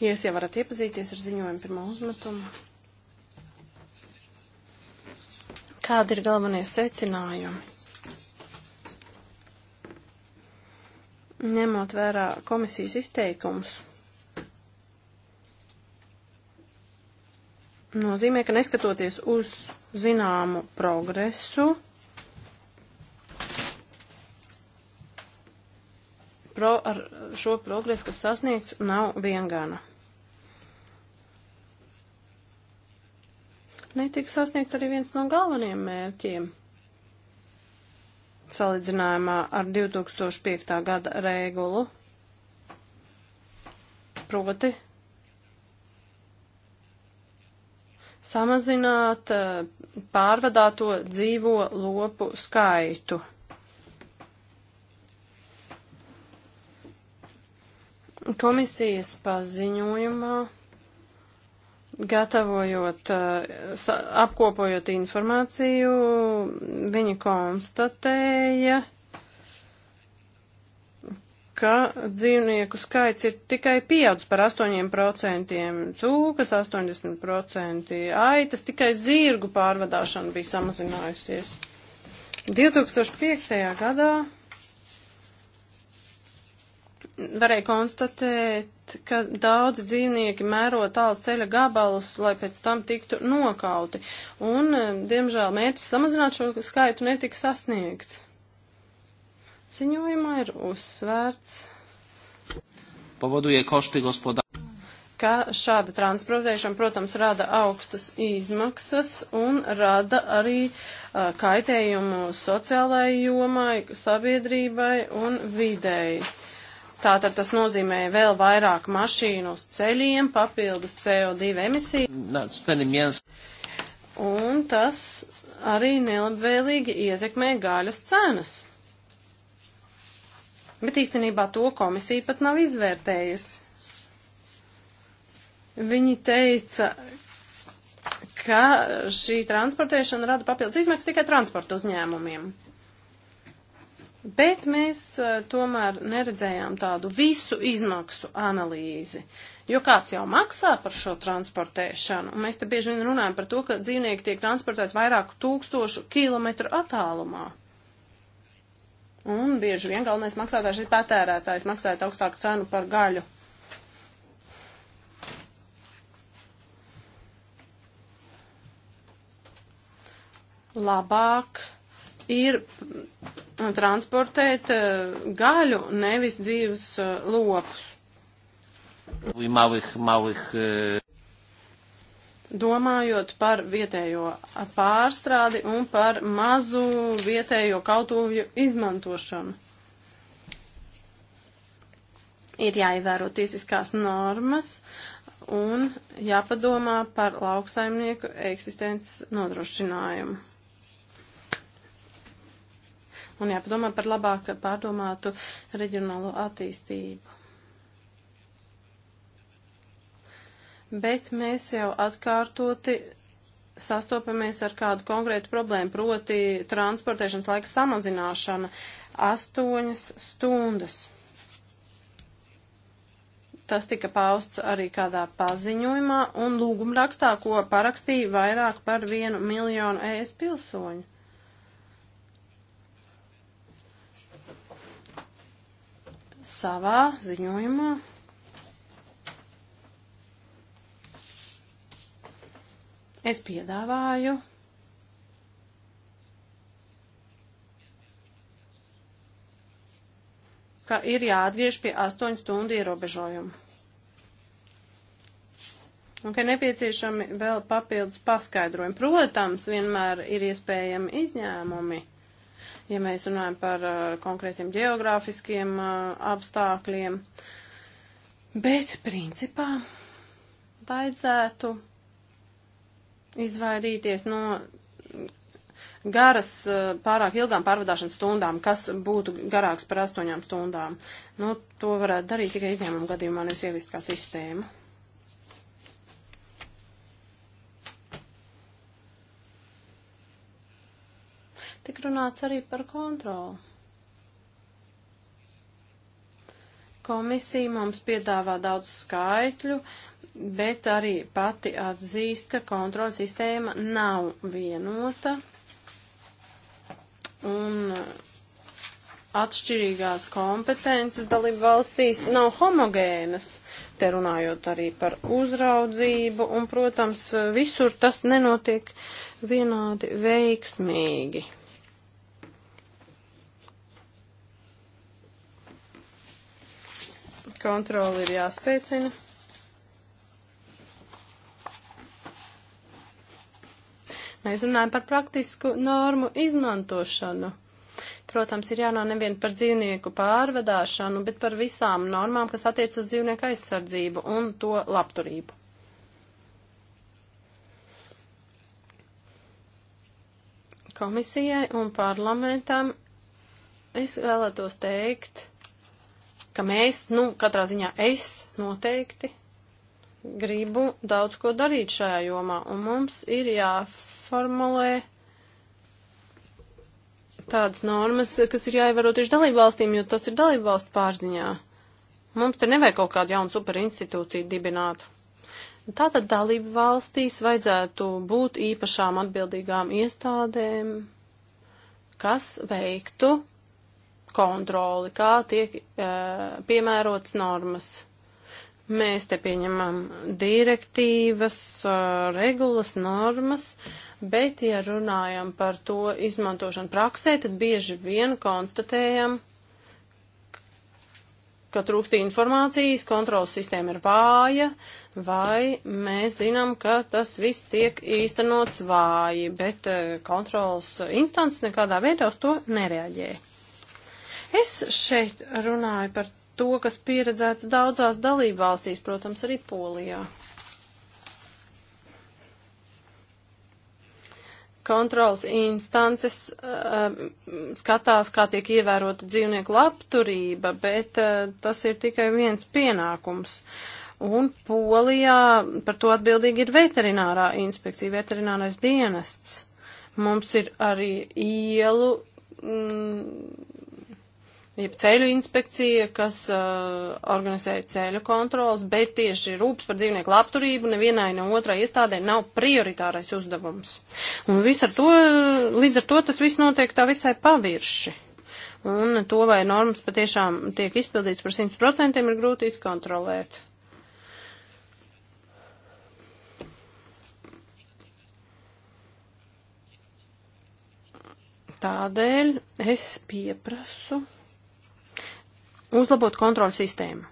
Ja jūs jau varat iepazīties ar ziņojumu pirmo uzmetumu. Kādi ir galvenie secinājumi? Ņemot vērā komisijas izteikumus. nozīmē, ka neskatoties uz zināmu progresu, pro, ar šo progresu, kas sasniegts, nav viengana. Netika sasniegts arī viens no galvenajiem mērķiem. Salīdzinājumā ar 2005. gada regulu, proti samazināt eh, pārvadāto dzīvo lopu skaitu. Komisijas paziņojumā gatavojot, eh, apkopojot informāciju, viņi konstatēja, ka dzīvnieku skaits ir tikai pieaudzis par 8%, cūkas 80%, aitas tikai zirgu pārvadāšana bija samazinājusies. 2005. gadā varēja konstatēt, ka daudzi dzīvnieki mēro tālus ceļa gabalus, lai pēc tam tiktu nokauti. Un, diemžēl, mērķis samazināt šo skaitu netika sasniegts. Ziņojumā ir uzsvērts, pavaduje košti gospodāri. Ka šāda transportēšana, protams, rada augstas izmaksas un rada arī uh, kaitējumu sociālajai jomai, sabiedrībai un videi. Tātad tas nozīmē vēl vairāk mašīnu uz ceļiem, papildus CO2 emisiju. Un tas arī nelabvēlīgi ietekmē gaļas cenas. Bet īstenībā to komisija pat nav izvērtējusi. Viņi teica, ka šī transportēšana rada papildus izmaksas tikai transporta uzņēmumiem. Bet mēs e, tomēr neredzējām tādu visu izmaksu analīzi, jo kāds jau maksā par šo transportēšanu. Un mēs te bieži vien runājam par to, ka dzīvnieki tiek transportēti vairāku tūkstošu kilometru attālumā. Un bieži vien galvenais maksātājs ir patērētājs, maksājot augstāku cenu par gaļu. Labāk ir transportēt eh, gaļu, nevis dzīves eh, lopus. Małych, małych, eh, domājot par vietējo pārstrādi un par mazu vietējo kautuvju izmantošanu. Ir jāievēro tiesiskās normas un jāpadomā par lauksaimnieku eksistences nodrošinājumu. Un jāpadomā par labāk pārdomātu reģionālo attīstību. bet mēs jau atkārtoti sastopamies ar kādu konkrētu problēmu, proti transportēšanas laika samazināšana - astoņas stundas. Tas tika pausts arī kādā paziņojumā un lūgumrakstā, ko parakstīja vairāk par vienu miljonu ES pilsoņu. Savā ziņojumā Es piedāvāju ka ir jāatgriež pie 8 stundu ierobežojuma. Un ka nepieciešami vēl papildus paskaidrojumi. Protams, vienmēr ir iespējami izņēmumi, ja mēs runājam par uh, konkrētiem geogrāfiskiem uh, apstākļiem. Bet, principā, vajadzētu izvairīties no garas, eh, pārāk ilgām pārvadāšanas stundām, kas būtu garāks par astoņām stundām. Nu, to varētu darīt tikai izņēmumu gadījumā, nevis ievist kā sistēmu. Tik runāts arī par kontroli. Komisija mums piedāvā daudz skaitļu, uh, bet arī pati atzīst, ka kontrola sistēma nav vienota un atšķirīgās kompetences dalību valstīs nav homogēnas, te runājot arī par uzraudzību, un, protams, visur tas nenotiek vienādi veiksmīgi. Kontroli ir jāspēcina. Mēs runājam par praktisku normu izmantošanu. Protams, ir jārunā nevien par dzīvnieku pārvedāšanu, bet par visām normām, kas attiec uz dzīvnieku aizsardzību un to labturību. Komisijai un parlamentam es vēlētos teikt, ka mēs, nu, katrā ziņā es noteikti gribu daudz ko darīt šajā jomā, un mums ir jāf jāformulē tādas normas, kas ir jāievēro tieši dalībvalstīm, jo tas ir dalībvalstu pārziņā. Mums te nevajag kaut kādu jaunu superinstitūciju dibināt. Tātad dalību valstīs vajadzētu būt īpašām atbildīgām iestādēm, kas veiktu kontroli, kā tiek e, eh, piemērots normas. Mēs te pieņemam direktīvas, regulas, normas, bet, ja runājam par to izmantošanu praksē, tad bieži vien konstatējam, ka trūkst informācijas, kontrolas sistēma ir vāja, vai mēs zinām, ka tas viss tiek īstenots vāji, bet kontrolas instances nekādā veidā uz to nereaģē. Es šeit runāju par to, kas pieredzēts daudzās dalībvalstīs, protams, arī Polijā. Kontrolas instances uh, skatās, kā tiek ievērota dzīvnieku labturība, bet uh, tas ir tikai viens pienākums. Un Polijā par to atbildīgi ir veterinārā inspekcija, veterinārais dienests. Mums ir arī ielu. Mm, jeb ceļu inspekcija, kas uh, organizēja ceļu kontrols, bet tieši rūps par dzīvnieku labturību nevienai no ne otrai iestādē nav prioritārais uzdevums. Un viss ar to, līdz ar to tas viss notiek tā visai pavirši. Un to, vai normas patiešām tiek izpildīts par 100%, ir grūti izkontrolēt. Tādēļ es pieprasu uzlabot kontrolu sistēmu.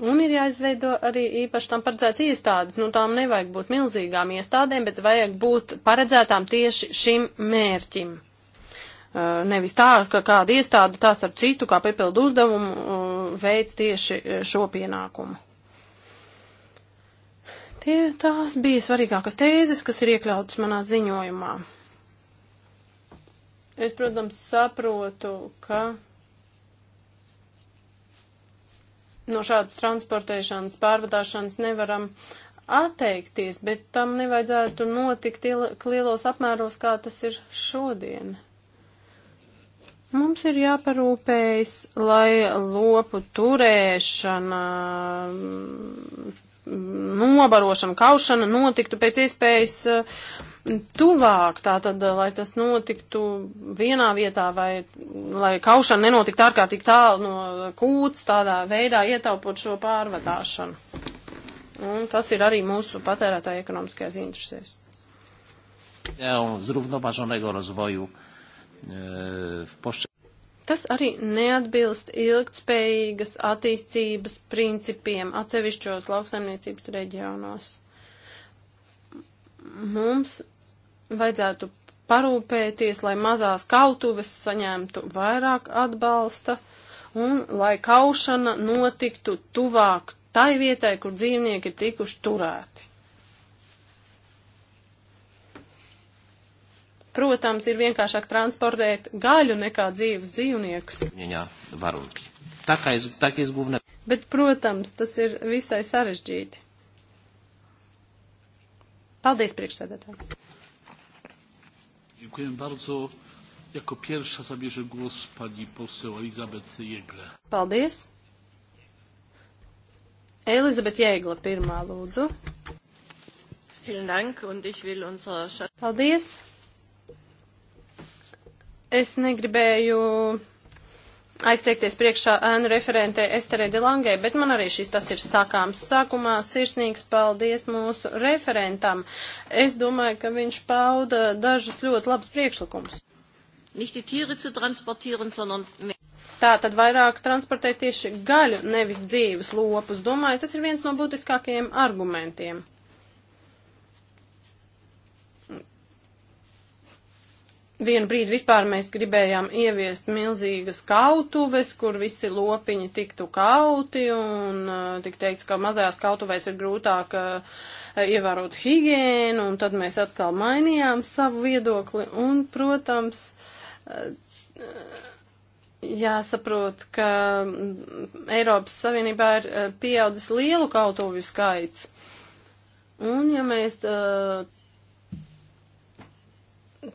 Un ir jāizveido arī īpaši tam paredzēts iestādes. Nu, tām nevajag būt milzīgām iestādēm, bet vajag būt paredzētām tieši šim mērķim. Uh, nevis tā, ka kāda iestāde tās ar citu, kā piepildu uzdevumu, uh, veids tieši uh, šo pienākumu. Tie, tās bija svarīgākas tēzes, kas ir iekļautas manā ziņojumā. Es, protams, saprotu, ka no šādas transportēšanas, pārvadāšanas nevaram atteikties, bet tam nevajadzētu notikt lielos apmēros, kā tas ir šodien. Mums ir jāparūpējas, lai lopu turēšana, nobarošana, kaušana notiktu pēc iespējas uh, tuvāk, tātad, lai tas notiktu vienā vietā vai lai kaušana nenotiktu ārkārtīgi tālu no kūts, tādā veidā ietaupot šo pārvadāšanu. Un tas ir arī mūsu patērētāja ekonomiskajās interesēs. Zrównoważonego rozwoju e, w poszczególnych. Tas arī neatbilst ilgtspējīgas attīstības principiem atsevišķos lauksaimniecības reģionos mums vajadzētu parūpēties, lai mazās kautuves saņemtu vairāk atbalsta un lai kaušana notiktu tuvāk tai vietai, kur dzīvnieki ir tikuši turēti. Protams, ir vienkāršāk transportēt gaļu nekā dzīves dzīvniekus. Jā, varbūt. Tā kā es, tā kā es guvne. Bet, protams, tas ir visai sarežģīti. Paldies, priekšsēdētāji. Dziękuję bardzo. Jako pierwsza zabierze głos pani poseł Elizabeth Jegle. Paldies. Elizabeth Jēgla pirmā lūdzu. Dank, un ich will unser... Paldies. Es negribēju aizteikties priekšā ēnu referentē Esterē Delangai, bet man arī šis tas ir sakāms. Sākumā sirsnīgs paldies mūsu referentam. Es domāju, ka viņš pauda dažus ļoti labus priekšlikumus. Tā tad vairāk transportēt tieši gaļu, nevis dzīves lopus. Domāju, tas ir viens no būtiskākajiem argumentiem. vienu brīdi vispār mēs gribējām ieviest milzīgas kautuves, kur visi lopiņi tiktu kauti un eh, tik teiks, ka mazajās kautuvēs ir grūtāk uh, ievērot higienu, un tad mēs atkal mainījām savu viedokli, un, protams, uh, jāsaprot, ka mm, Eiropas Savienībā ir pieaudzis lielu kautovju skaits. Un ja mēs uh,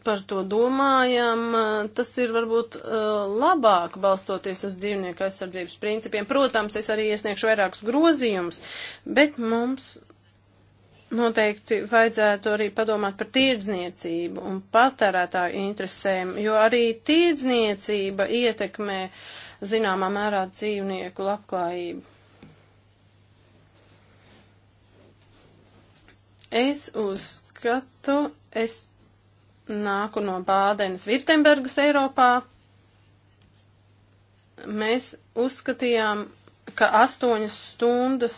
par to domājam, eh, tas ir varbūt eh, labāk balstoties uz dzīvnieku aizsardzības principiem. Protams, es arī iesniegšu vairākus grozījumus, bet mums noteikti vajadzētu arī padomāt par tirdzniecību un patērētāju interesēm, jo arī tirdzniecība ietekmē zināmā mērā dzīvnieku labklājību. Es uzskatu, es nāku no Bādenes Virtembergas Eiropā. Mēs uzskatījām, ka astoņas stundas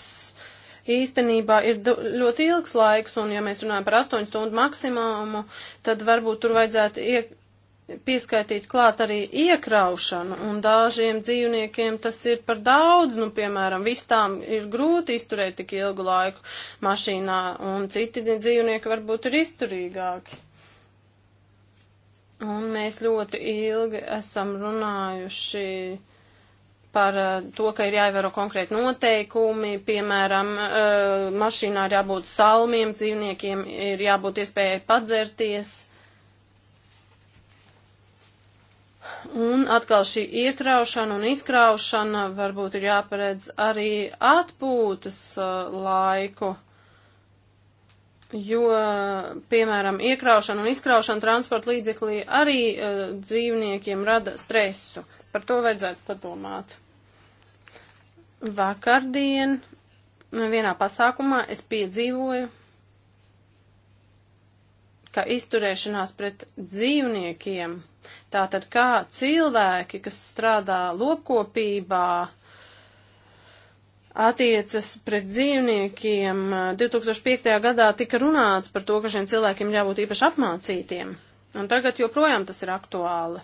īstenībā ir ļoti ilgs laiks, un ja mēs runājam par astoņu stundu maksimumu, tad varbūt tur vajadzētu iek pieskaitīt klāt arī iekraušanu, un dažiem dzīvniekiem tas ir par daudz, nu, piemēram, vistām ir grūti izturēt tik ilgu laiku mašīnā, un citi dzīvnieki varbūt ir izturīgāki. Un mēs ļoti ilgi esam runājuši par eh, to, ka ir jāievēro konkrēti noteikumi, piemēram, eh, mašīnā ir jābūt salmiem, dzīvniekiem ir jābūt iespējai padzerties. Un atkal šī iekraušana un izkraušana varbūt ir jāparedz arī atpūtas eh, laiku. Jo, piemēram, iekraušana un izkraušana transporta līdzeklī arī uh, dzīvniekiem rada stresu. Par to vajadzētu padomāt. Vakardien vienā pasākumā es piedzīvoju, ka izturēšanās pret dzīvniekiem, tātad kā cilvēki, kas strādā lopkopībā, attiecas pret dzīvniekiem. 2005. gadā tika runāts par to, ka šiem cilvēkiem jābūt īpaši apmācītiem. Un tagad joprojām tas ir aktuāli.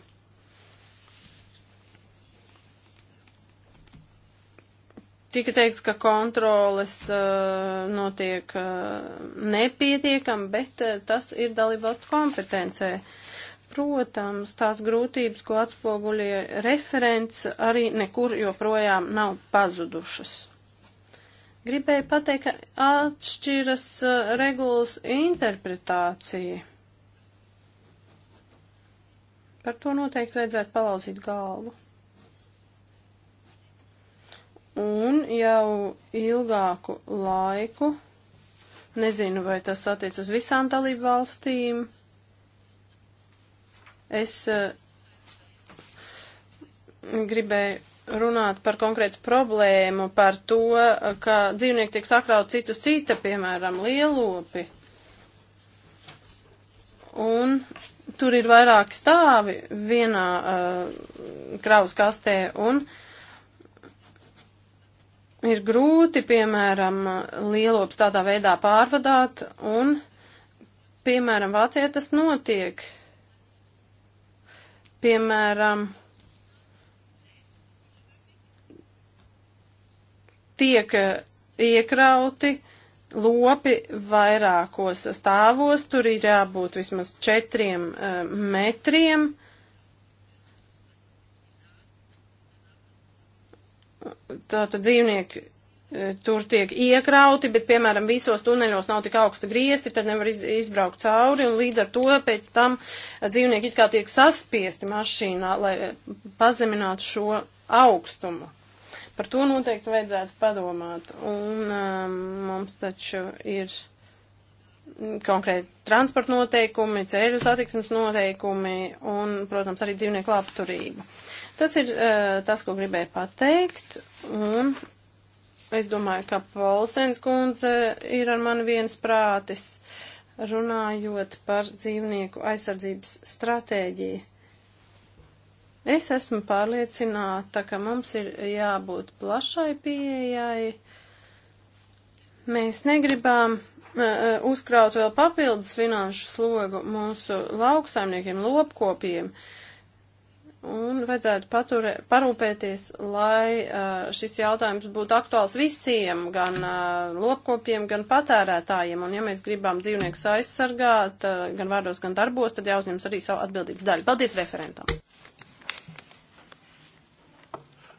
Tika teikts, ka kontroles uh, notiek uh, nepietiekam, bet uh, tas ir dalībvalstu kompetencē. Protams, tās grūtības, ko atspoguļie referents, arī nekur joprojām nav pazudušas. Gribēju pateikt, ka atšķiras eh, regulas interpretācija. Par to noteikti vajadzētu palauzīt galvu. Un jau ilgāku laiku, nezinu, vai tas attiec uz visām dalību valstīm, es eh, gribēju runāt par konkrētu problēmu, par to, ka dzīvnieki tiek sakraut citu cita, piemēram, lielopi. Un tur ir vairāki stāvi vienā uh, kravas kastē un ir grūti, piemēram, lielops tādā veidā pārvadāt un, piemēram, Vācijā tas notiek. Piemēram, tiek eh, iekrauti lopi vairākos stāvos, tur ir jābūt vismaz četriem uh, metriem. Tātad dzīvnieki eh, tur tiek iekrauti, bet, piemēram, visos tuneļos nav tik augsta griesti, tad nevar iz, izbraukt cauri, un līdz ar to pēc tam dzīvnieki it kā tiek saspiesti mašīnā, lai pazeminātu šo augstumu. Par to noteikti vajadzētu padomāt. Un um, mums taču ir konkrēti transporta noteikumi, ceļu satiksmes noteikumi un, protams, arī dzīvnieku labturība. Tas ir uh, tas, ko gribēju pateikt. Un es domāju, ka Polsens kundze ir ar mani viens prātis runājot par dzīvnieku aizsardzības stratēģiju. Es esmu pārliecināta, ka mums ir jābūt plašai pieejai. Mēs negribam uh, uzkraut vēl papildus finanšu slogu mūsu lauksaimniekiem, lopkopiem. Un vajadzētu paturē, parūpēties, lai uh, šis jautājums būtu aktuāls visiem, gan uh, lopkopiem, gan patērētājiem. Un ja mēs gribam dzīvniekus aizsargāt, gan vārdos, gan darbos, tad jāuzņems arī savu atbildības daļu. Paldies referentam!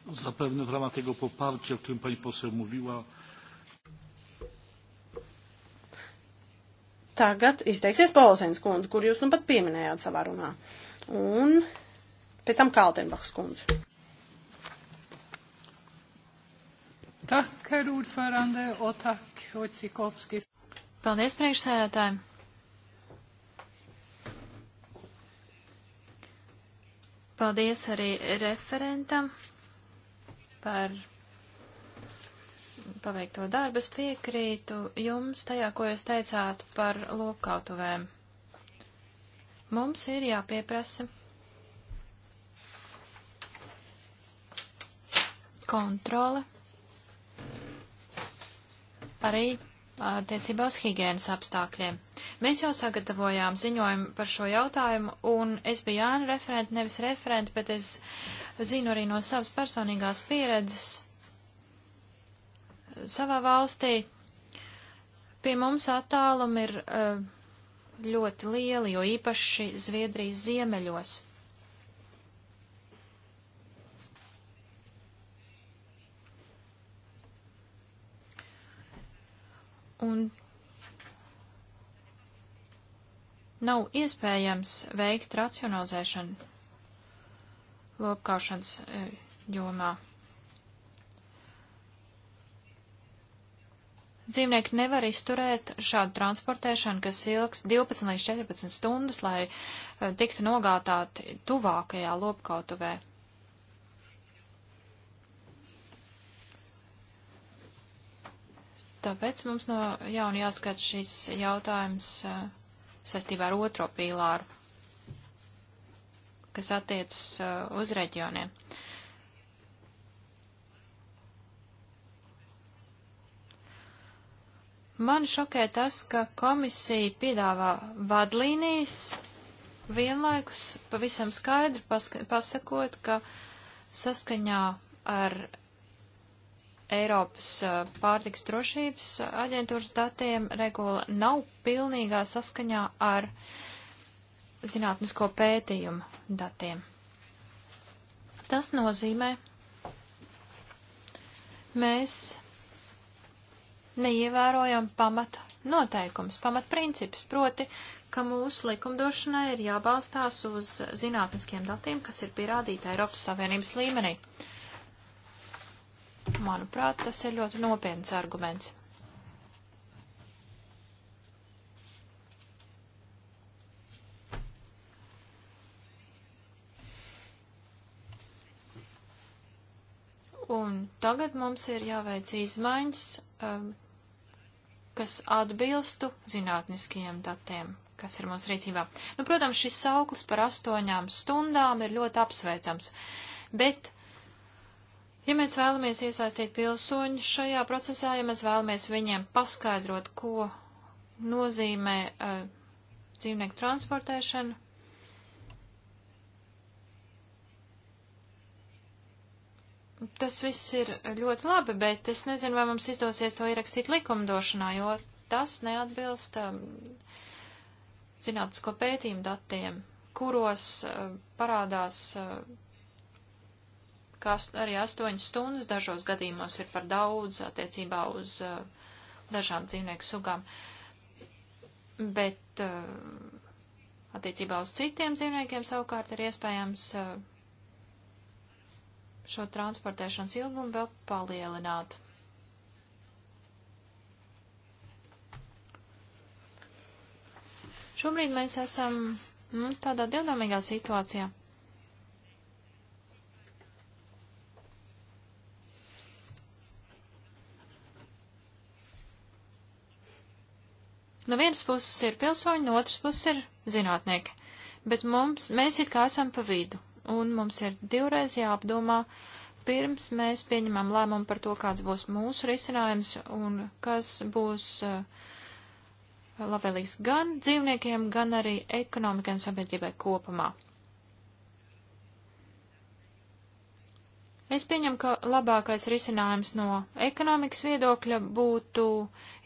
Zapewne w ramach tego poparcia, o którym pani poseł mówiła. Tagad izteiksies Polsēns kundze, kur jūs nu pat pieminējāt savā runā. Un pēc tam Kaltenbachs kundze. Tak, herr ordförande, og tak, Otsikovski. Paldies, priekšsēdētāji. Paldies arī referentam par paveikto darbu. Es piekrītu jums tajā, ko jūs teicāt par lopkautuvēm. Mums ir jāpieprasa kontrole arī attiecībā uz higienas apstākļiem. Mēs jau sagatavojām ziņojumu par šo jautājumu, un es biju Jāna referenta, nevis referenta, bet es uh, zinu arī no savas personīgās pieredzes savā valstī. Pie mums attālumi ir eh, ļoti lieli, jo īpaši Zviedrijas ziemeļos. Un nav iespējams veikt racionalizēšanu lopkaušanas e, jomā. Dzīvnieki nevar izturēt šādu transportēšanu, kas ilgs 12 līdz 14 stundas, lai e, tiktu nogātāti tuvākajā lopkautuvē. Tāpēc mums no jauna jāskat šis jautājums e, saistībā ar otro pīlāru kas attiecas uh, uz reģioniem. Man šokē tas, ka komisija piedāvā vadlīnijas vienlaikus pavisam skaidri pasakot, ka saskaņā ar Eiropas uh, pārtiks drošības aģentūras datiem regula nav pilnīgā saskaņā ar uh, zinātnisko pētījumu datiem. Tas nozīmē, mēs neievērojam pamat noteikums, pamat princips, proti, ka mūsu likumdošanai ir jābalstās uz zinātniskiem datiem, kas ir pierādīti Eiropas Savienības līmenī. Manuprāt, tas ir ļoti nopietns arguments. Un tagad mums ir jāveic izmaiņas, um, kas atbilstu zinātniskajiem datiem, kas ir mūsu rīcībā. Nu, protams, šis sauklis par astoņām stundām ir ļoti apsveicams, bet Ja mēs vēlamies iesaistīt pilsoņus šajā procesā, ja mēs vēlamies viņiem paskaidrot, ko nozīmē uh, dzīvnieku transportēšana, tas viss ir ļoti labi, bet es nezinu, vai mums izdosies to ierakstīt likumdošanā, jo tas neatbilst um, zinātnisko pētījumu datiem, kuros uh, parādās, uh, ka arī astoņas stundas dažos gadījumos ir par daudz attiecībā uz uh, dažām dzīvnieku sugām. Bet uh, attiecībā uz citiem dzīvniekiem savukārt ir iespējams uh, šo transportēšanas ilgumu vēl palielināt. Šobrīd mēs esam nu, tādā divdomīgā situācijā. No vienas puses ir pilsoņi, no otras puses ir zinātnieki, bet mums, mēs it kā esam pa vidu un mums ir divreiz jāapdomā, pirms mēs pieņemam lēmumu par to, kāds būs mūsu risinājums un kas būs eh, labvēlīgs gan dzīvniekiem, gan arī ekonomikai un sabiedrībai kopumā. Es pieņemu, ka labākais risinājums no ekonomikas viedokļa būtu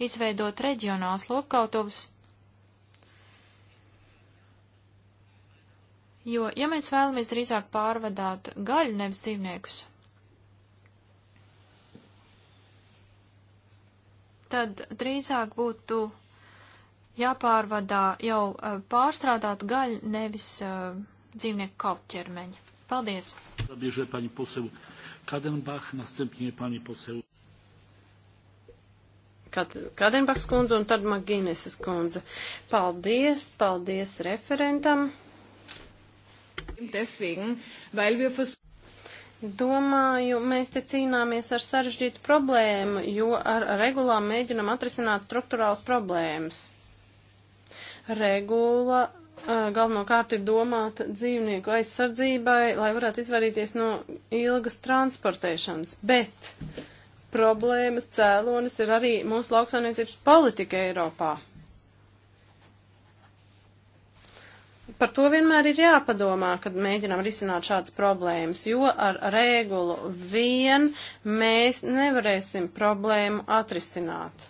izveidot reģionāls lopkautuvs Jo, ja mēs vēlamies drīzāk pārvadāt gaļu, nevis dzīvniekus, tad drīzāk būtu jāpārvadā jau eh, pārstrādāt gaļu, nevis uh, dzīvnieku kaupķermeņa. Paldies! Zabierze pani poseł Kadenbach, następnie pani poseł. Kadenbachs kundze un tad Magīneses kundze. Paldies, paldies referentam. Deswegen, weil wir versuchen. Domāju, mēs te cīnāmies ar sarežģītu problēmu, jo ar regulām mēģinam atrisināt struktūrāls problēmas. Regula galvenokārt ir domāta dzīvnieku aizsardzībai, lai varētu izvairīties no ilgas transportēšanas, bet problēmas cēlonis ir arī mūsu lauksainiecības politika Eiropā. par to vienmēr ir jāpadomā, kad mēģinām risināt šādas problēmas, jo ar regulu vien mēs nevarēsim problēmu atrisināt.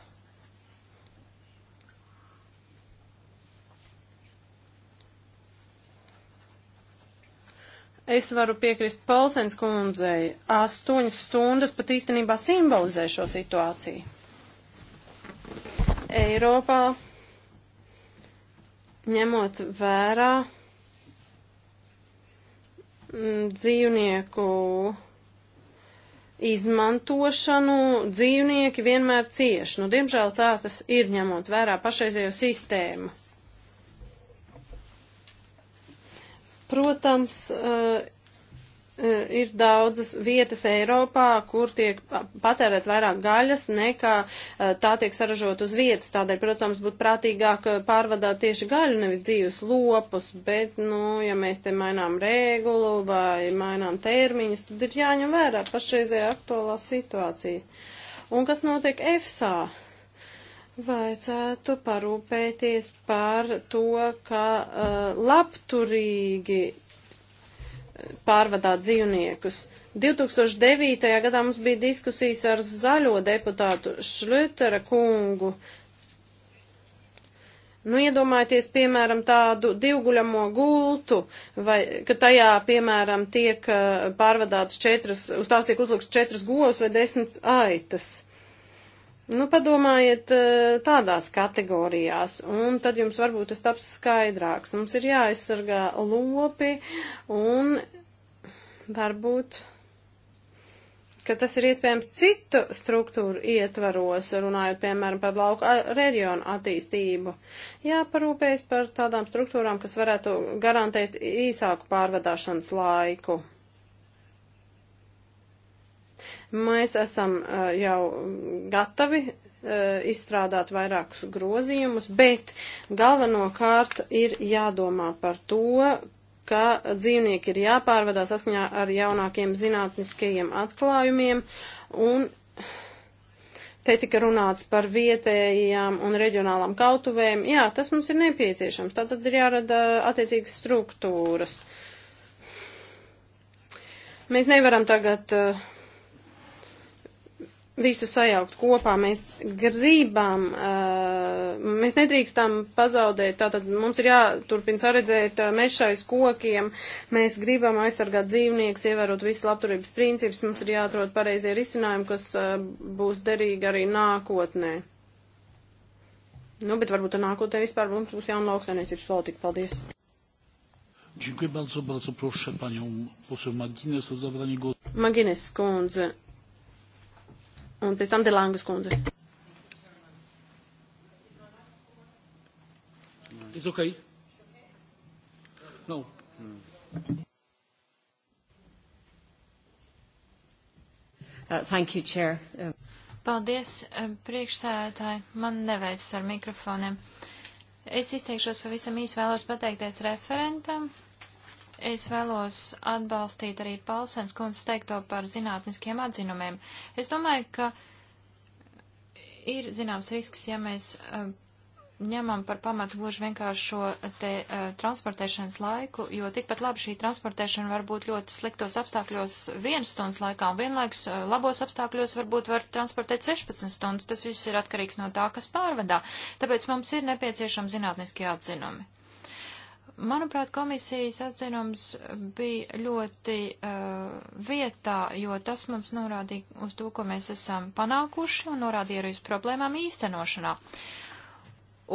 Es varu piekrist Polsens kundzei. Astoņas stundas pat īstenībā simbolizē šo situāciju. Eiropā ņemot vērā mm, dzīvnieku izmantošanu, dzīvnieki vienmēr cieši. Nu, diemžēl tā tas ir ņemot vērā pašreizējo sistēmu. Protams, eh, Eh, ir daudzas vietas Eiropā, kur tiek patērēts vairāk gaļas nekā eh, tā tiek saražot uz vietas. Tādēļ, protams, būtu prātīgāk eh, pārvadāt tieši gaļu, nevis dzīves lopus, bet, nu, ja mēs te mainām regulu vai mainām termiņus, tad ir jāņem vērā pašreizējā aktuālā situācija. Un kas notiek EFSA? Vajadzētu parūpēties par to, ka uh, labturīgi pārvadāt dzīvniekus. 2009. gadā mums bija diskusijas ar zaļo deputātu Šlötera kungu. Nu, iedomājieties, piemēram, tādu divguļamo gultu, vai, ka tajā, piemēram, tiek eh, pārvadāts četras, uz tās tiek uzlikts četras govs vai desmit aitas. Nu, padomājiet eh, tādās kategorijās, un tad jums varbūt tas taps skaidrāks. Mums ir jāaizsargā lopi, un varbūt, ka tas ir iespējams citu struktūru ietvaros, runājot, piemēram, par lauku reģionu attīstību. Jāparūpējas par tādām struktūrām, kas varētu garantēt īsāku pārvadāšanas laiku. Mēs esam jau gatavi izstrādāt vairākus grozījumus, bet galvenokārt ir jādomā par to, ka dzīvnieki ir jāpārvadā saskaņā ar jaunākiem zinātniskajiem atklājumiem un Te tika runāts par vietējām un reģionālām kautuvēm. Jā, tas mums ir nepieciešams. Tātad ir jārada attiecīgas struktūras. Mēs nevaram tagad uh, visu sajaukt kopā. Mēs gribam, uh, mēs nedrīkstam pazaudēt, tātad mums ir jāturpina saredzēt uh, mešais kokiem, mēs gribam aizsargāt dzīvniekus, ievērot visu labturības principus, mums ir jāatrod pareizie risinājumi, kas uh, būs derīgi arī nākotnē. Nu, bet varbūt nākotnē vispār mums būs jauna lauksainiecības politika. Paldies! Dziękuję bardzo, bardzo proszę panią poseł Magines o zabranie głosu. Magines skundze, un pēc tam Delangas kundze. It's okay. No. Uh, thank you, Chair. Uh. Paldies, um, priekšsēdētāji. Man neveicis ar mikrofoniem. Es izteikšos pavisam īsi vēlos pateikties referentam Es vēlos atbalstīt arī Palsens kundzes teikto par zinātniskiem atzinumiem. Es domāju, ka ir zināms risks, ja mēs uh, ņemam par pamatu gluži vienkāršo eh, te uh, transportēšanas laiku, jo tikpat labi šī transportēšana var būt ļoti sliktos apstākļos vienas stundas laikā, un vienlaikus uh, labos apstākļos varbūt var transportēt 16 stundas. Tas viss ir atkarīgs no tā, kas pārvedā. Tāpēc mums ir nepieciešami zinātniskie atzinumi. Manuprāt, komisijas atzinums bija ļoti uh, vietā, jo tas mums norādīja uz to, ko mēs esam panākuši un norādīja arī uz problēmām īstenošanā.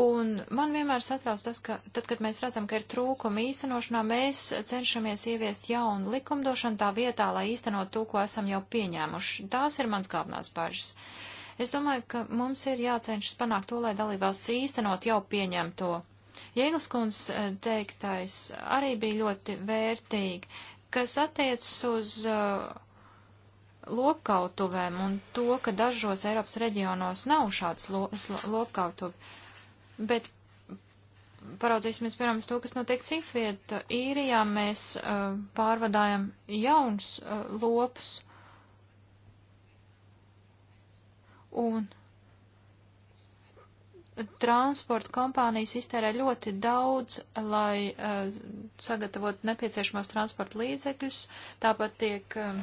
Un man vienmēr satrauc tas, ka tad, kad mēs redzam, ka ir trūkumi īstenošanā, mēs cenšamies ieviest jaunu likumdošanu tā vietā, lai īstenot to, ko esam jau pieņēmuši. Tās ir mans galvenās bažas. Es domāju, ka mums ir jācenšas panākt to, lai dalībvalsts īstenot jau pieņemto Jēglas kundzes eh, teiktais arī bija ļoti vērtīgi, kas attiecas uz uh, lopkautuvēm un to, ka dažos Eiropas reģionos nav šādas lo, lopkautuvi. Bet paraudzīsimies, piemēram, uz to, kas notiek citvieta. Īrijā mēs uh, pārvadājam jauns uh, lopus. Un transporta kompānijas iztērē ļoti daudz, lai uh, sagatavot nepieciešamos transporta līdzekļus, tāpat tiek uh,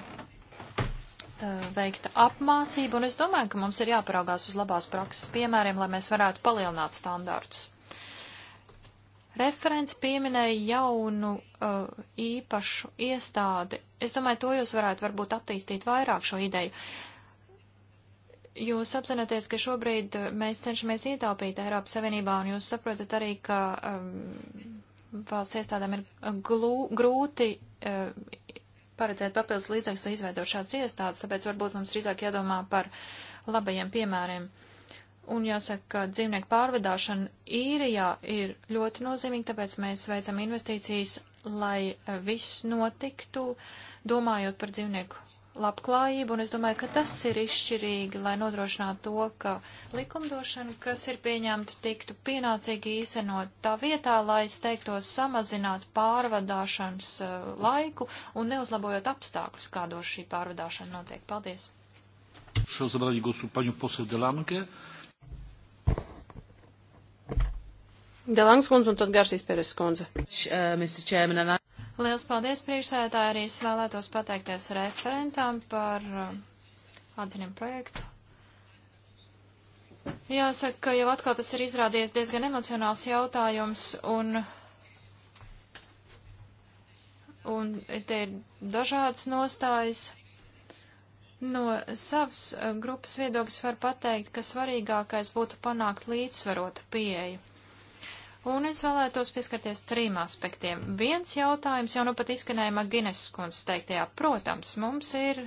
veikta apmācība, un es domāju, ka mums ir jāparaugās uz labās prakses piemēriem, lai mēs varētu palielināt standārtus. Referents pieminēja jaunu uh, īpašu iestādi. Es domāju, to jūs varētu varbūt attīstīt vairāk šo ideju. Uh, jūs apzināties, ka šobrīd eh, mēs cenšamies ietaupīt Eiropas Savienībā, un jūs saprotat arī, ka um, valsts iestādēm ir eh, glū, grūti uh, paredzēt papildus līdzekļus, lai izveidot šādas iestādes, tāpēc varbūt mums drīzāk jādomā par labajiem piemēriem. Un jāsaka, ka dzīvnieku pārvedāšana īrijā ir ļoti nozīmīga, tāpēc mēs veicam investīcijas, lai viss notiktu, domājot par dzīvnieku labklājību, un es domāju, ka tas ir izšķirīgi, lai nodrošinātu to, ka likumdošana, kas ir pieņemta, tiktu pienācīgi īstenot tā vietā, lai es teiktos samazināt pārvadāšanas uh, laiku un neuzlabojot apstākļus, kādos šī pārvadāšana notiek. Paldies! Šo zabrali gosu paņu posel Delanke. Delangs kundze un tad Garsīs Peres kundze. Uh, Liels paldies priekšsēdētāji, arī es vēlētos pateikties referentam par uh, atziņam projektu. Jāsaka, ka jau atkal tas ir izrādījies diezgan emocionāls jautājums, un, un te ir dažādas nostājas. No savas uh, grupas viedokļas var pateikt, ka svarīgākais būtu panākt līdzsvarotu pieeju. Un es vēlētos pieskarties trim aspektiem. Viens jautājums jau nu pat izskanēja Maginas skundas teiktajā. Protams, mums ir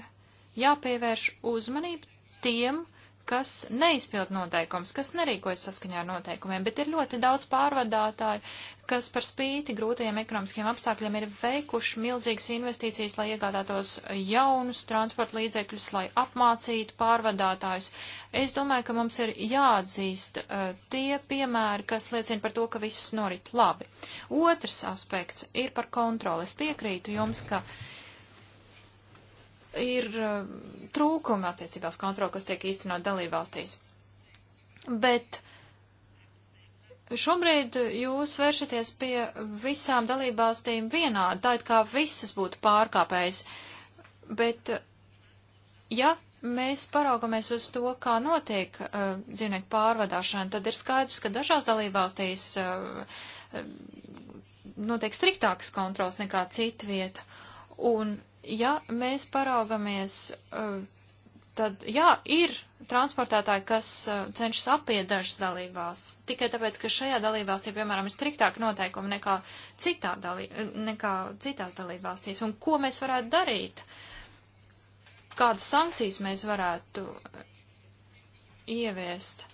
jāpievērš uzmanību tiem, kas neizpild noteikums, kas nerīkojas saskaņā ar noteikumiem, bet ir ļoti daudz pārvadātāju, kas par spīti grūtajiem ekonomiskiem apstākļiem ir veikuši milzīgas investīcijas, lai iegādātos jaunus transporta līdzekļus, lai apmācītu pārvadātājus. Es domāju, ka mums ir jāatzīst uh, tie piemēri, kas liecina par to, ka viss norit labi. Otrs aspekts ir par kontroli. Es piekrītu jums, ka ir uh, trūkumi attiecībā uz kontroli, kas tiek īstenot dalībvalstīs. Bet uh, Šobrīd jūs vēršaties pie visām dalībvalstīm vienādi, tā it kā visas būtu pārkāpējs, bet ja mēs paraugamies uz to, kā notiek uh, dzīvnieku pārvadāšana, tad ir skaidrs, ka dažās dalībvalstīs uh, notiek striktākas kontrols nekā cita vieta. Un ja mēs paraugamies uh, tad jā, ir transportētāji, kas eh, cenšas apiet dažas dalībās, tikai tāpēc, ka šajā dalībās tie, piemēram, ir striktāk noteikumi nekā, citā dalī, nekā citās dalībvalstīs. Un ko mēs varētu darīt? Kādas sankcijas mēs varētu eh, ieviest?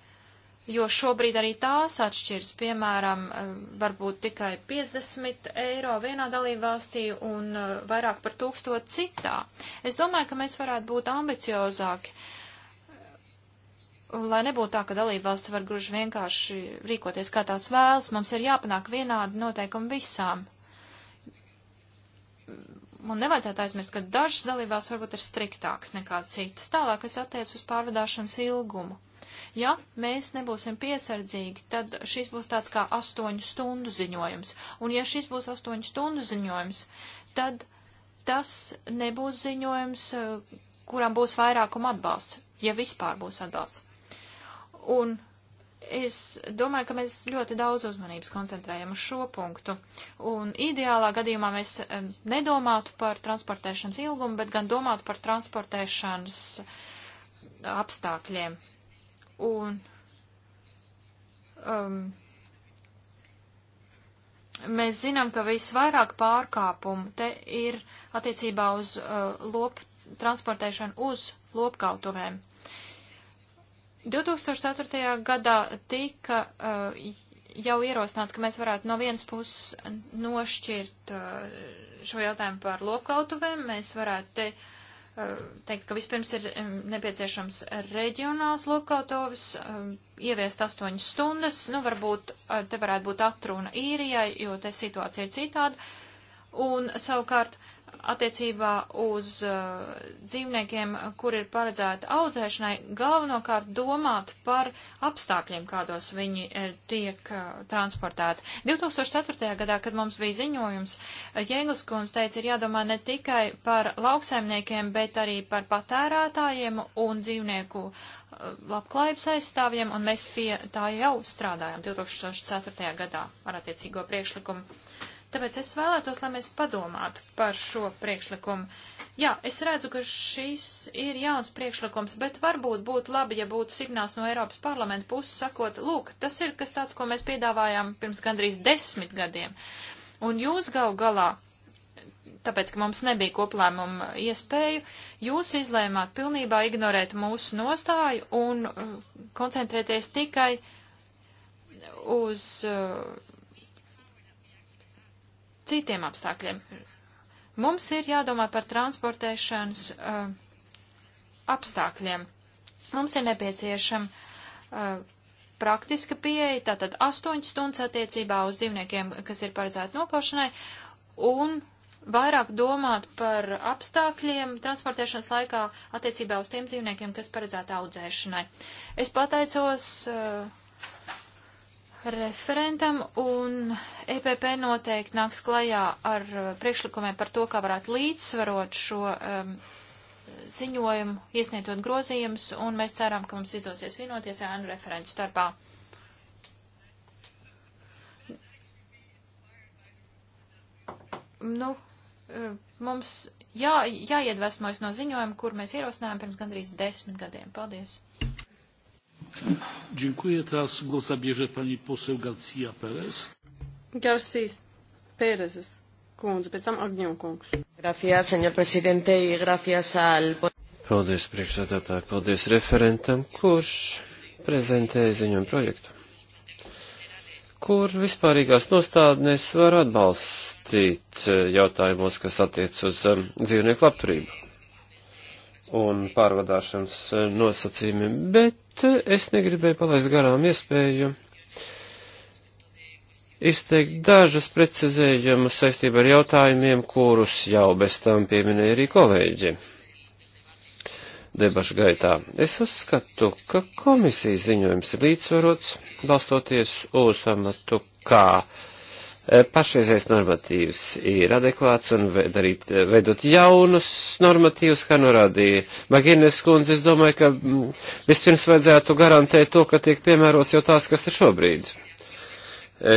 jo šobrīd arī tās atšķiras, piemēram, eh, varbūt tikai 50 eiro vienā dalībvalstī un eh, vairāk par tūkstot citā. Es domāju, ka mēs varētu būt ambiciozāki, lai nebūtu tā, ka dalībvalsts var gruži vienkārši rīkoties kā tās vēlas, mums ir jāpanāk vienādi noteikumi visām. Un nevajadzētu aizmirst, ka dažas dalībās varbūt ir striktāks nekā citas. Tālāk, kas attiec uz pārvadāšanas ilgumu. Ja mēs nebūsim piesardzīgi, tad šis būs tāds kā astoņu stundu ziņojums. Un ja šis būs astoņu stundu ziņojums, tad tas nebūs ziņojums, kuram būs vairākuma atbalsts, ja vispār būs atbalsts. Un es domāju, ka mēs ļoti daudz uzmanības koncentrējam uz šo punktu. Un ideālā gadījumā mēs nedomātu par transportēšanas ilgumu, bet gan domātu par transportēšanas apstākļiem. Un um, mēs zinām, ka visvairāk pārkāpumu te ir attiecībā uz uh, lop transportēšanu uz lopkautuvēm. 2004. gadā tika uh, jau ierosināts, ka mēs varētu no vienas puses nošķirt uh, šo jautājumu par lopkautuvēm, mēs varētu te uh, teikt, ka vispirms ir nepieciešams reģionāls lokautovs, ieviest astoņas stundas, nu varbūt te varētu būt atruna īrijai, jo te situācija ir citāda. Un savukārt attiecībā uz uh, dzīvniekiem, kur ir paredzēta audzēšanai, galvenokārt domāt par apstākļiem, kādos viņi uh, tiek uh, transportēti. 2004. gadā, kad mums bija ziņojums, eh, Jēglis kundze teica, ir jādomā ne tikai par lauksaimniekiem, bet arī par patērētājiem un dzīvnieku eh, labklājības aizstāvjiem, un mēs pie tā jau strādājām 2004. gadā ar attiecīgo priekšlikumu. Uh, Tāpēc es vēlētos, lai mēs padomātu par šo priekšlikumu. Jā, es redzu, ka šis ir jauns priekšlikums, bet varbūt būtu labi, ja būtu signāls no Eiropas parlamenta puses sakot, lūk, tas ir kas tāds, ko mēs piedāvājām pirms gandrīz desmit gadiem. Un jūs gal galā tāpēc, ka mums nebija koplēmuma iespēju, jūs izlēmāt pilnībā ignorēt mūsu nostāju un uh, koncentrēties tikai uz uh, citiem apstākļiem. Mums ir jādomā par transportēšanas uh, apstākļiem. Mums ir nepieciešama uh, praktiska pieeja, tātad 8 stundas attiecībā uz dzīvniekiem, kas ir paredzēti nokaušanai, un vairāk domāt par apstākļiem transportēšanas laikā attiecībā uz tiem dzīvniekiem, kas paredzēti audzēšanai. Es pateicos uh, referentam, un EPP noteikti nāks klajā ar uh, priekšlikumiem par to, kā varētu līdzsvarot šo um, ziņojumu, iesniedzot grozījumus, un mēs ceram, ka mums izdosies vienoties ēnu referentu starpā. Nu, uh, mums jā, jāiedvesmojas no ziņojuma, kur mēs ierosinājām pirms gandrīz desmit gadiem. Paldies! Dziękuję. Teraz głos zabierze pani poseł Garcia Perez. Garcís Pérezes kundze, pēc tam Agņu kungs. Gracias, senor presidente, y gracias al... Paldies, priekšsēdētāji, paldies referentam, kurš prezentēja ziņojumu projektu, kur vispārīgās nostādnes var atbalstīt eh, jautājumos, kas attiec uz eh, dzīvnieku labturību un pārvadāšanas eh, nosacījumiem, bet eh, es negribēju palaist garām iespēju izteikt dažas precizējumus saistībā ar jautājumiem, kurus jau bez tam pieminēja arī kolēģi debašu gaitā. Es uzskatu, ka komisijas ziņojums ir līdzsvarots, balstoties uz pamatu, kā uh, E, pašreizējais normatīvs ir adekvāts un darīt, e, veidot jaunus normatīvus, kā norādīja Magīnes kundze. Es domāju, ka vispirms vajadzētu garantēt to, ka tiek piemērots jau tās, kas ir šobrīd. E,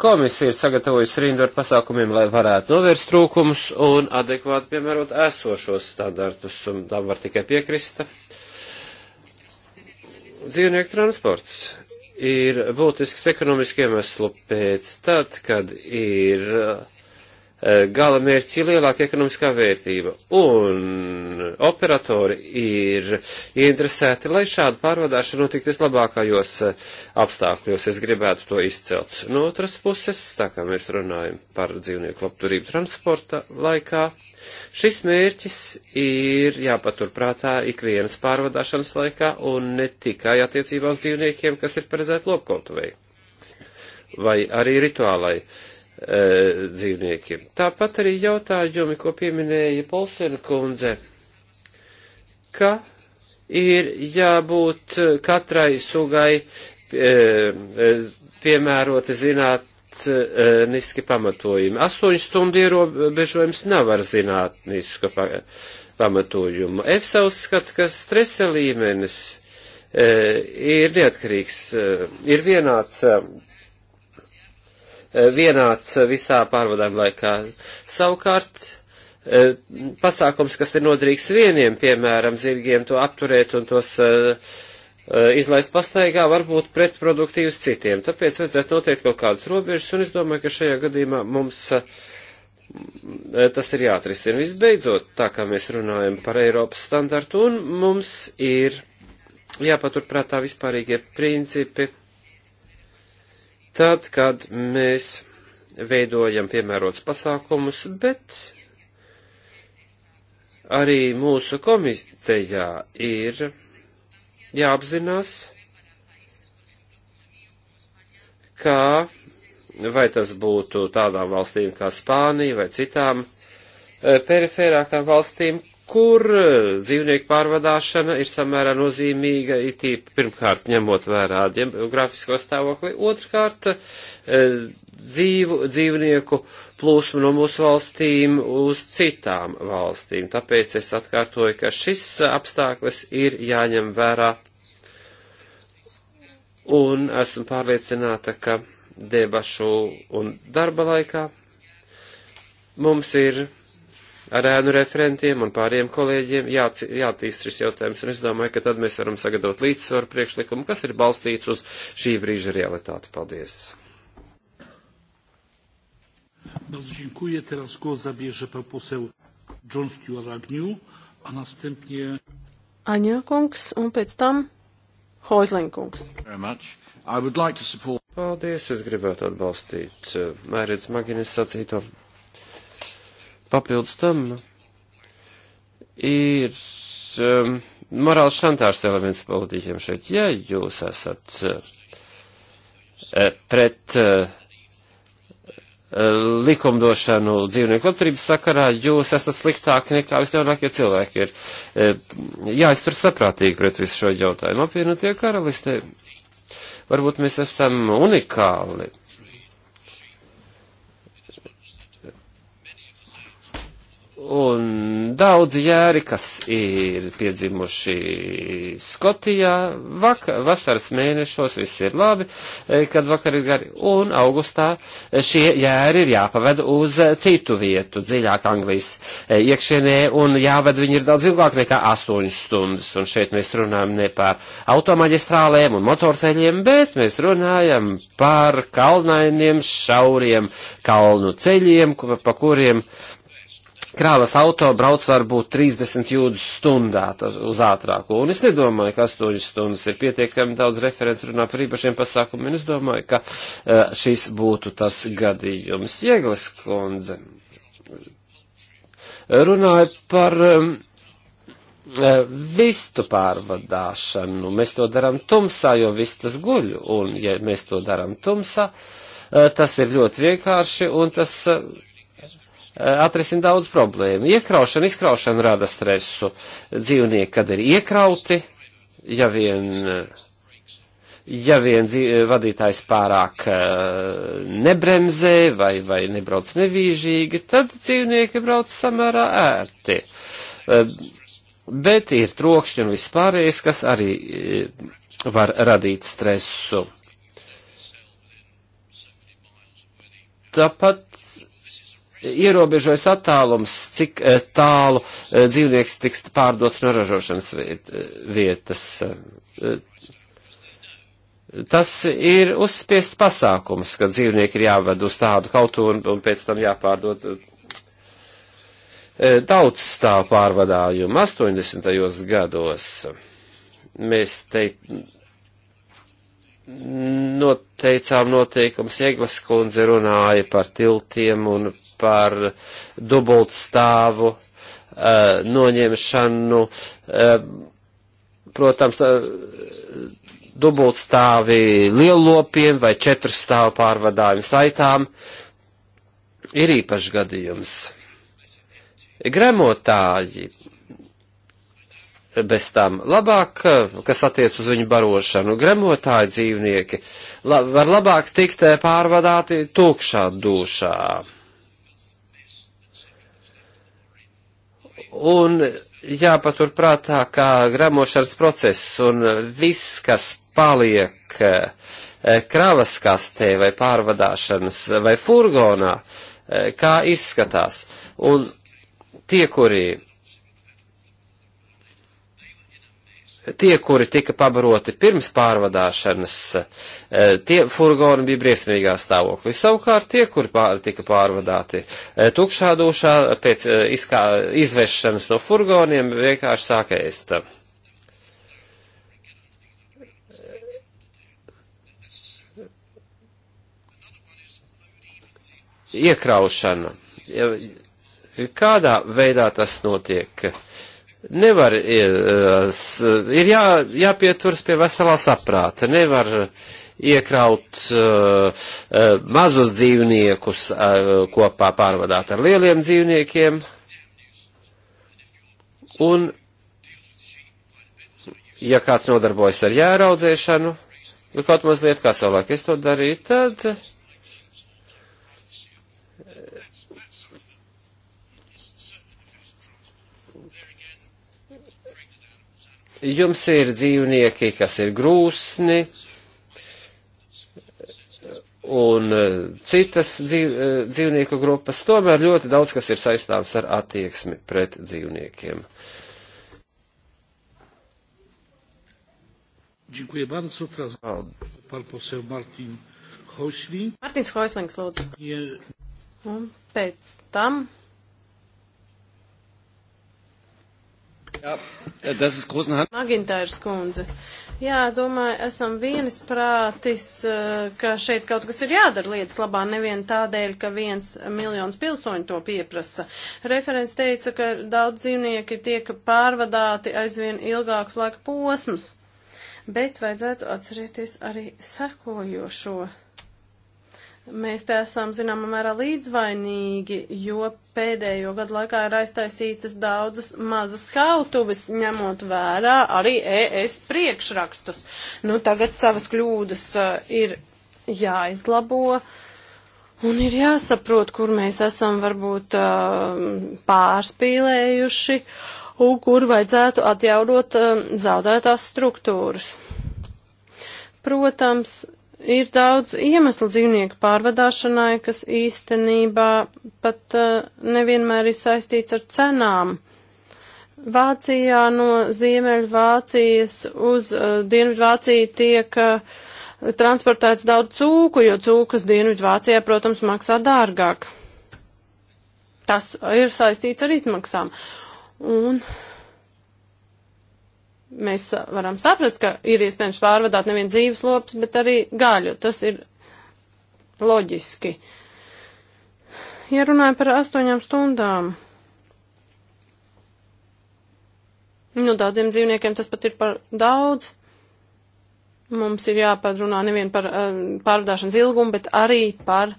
komisija ir sagatavojusi rindu ar pasākumiem, lai varētu novērst trūkumus un adekvāti piemērot esošos standartus, un tam var tikai piekrista. Dzīvnieku transports ir būtisks ekonomiski iemeslu pēc tad, kad ir uh, Eh, gala mērķis ir lielāka ekonomiskā vērtība, un operatori ir ieinteresēti, lai šāda pārvadāšana notiktu vislabākajos eh, apstākļos. Es gribētu to izcelt. No otras puses, tā kā mēs runājam par dzīvnieku labturību transporta laikā, šis mērķis ir jāpaturprātā ikvienas pārvadāšanas laikā un ne tikai attiecībā uz dzīvniekiem, kas ir paredzēti lopkautuvei vai arī rituālai uh, E, dzīvniekiem. Tāpat arī jautājumi, ko pieminēja Polsena kundze, ka ir jābūt katrai sugai e, e, piemēroti zinātniski pamatojumi. Astoņu stundu ierobežojums nav ar zinātnisku pamatojumu. EFSA uzskata, ka stresa līmenis ir neatkarīgs, ir vienāds Eh, vienāds eh, visā pārvadājuma laikā. Savukārt, eh, pasākums, kas ir noderīgs vieniem, piemēram, zirgiem to apturēt un tos izlaist pastaigā, var būt pretproduktīvs citiem. Tāpēc vajadzētu noteikt kaut kādas robežas, un es domāju, ka šajā gadījumā mums tas ir jāatrisina. Visbeidzot, tā kā mēs runājam par Eiropas standartu, un mums ir jāpaturprātā vispārīgie principi tad, kad mēs veidojam piemērots pasākumus, bet arī mūsu komitejā ir jāapzinās, kā vai tas būtu tādām valstīm kā Spānija vai citām eh, perifērākām valstīm, kur e, dzīvnieku pārvadāšana ir samērā nozīmīga, it īpaši pirmkārt ņemot vērā geogrāfisko stāvokli, otrkārt e, dzīvu, dzīvnieku plūsmu no mūsu valstīm uz citām valstīm. Tāpēc es atkārtoju, ka šis apstākļus ir jāņem vērā un esmu pārliecināta, ka debašu un darba laikā mums ir ar ēnu referentiem un pāriem kolēģiem jātīst šis jautājums, un es domāju, ka tad mēs varam sagatavot līdzsvaru priekšlikumu, kas ir balstīts uz šī brīža realitāti. Paldies! Bardzo dziękuję. Teraz głos zabierze pan poseł John Stuart Agnew, a następnie... Ania Kungs, un pēc tam Hoizling Kungs. Very much. I would like to support... Paldies, es gribētu atbalstīt eh, Mērits Maginis sacīto. Papildus tam nu, ir um, morāls šantāžs elements politiķiem šeit. Ja jūs esat uh, uh pret uh, uh, likumdošanu dzīvnieku labturības sakarā, jūs esat sliktāki nekā visjaunākie cilvēki ir. Uh, jā, es tur saprātīgi pret visu šo jautājumu. Apvienotie karalistē. Varbūt mēs esam unikāli Un daudzi jēri, kas ir piedzimuši Skotijā, vakar, vasaras mēnešos viss ir labi, eh, kad vakar ir gari, un augustā šie jēri ir jāpaved uz citu vietu, dziļāk Anglijas eh, iekšienē, un jāved viņi ir daudz ilgāk nekā 8 stundas, un šeit mēs runājam ne par automaģistrālēm un motorceļiem, bet mēs runājam par kalnainiem, šauriem kalnu ceļiem, pa kuriem krāvas auto brauc varbūt 30 jūdzes stundā uz ātrāko, un es nedomāju, ka 8 stundas ir pietiekami daudz referents runā par īpašiem pasākumiem, es domāju, ka e, šis būtu tas gadījums. Ieglis kundze runāja par e, vistu pārvadāšanu. Mēs to darām tumsā, jo vistas guļ, un ja mēs to darām tumsā, e, tas ir ļoti vienkārši, un tas Eh, atrisina daudz problēmu. Iekraušana, izkraušana rada stresu. Dzīvnieki, kad ir iekrauti, ja vien, ja vien eh, vadītājs pārāk eh, nebremzē vai, vai nebrauc nevīžīgi, tad dzīvnieki brauc samērā ērti. Bet ir trokšņi un vispārējais, kas arī var radīt stresu. Tāpat ierobežojas attālums, cik eh, tālu eh, dzīvnieks tiks pārdots no ražošanas eh, vietas. Tas ir uzspiests pasākums, ka dzīvnieki ir jāved uz tādu kaut un, un pēc tam jāpārdod daudz stāv pārvadājumu 80. gados. Mēs teikt, noteicām noteikums. Ieglas kundze runāja par tiltiem un par dubultstāvu uh, noņemšanu. Uh, protams, uh, dubultstāvi lielopiem vai četrstāvu pārvadājumu saitām ir īpašs gadījums. Gremotāji bez tām labāk, kas attiec uz viņu barošanu. Gremotāji dzīvnieki la, var labāk tikt eh, pārvadāti tūkšā dušā. Un jāpaturprātā, kā gramošanas process un viss, kas paliek eh, kravas kastē vai pārvadāšanas vai furgonā, eh, kā izskatās. Un tie, kuri tie, kuri tika pabaroti pirms pārvadāšanas, eh, tie furgoni bija briesmīgā stāvoklī. Savukārt tie, kuri pār, tika pārvadāti eh, tukšā dušā pēc eh, izkā, izvešanas no furgoniem, vienkārši sāka ēst. Iekraušana. Kādā veidā tas notiek? nevar, e, ir jā, jāpieturas pie veselā saprāta, nevar iekraut uh, mazus dzīvniekus uh, kopā pārvadāt ar lieliem dzīvniekiem. Un, ja kāds nodarbojas ar jāraudzēšanu, kaut mazliet kā savulaik es to darīju, tad Jums ir dzīvnieki, kas ir grūsni un e, citas dzīv, e, dzīvnieku grupas, tomēr ļoti daudz kas ir saistāms ar attieksmi pret dzīvniekiem. Dziękuję bardzo. Teraz pan poseł Martin Hośling. Martins Hoślings, lūdzu. Un pēc tam Jā, tas ir grūti. Magintārs kundze. Jā, domāju, esam vienis prātis, eh, ka šeit kaut kas ir jādara lietas labā, nevien tādēļ, ka viens miljons pilsoņu to pieprasa. Referents teica, ka daudz dzīvnieki tiek pārvadāti aizvien ilgāks laika posms, bet vajadzētu atcerēties arī sekojošo. Mēs te esam, zināmā mērā, līdzvainīgi, jo pēdējo gadu laikā ir aiztaisītas daudzas mazas kautuves, ņemot vērā arī ES priekšrakstus. Nu, tagad savas kļūdas uh, ir jāizlabo. Un ir jāsaprot, kur mēs esam varbūt uh, pārspīlējuši un kur vajadzētu atjaunot uh, zaudētās struktūras. Protams, Ir daudz iemeslu dzīvnieku pārvadāšanai, kas īstenībā pat uh, nevienmēr ir saistīts ar cenām. Vācijā no Ziemeļvācijas uz uh, Dienvidvāciju tiek uh, transportēts daudz cūku, jo cūkas Dienvidvācijā, protams, maksā dārgāk. Tas ir saistīts ar izmaksām. Un uh, Mēs varam saprast, ka ir iespējams pārvadāt nevien dzīves lops, bet arī gaļu. Tas ir loģiski. Ja runājam par astoņām stundām, nu daudziem dzīvniekiem tas pat ir par daudz. Mums ir jāpadrunā nevien par um, pārvadāšanas ilgumu, bet arī par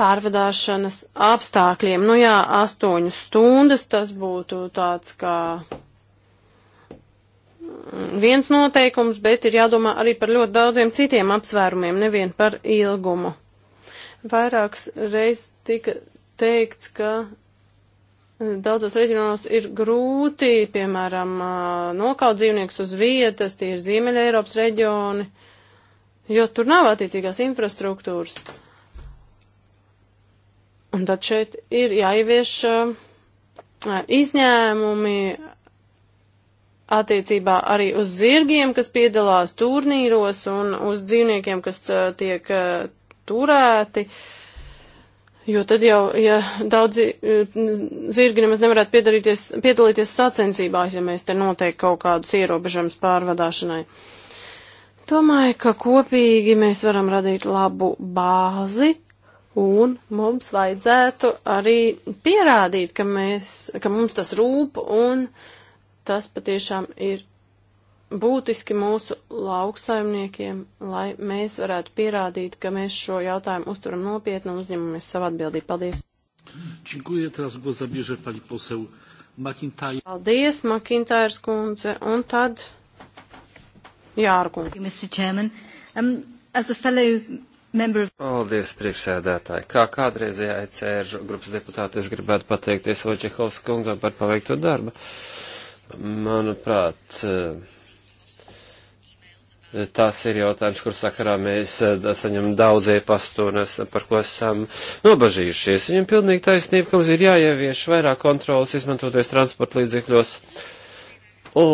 pārvadāšanas apstākļiem. Nu jā, astoņas stundas tas būtu tāds kā viens noteikums, bet ir jādomā arī par ļoti daudziem citiem apsvērumiem, nevien par ilgumu. Vairākas reizes tika teikts, ka e, daudzos reģionos ir grūti, piemēram, nokaut dzīvniekus uz vietas, tie ir Ziemeļa Eiropas reģioni, jo tur nav attiecīgās infrastruktūras. Un tad šeit ir jāievieš izņēmumi attiecībā arī uz zirgiem, kas piedalās turnīros un uz dzīvniekiem, kas tiek turēti. Jo tad jau, ja daudzi zirgi nemaz nevarētu piedalīties sacensībās, ja mēs te noteikti kaut kādus ierobežojumus pārvadāšanai. Domāju, ka kopīgi mēs varam radīt labu bāzi un mums vajadzētu arī pierādīt, ka, mēs, ka mums tas rūp un uh, Tas patiešām ir būtiski mūsu lauksaimniekiem, lai mēs varētu pierādīt, ka mēs šo jautājumu uztveram nopietni un uzņemamies savu atbildību. Paldies! Činkuja, teraz głos zabierze pani poseł McIntyre. Paldies, McIntyre skundze, un tad Jārkungs. Mr. Chairman, um, as a fellow Paldies, priekšsēdētāji. Kā kādreizējā ECR grupas deputāte, es gribētu pateikties Vočehovs kungam par paveikto darbu. Uh, Manuprāt, eh, tas ir jautājums, kur sakarā mēs eh, saņem daudz e-pastu un es, par ko esam nobažījušies. Viņam pilnīgi taisnība, ka mums ir jāievieš vairāk kontrolas izmantoties transporta līdzekļos, un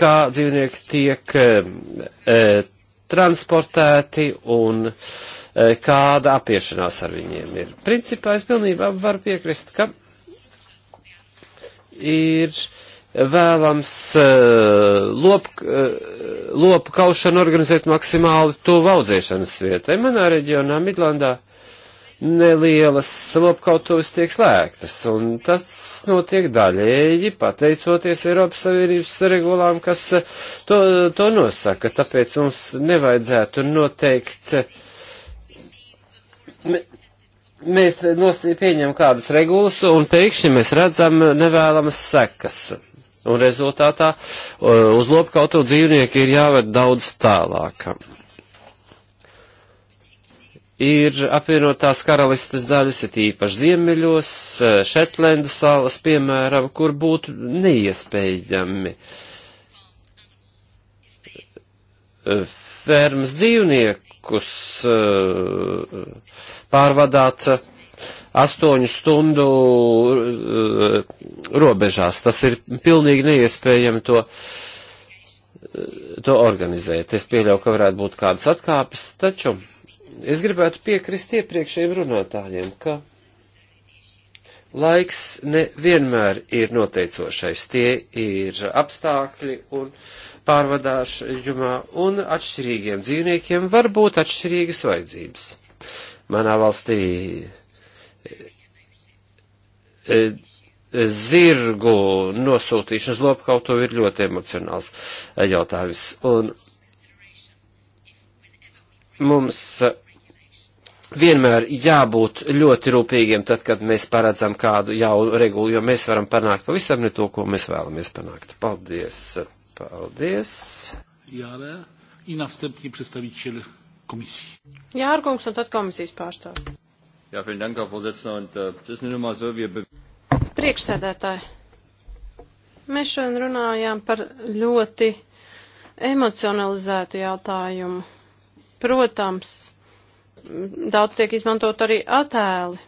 kā dzīvnieki tiek e, transportēti un e, kāda apiešanās ar viņiem ir. Principā es pilnībā varu piekrist, ka ir vēlams eh, lopu eh, lop kaušanu organizēt maksimāli tuvu audzēšanas vietai. Manā reģionā Midlandā nelielas lopkautuves tiek slēgtas, un tas notiek daļēji pateicoties Eiropas Savienības regulām, kas eh, to, to nosaka. Tāpēc mums nevajadzētu noteikt. Mēs nos, pieņem kādas regulas, un pēkšņi mēs redzam nevēlamas sekas. Un rezultātā uz lopkautu dzīvnieki ir jāved daudz tālāk. Ir apvienotās karalistes daļas, ir īpaši ziemeļos, Šetlendu e, salas, piemēram, kur būtu neiespējami e, fermas dzīvniekus e, pārvadāt astoņu stundu eh, robežās. Tas ir pilnīgi neiespējami to, to organizēt. Es pieļauju, ka varētu būt kādas atkāpes, taču es gribētu piekrist iepriekšējiem runātājiem, ka laiks nevienmēr ir noteicošais. Tie ir apstākļi un pārvadāšana, un atšķirīgiem dzīvniekiem var būt atšķirīgas vajadzības. Manā valstī E, zirgu nosūtīšanas lopkautu ir ļoti emocionāls e, jautājums. Un mums vienmēr jābūt ļoti rūpīgiem tad, kad mēs paredzam kādu jaunu regulu, jo mēs varam panākt pavisam ne to, ko mēs vēlamies panākt. Paldies! Paldies! Jāra, i następnie przedstawiciel komisji. Jārkungs un tad komisijas pārstāvs. Jā, vielen Dank, Herr Vorsitzender. Un uh, äh, tas ir numā so, wir... Priekšsēdētāji, mēs šodien runājām par ļoti emocionalizētu jautājumu. Protams, daudz tiek izmantot arī attēli.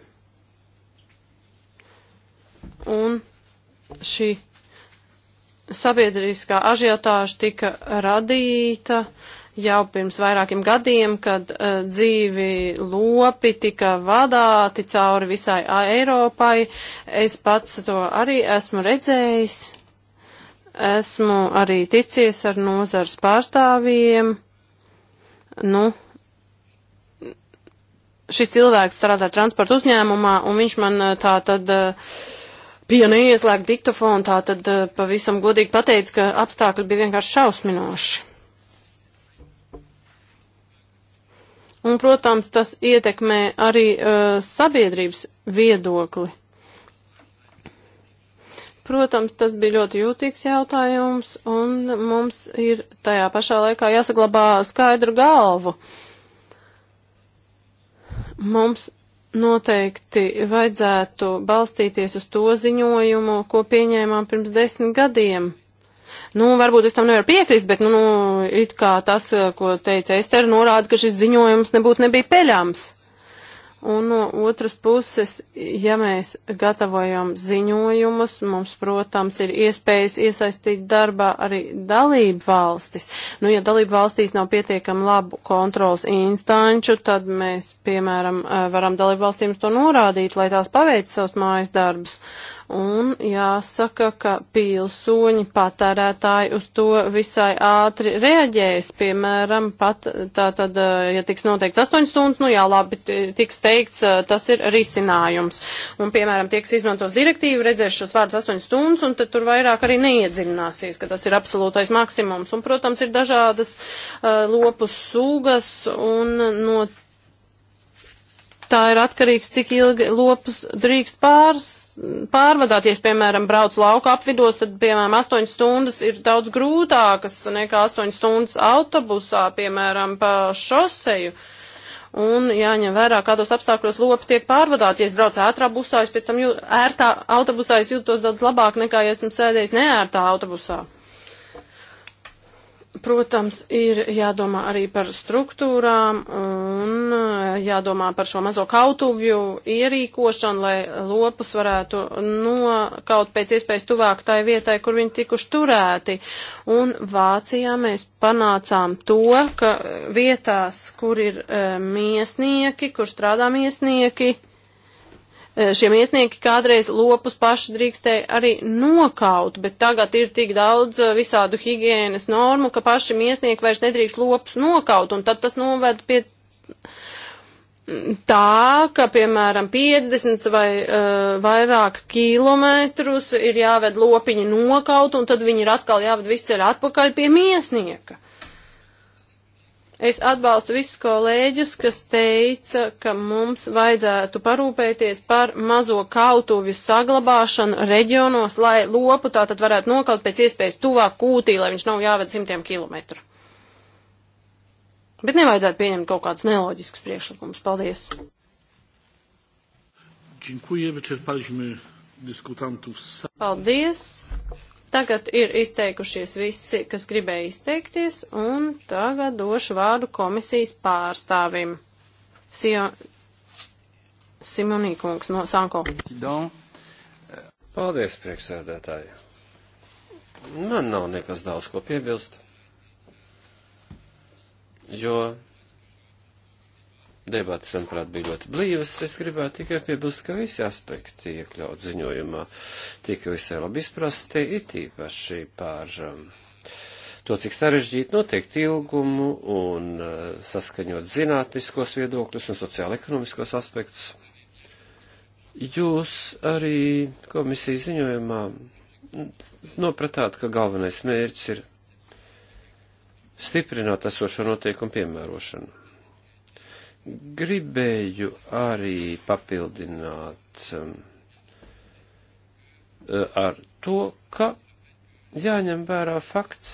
Un šī sabiedriskā ažiotāža tika radīta uh, jau pirms vairākiem gadiem, kad uh, dzīvi lopi tika vadāti cauri visai Eiropai. Es pats to arī esmu redzējis. Esmu arī ticies ar nozars pārstāvjiem. Nu, šis cilvēks strādā transporta uzņēmumā, un viņš man eh, tā tad. Uh, eh, bija neieslēgta diktofona, tā tad pavisam godīgi pateica, ka apstākļi bija vienkārši šausminoši. Un, protams, tas ietekmē arī uh, sabiedrības viedokli. Protams, tas bija ļoti jūtīgs jautājums, un mums ir tajā pašā laikā jāsaglabā skaidru galvu. Mums noteikti vajadzētu balstīties uz to ziņojumu, ko pieņēmām pirms desmit gadiem. Nu, varbūt es tam nevaru piekrist, bet, nu, nu it kā tas, ko teica Ester, norāda, ka šis ziņojums nebūtu nebija peļams. Un no otras puses, ja mēs gatavojam ziņojumus, mums, protams, ir iespējas iesaistīt darbā arī dalību valstis. Nu, ja dalību valstīs nav pietiekam labu kontrols instanču, tad mēs, piemēram, eh, varam dalību valstīm to norādīt, lai tās paveic savus mājas darbus un jāsaka, ka pilsoņi patērētāji uz to visai ātri reaģējas, piemēram, pat tā tad, eh, ja tiks noteikts 8 stundas, nu jā, labi, tiks teikts, eh, tas ir risinājums. Un, piemēram, tieks izmantos direktīva, redzēs šos vārdus 8 stundas, un tad tur vairāk arī neiedziļināsies, ka tas ir absolūtais maksimums. Un, protams, ir dažādas uh, lopus sugas un no tā ir atkarīgs, cik ilgi lopus drīkst pārs pārvadāties, piemēram, brauc lauka apvidos, tad, piemēram, 8 stundas ir daudz grūtākas nekā 8 stundas autobusā, piemēram, pa šoseju. Un jāņem vērā, kādos apstākļos lopi tiek pārvadāties, brauc ātrā busā, es pēc tam jū, ērtā autobusā es jūtos daudz labāk nekā, ja esmu sēdējis neērtā autobusā protams, ir jādomā arī par struktūrām un eh, jādomā par šo mazo kautuvju ierīkošanu, lai lopus varētu nokaut pēc iespējas tuvāk tai vietai, kur viņi tikuši turēti. Un Vācijā mēs panācām to, ka vietās, kur ir eh, miesnieki, kur strādā miesnieki, E, šie miesnieki kādreiz lopus paši drīkstēja arī nokaut, bet tagad ir tik daudz e, visādu higienas normu, ka paši miesnieki vairs nedrīkst lopus nokaut, un tad tas noved pie tā, ka, piemēram, 50 vai uh, vairāk kilometrus ir jāved lopiņi nokaut, un tad viņi ir atkal jāved viss ceļ atpakaļ pie miesnieka. Es atbalstu visus kolēģus, kas teica, ka mums vajadzētu parūpēties par mazo kautuvju saglabāšanu reģionos, lai lopu tā tad varētu nokaut pēc iespējas tuvāk kūtī, lai viņš nav jāved simtiem kilometru. Bet nevajadzētu pieņemt kaut kādus neloģiskus priekšlikumus. Paldies! Dziękuję, wyczerpaliśmy dyskutantów. Paldies! Tagad ir izteikušies visi, kas gribēja izteikties, un tagad došu vārdu komisijas pārstāvim. Sio... Simonīkungs no Sanko. Paldies, priekšsēdētāji. Man nav nekas daudz ko piebilst, jo debatas, manuprāt, bija ļoti blīvas. Es gribētu tikai piebilst, ka visi aspekti iekļaut ziņojumā tika visai labi izprasti, it īpaši par um, to, cik sarežģīti noteikti ilgumu un uh, saskaņot zinātniskos viedokļus un sociāla-ekonomiskos aspektus. Jūs arī komisijas ziņojumā nopratāt, ka galvenais mērķis ir stiprināt esošo noteikumu piemērošanu Gribēju arī papildināt um, e, ar to, ka jāņem vērā fakts,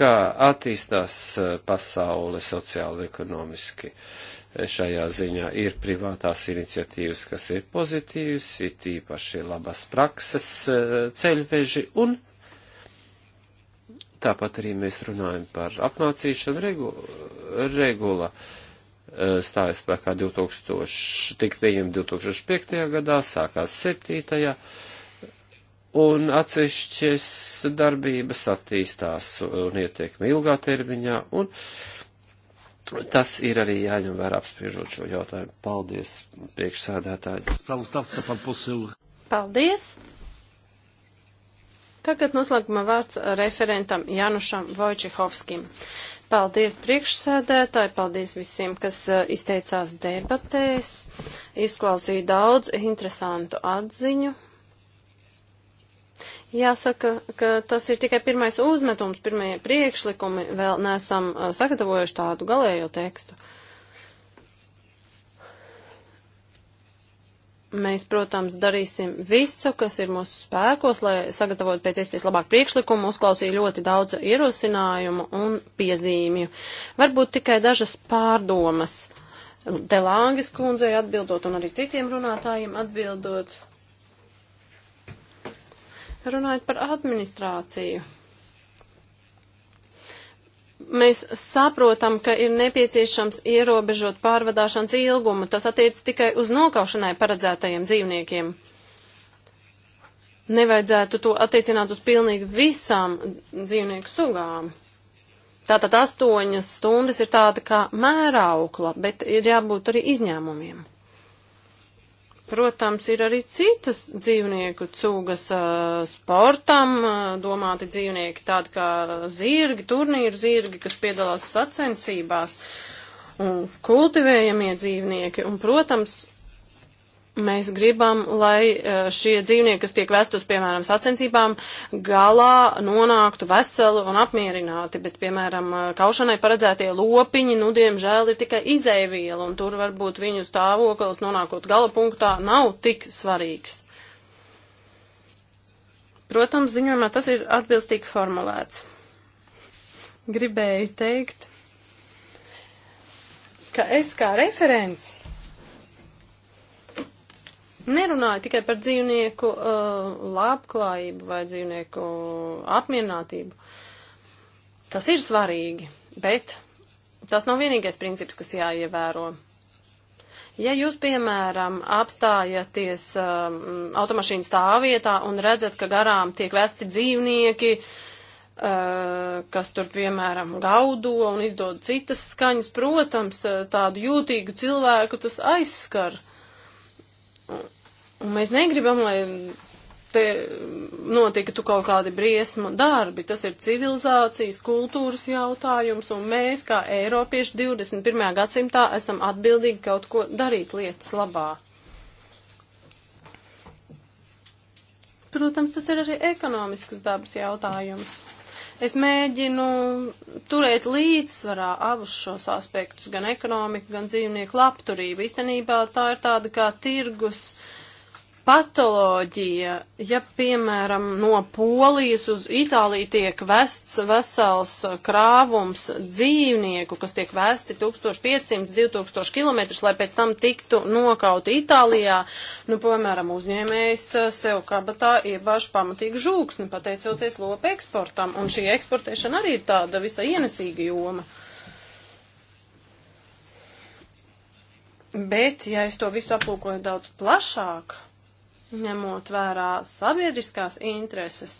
kā attīstās e, pasaule sociāli ekonomiski. E, šajā ziņā ir privātās iniciatīvas, kas ir pozitīvas, ir tīpaši labas prakses ceļveži un Tāpat arī mēs runājam par apmācīšanu regula, regula stāja spēkā 2000, tika pieņem 2005. gadā, sākās 7. un atsevišķas darbības attīstās un ietekmi ilgā termiņā, un tas ir arī jāņem vērā apspriežot šo jautājumu. Paldies, priekšsādātāji. Paldies. Tagad noslēgumā vārds referentam Janušam Vojčehovskim. Paldies priekšsēdētāji, paldies visiem, kas eh, izteicās debatēs, izklausīja daudz interesantu atziņu. Jāsaka, ka tas ir tikai pirmais uzmetums, pirmie priekšlikumi, vēl nesam eh, sagatavojuši tādu galējo tekstu. Mēs, protams, darīsim visu, kas ir mūsu spēkos, lai sagatavotu pēc iespējas labāk priekšlikumu, uzklausīju ļoti daudz ierosinājumu un piezīmju. Varbūt tikai dažas pārdomas. Delāngas kundzei atbildot un arī citiem runātājiem atbildot. Runājot par administrāciju. Mēs saprotam, ka ir nepieciešams ierobežot pārvadāšanas ilgumu. Tas attiec tikai uz nokaušanai paredzētajiem dzīvniekiem. Nevajadzētu to attiecināt uz pilnīgi visām dzīvnieku sugām. Tātad astoņas stundas ir tāda kā mēraukla, bet ir jābūt arī izņēmumiem. Protams, ir arī citas dzīvnieku cūgas uh, sportam uh, domāti dzīvnieki, tādi kā zirgi, turnīru zirgi, kas piedalās sacensībās, un kultivējamie dzīvnieki. Un, protams, Mēs gribam, lai e, šie dzīvnieki, kas tiek vest uz, piemēram, sacensībām, galā nonāktu veseli un apmierināti, bet, piemēram, e, kaušanai paredzētie lopiņi, nu, diemžēl, ir tikai izēviela, un tur varbūt viņu stāvoklis nonākot gala punktā nav tik svarīgs. Protams, ziņojumā tas ir atbilstīgi formulēts. Gribēju teikt, ka es kā referents nerunāju tikai par dzīvnieku uh, labklājību vai dzīvnieku apmierinātību. Tas ir svarīgi, bet tas nav vienīgais princips, kas jāievēro. Ja jūs, piemēram, apstājaties um, automašīnas stāvvietā un redzat, ka garām tiek vesti dzīvnieki, uh, kas tur, piemēram, gaudo un izdod citas skaņas, protams, uh, tādu jūtīgu cilvēku tas aizskar. Uh, Un mēs negribam, lai te notiktu kaut kādi briesmu darbi. Tas ir civilizācijas, kultūras jautājums, un mēs, kā Eiropieši 21. gadsimtā, esam atbildīgi kaut ko darīt lietas labā. Protams, tas ir arī ekonomisks dabas jautājums. Es mēģinu turēt līdzsvarā abus šos aspektus, gan ekonomiku, gan dzīvnieku labturību. Īstenībā tā ir tāda kā tirgus uh, patoloģija, ja piemēram no Polijas uz Itāliju tiek vests vesels krāvums dzīvnieku, kas tiek vesti 1500-2000 km, lai pēc tam tiktu nokauti Itālijā, nu, piemēram, uzņēmējs sev kabatā iebāž pamatīgi žūksni, pateicoties lopu eksportam, un šī eksportēšana arī ir tāda visai ienesīga joma. Bet, ja es to visu aplūkoju daudz plašāk, ņemot vērā sabiedriskās intereses,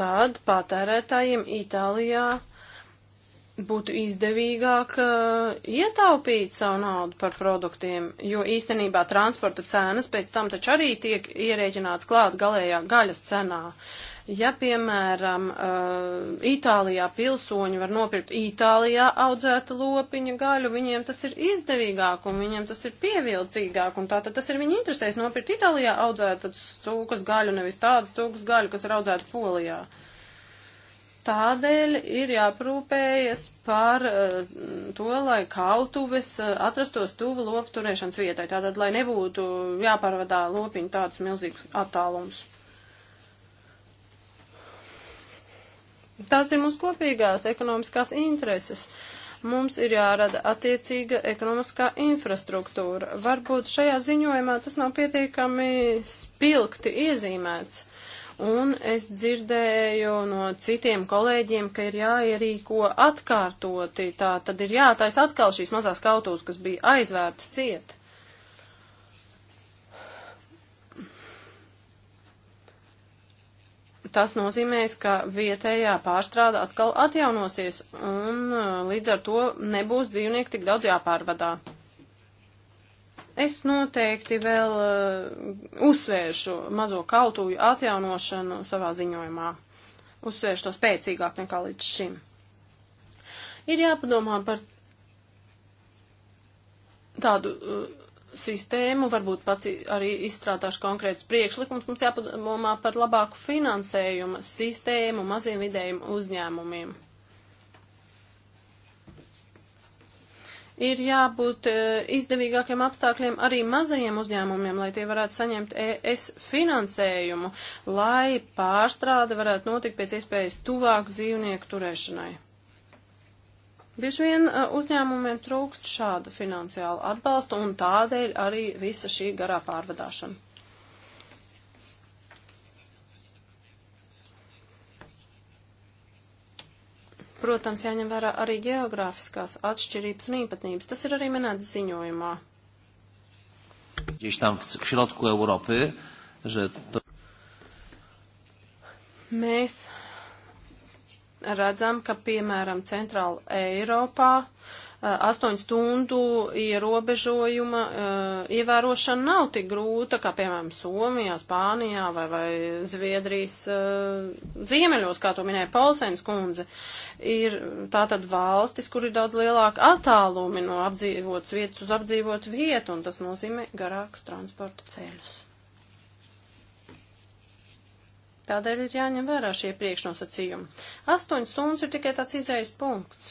tad patērētājiem Itālijā būtu izdevīgāk uh, ietaupīt savu naudu par produktiem, jo īstenībā transporta cenas pēc tam taču arī tiek ierēķināts klāt galējā gaļas cenā. Uh, Ja, piemēram, eh, Itālijā pilsoņi var nopirkt Itālijā audzēta lopiņa gaļu, viņiem tas ir izdevīgāk un viņiem tas ir pievilcīgāk, un tātad tas ir viņu interesēs nopirkt Itālijā audzēta cūkas gaļu, nevis tādas cūkas gaļu, kas ir audzēta Polijā. Tādēļ ir jāprūpējas par uh, to, lai kautuves uh, atrastos tuvu lopu turēšanas vietai. Tātad, lai nebūtu jāpārvadā lopiņu tādus milzīgus attālums. Tās ir mūsu kopīgās ekonomiskās intereses. Mums ir jārada attiecīga ekonomiskā infrastruktūra. Varbūt šajā ziņojumā tas nav pietiekami spilgti iezīmēts. Un es dzirdēju no citiem kolēģiem, ka ir jāierīko atkārtoti, tā tad ir jātais atkal šīs mazās kautos, kas bija aizvērtas ciet. tas nozīmēs, ka vietējā pārstrāda atkal atjaunosies un uh, līdz ar to nebūs dzīvnieku tik daudz jāpārvadā. Es noteikti vēl uh, uzsvēršu mazo kaltūju atjaunošanu savā ziņojumā. Uzsvēršu to spēcīgāk nekā līdz šim. Ir jāpadomā par tādu uh, sistēmu, varbūt pats arī izstrādāšu konkrētus priekšlikumus. Mums jāpadomā par labāku finansējumu sistēmu maziem vidējiem uzņēmumiem. Ir jābūt e, izdevīgākiem apstākļiem arī mazajiem uzņēmumiem, lai tie varētu saņemt ES finansējumu, lai pārstrāde varētu notikt pēc iespējas tuvāk dzīvnieku turēšanai. Bieži vien eh, uzņēmumiem trūkst šādu finansiālu atbalstu un tādēļ arī visa šī garā pārvadāšana. Protams, jāņem vērā arī geogrāfiskās atšķirības un īpatnības. Tas ir arī minēts ziņojumā. Mēs redzam, ka, piemēram, Centrāla Eiropā eh, astoņu stundu ierobežojuma eh, ievērošana nav tik grūta, kā, piemēram, Somijā, Spānijā vai, vai Zviedrijas eh, ziemeļos, kā to minēja Paulsēns kundze. Ir tātad valstis, kur ir daudz lielāka attālumi no apdzīvotas vietas uz apdzīvotu vietu, un tas nozīmē garākus transporta ceļus. Tādēļ ir jāņem vērā šie priekšnosacījumi. Astoņas stundas ir tikai tāds izējas punkts.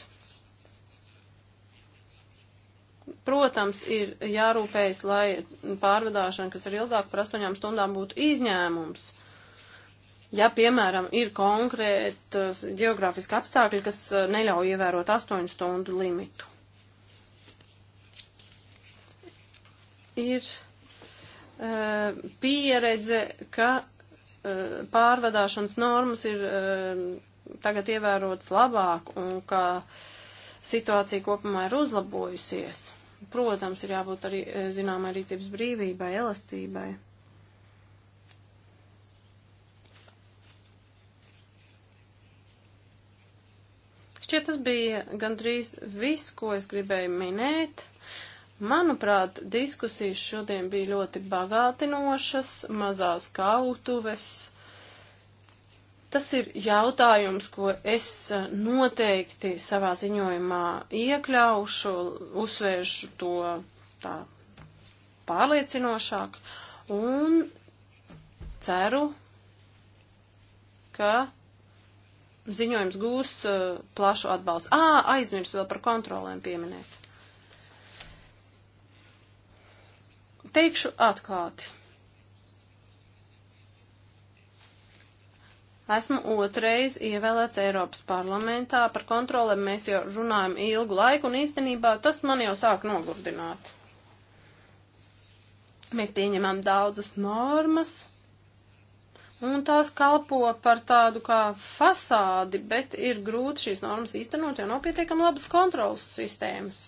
Protams, ir jārūpējas, lai pārvadāšana, kas ir ilgāka par astoņām stundām, būtu izņēmums. Ja, piemēram, ir konkrētas geogrāfiski apstākļi, kas uh, neļauj ievērot astoņu stundu limitu. Ir uh, pieredze, ka Eh, pārvadāšanas normas ir eh, tagad ievērotas labāk un ka situācija kopumā ir uzlabojusies. Protams, ir jābūt arī eh, zināmai rīcības brīvībai, elastībai. šķiet, tas bija gandrīz viss, ko es gribēju minēt. Manuprāt, diskusijas šodien bija ļoti bagātinošas, mazās kautuves. Tas ir jautājums, ko es eh, noteikti savā ziņojumā iekļaušu, uzsvēršu to tā pārliecinošāk un ceru, ka ziņojums gūs eh, plašu atbalstu. Ā, aizmirsu vēl par kontrolēm pieminēt. Teikšu atklāti. Esmu otrais ievēlēts Eiropas parlamentā, par kontrolēm mēs jau runājam ilgu laiku, un īstenībā tas man jau sāk nogurdināt. Mēs pieņemam daudzas normas, un tās kalpo par tādu kā fasādi, bet ir grūti šīs normas īstenot, jo nav pietiekam labas kontrolas sistēmas.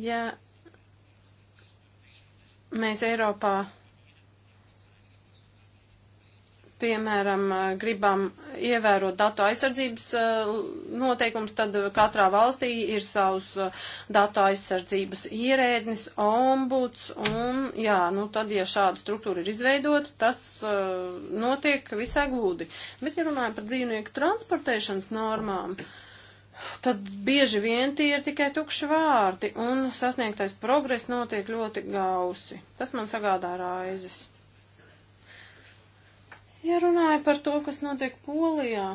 Ja mēs Eiropā, piemēram, gribam ievērot datu aizsardzības eh, noteikums, tad katrā valstī ir savs eh, datu aizsardzības ierēdnis, ombuds, un, jā, nu tad, ja šāda struktūra ir izveidota, tas eh, notiek visai glūdi. Bet, ja runājam par dzīvnieku transportēšanas normām, uh, tad bieži vien tie ir tikai tukši vārdi, un sasniegtais progress notiek ļoti gausi. Tas man sagādā raizes. Ja runāju par to, kas notiek Polijā,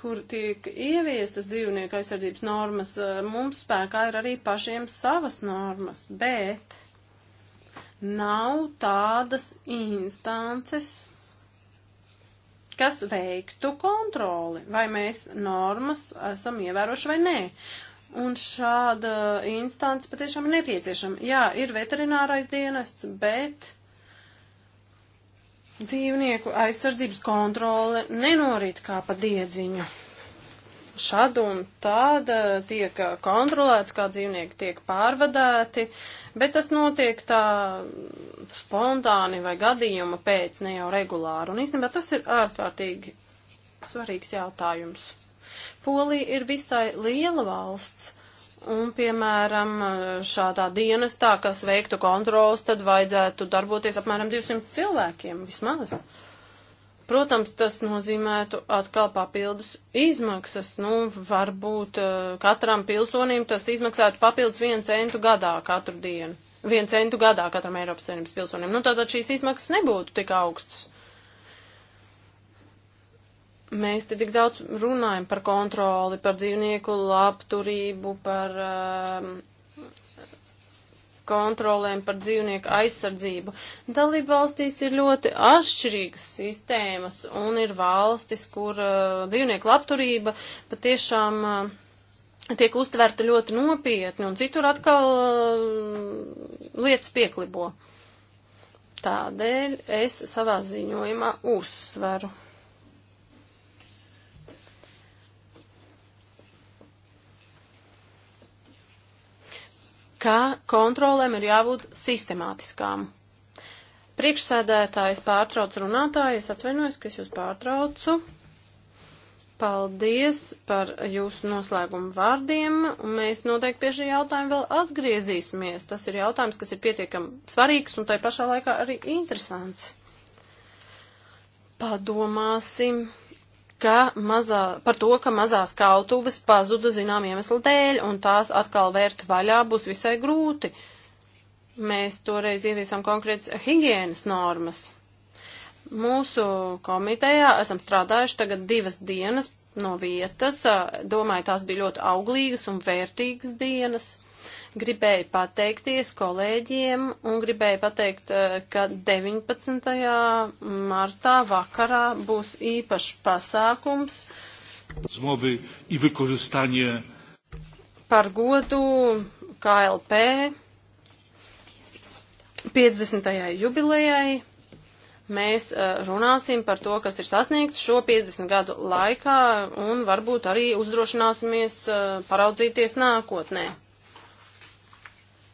kur tiek ieviestas dzīvnieku aizsardzības normas, eh, mums spēkā ir arī pašiem savas normas, bet nav tādas instances, kas veiktu kontroli, vai mēs normas esam ievēroši vai nē. Un šāda instance patiešām ir nepieciešama. Jā, ir veterinārais dienests, bet dzīvnieku aizsardzības kontrole nenorīt kā pa diedziņu šad un tāda eh, tiek kontrolēts, kā dzīvnieki tiek pārvadāti, bet tas notiek tā spontāni vai gadījuma pēc, ne jau regulāri. Un īstenībā tas ir ārkārtīgi svarīgs jautājums. Polija ir visai liela valsts. Un, piemēram, šādā dienestā, kas veiktu kontrols, tad vajadzētu darboties apmēram 200 cilvēkiem vismaz. Uh, Protams, tas nozīmētu atkal papildus izmaksas. Nu, varbūt eh, katram pilsonim tas izmaksētu papildus vienu centu gadā katru dienu. Vienu centu gadā katram Eiropas Savienības pilsonim. Nu, tātad šīs izmaksas nebūtu tik augstas. Mēs te tik daudz runājam par kontroli, par dzīvnieku labturību, par. Uh, kontrolēm par dzīvnieku aizsardzību. Dalība valstīs ir ļoti atšķirīgas sistēmas un ir valstis, kur uh, dzīvnieku labturība patiešām uh, tiek uztverta ļoti nopietni un citur atkal uh, lietas pieklibo. Tādēļ es savā ziņojumā uzsveru ka kontrolēm ir jābūt sistemātiskām. Priekšsēdētājs pārtrauc runātāju, es atvainojos, ka es jūs pārtraucu. Paldies par jūsu noslēgumu vārdiem, un mēs noteikti pie šī jautājuma vēl atgriezīsimies. Tas ir jautājums, kas ir pietiekami svarīgs un tai pašā laikā arī interesants. Padomāsim ka mazā, par to, ka mazās kautuves pazuda zinām iemeslu dēļ, un tās atkal vērt vaļā būs visai grūti. Mēs toreiz ieviesam konkrētas higienas normas. Mūsu komitejā esam strādājuši tagad divas dienas no vietas. Domāju, tās bija ļoti auglīgas un vērtīgas dienas. Gribēju pateikties kolēģiem un gribēju pateikt, eh, ka 19. martā vakarā būs īpašs pasākums. Zmovi i vykorzystanie. Par godu KLP 50. jubilejai mēs eh, runāsim par to, kas ir sasniegts šo 50 gadu laikā un varbūt arī uzdrošināsimies eh, paraudzīties nākotnē.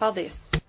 Paldies!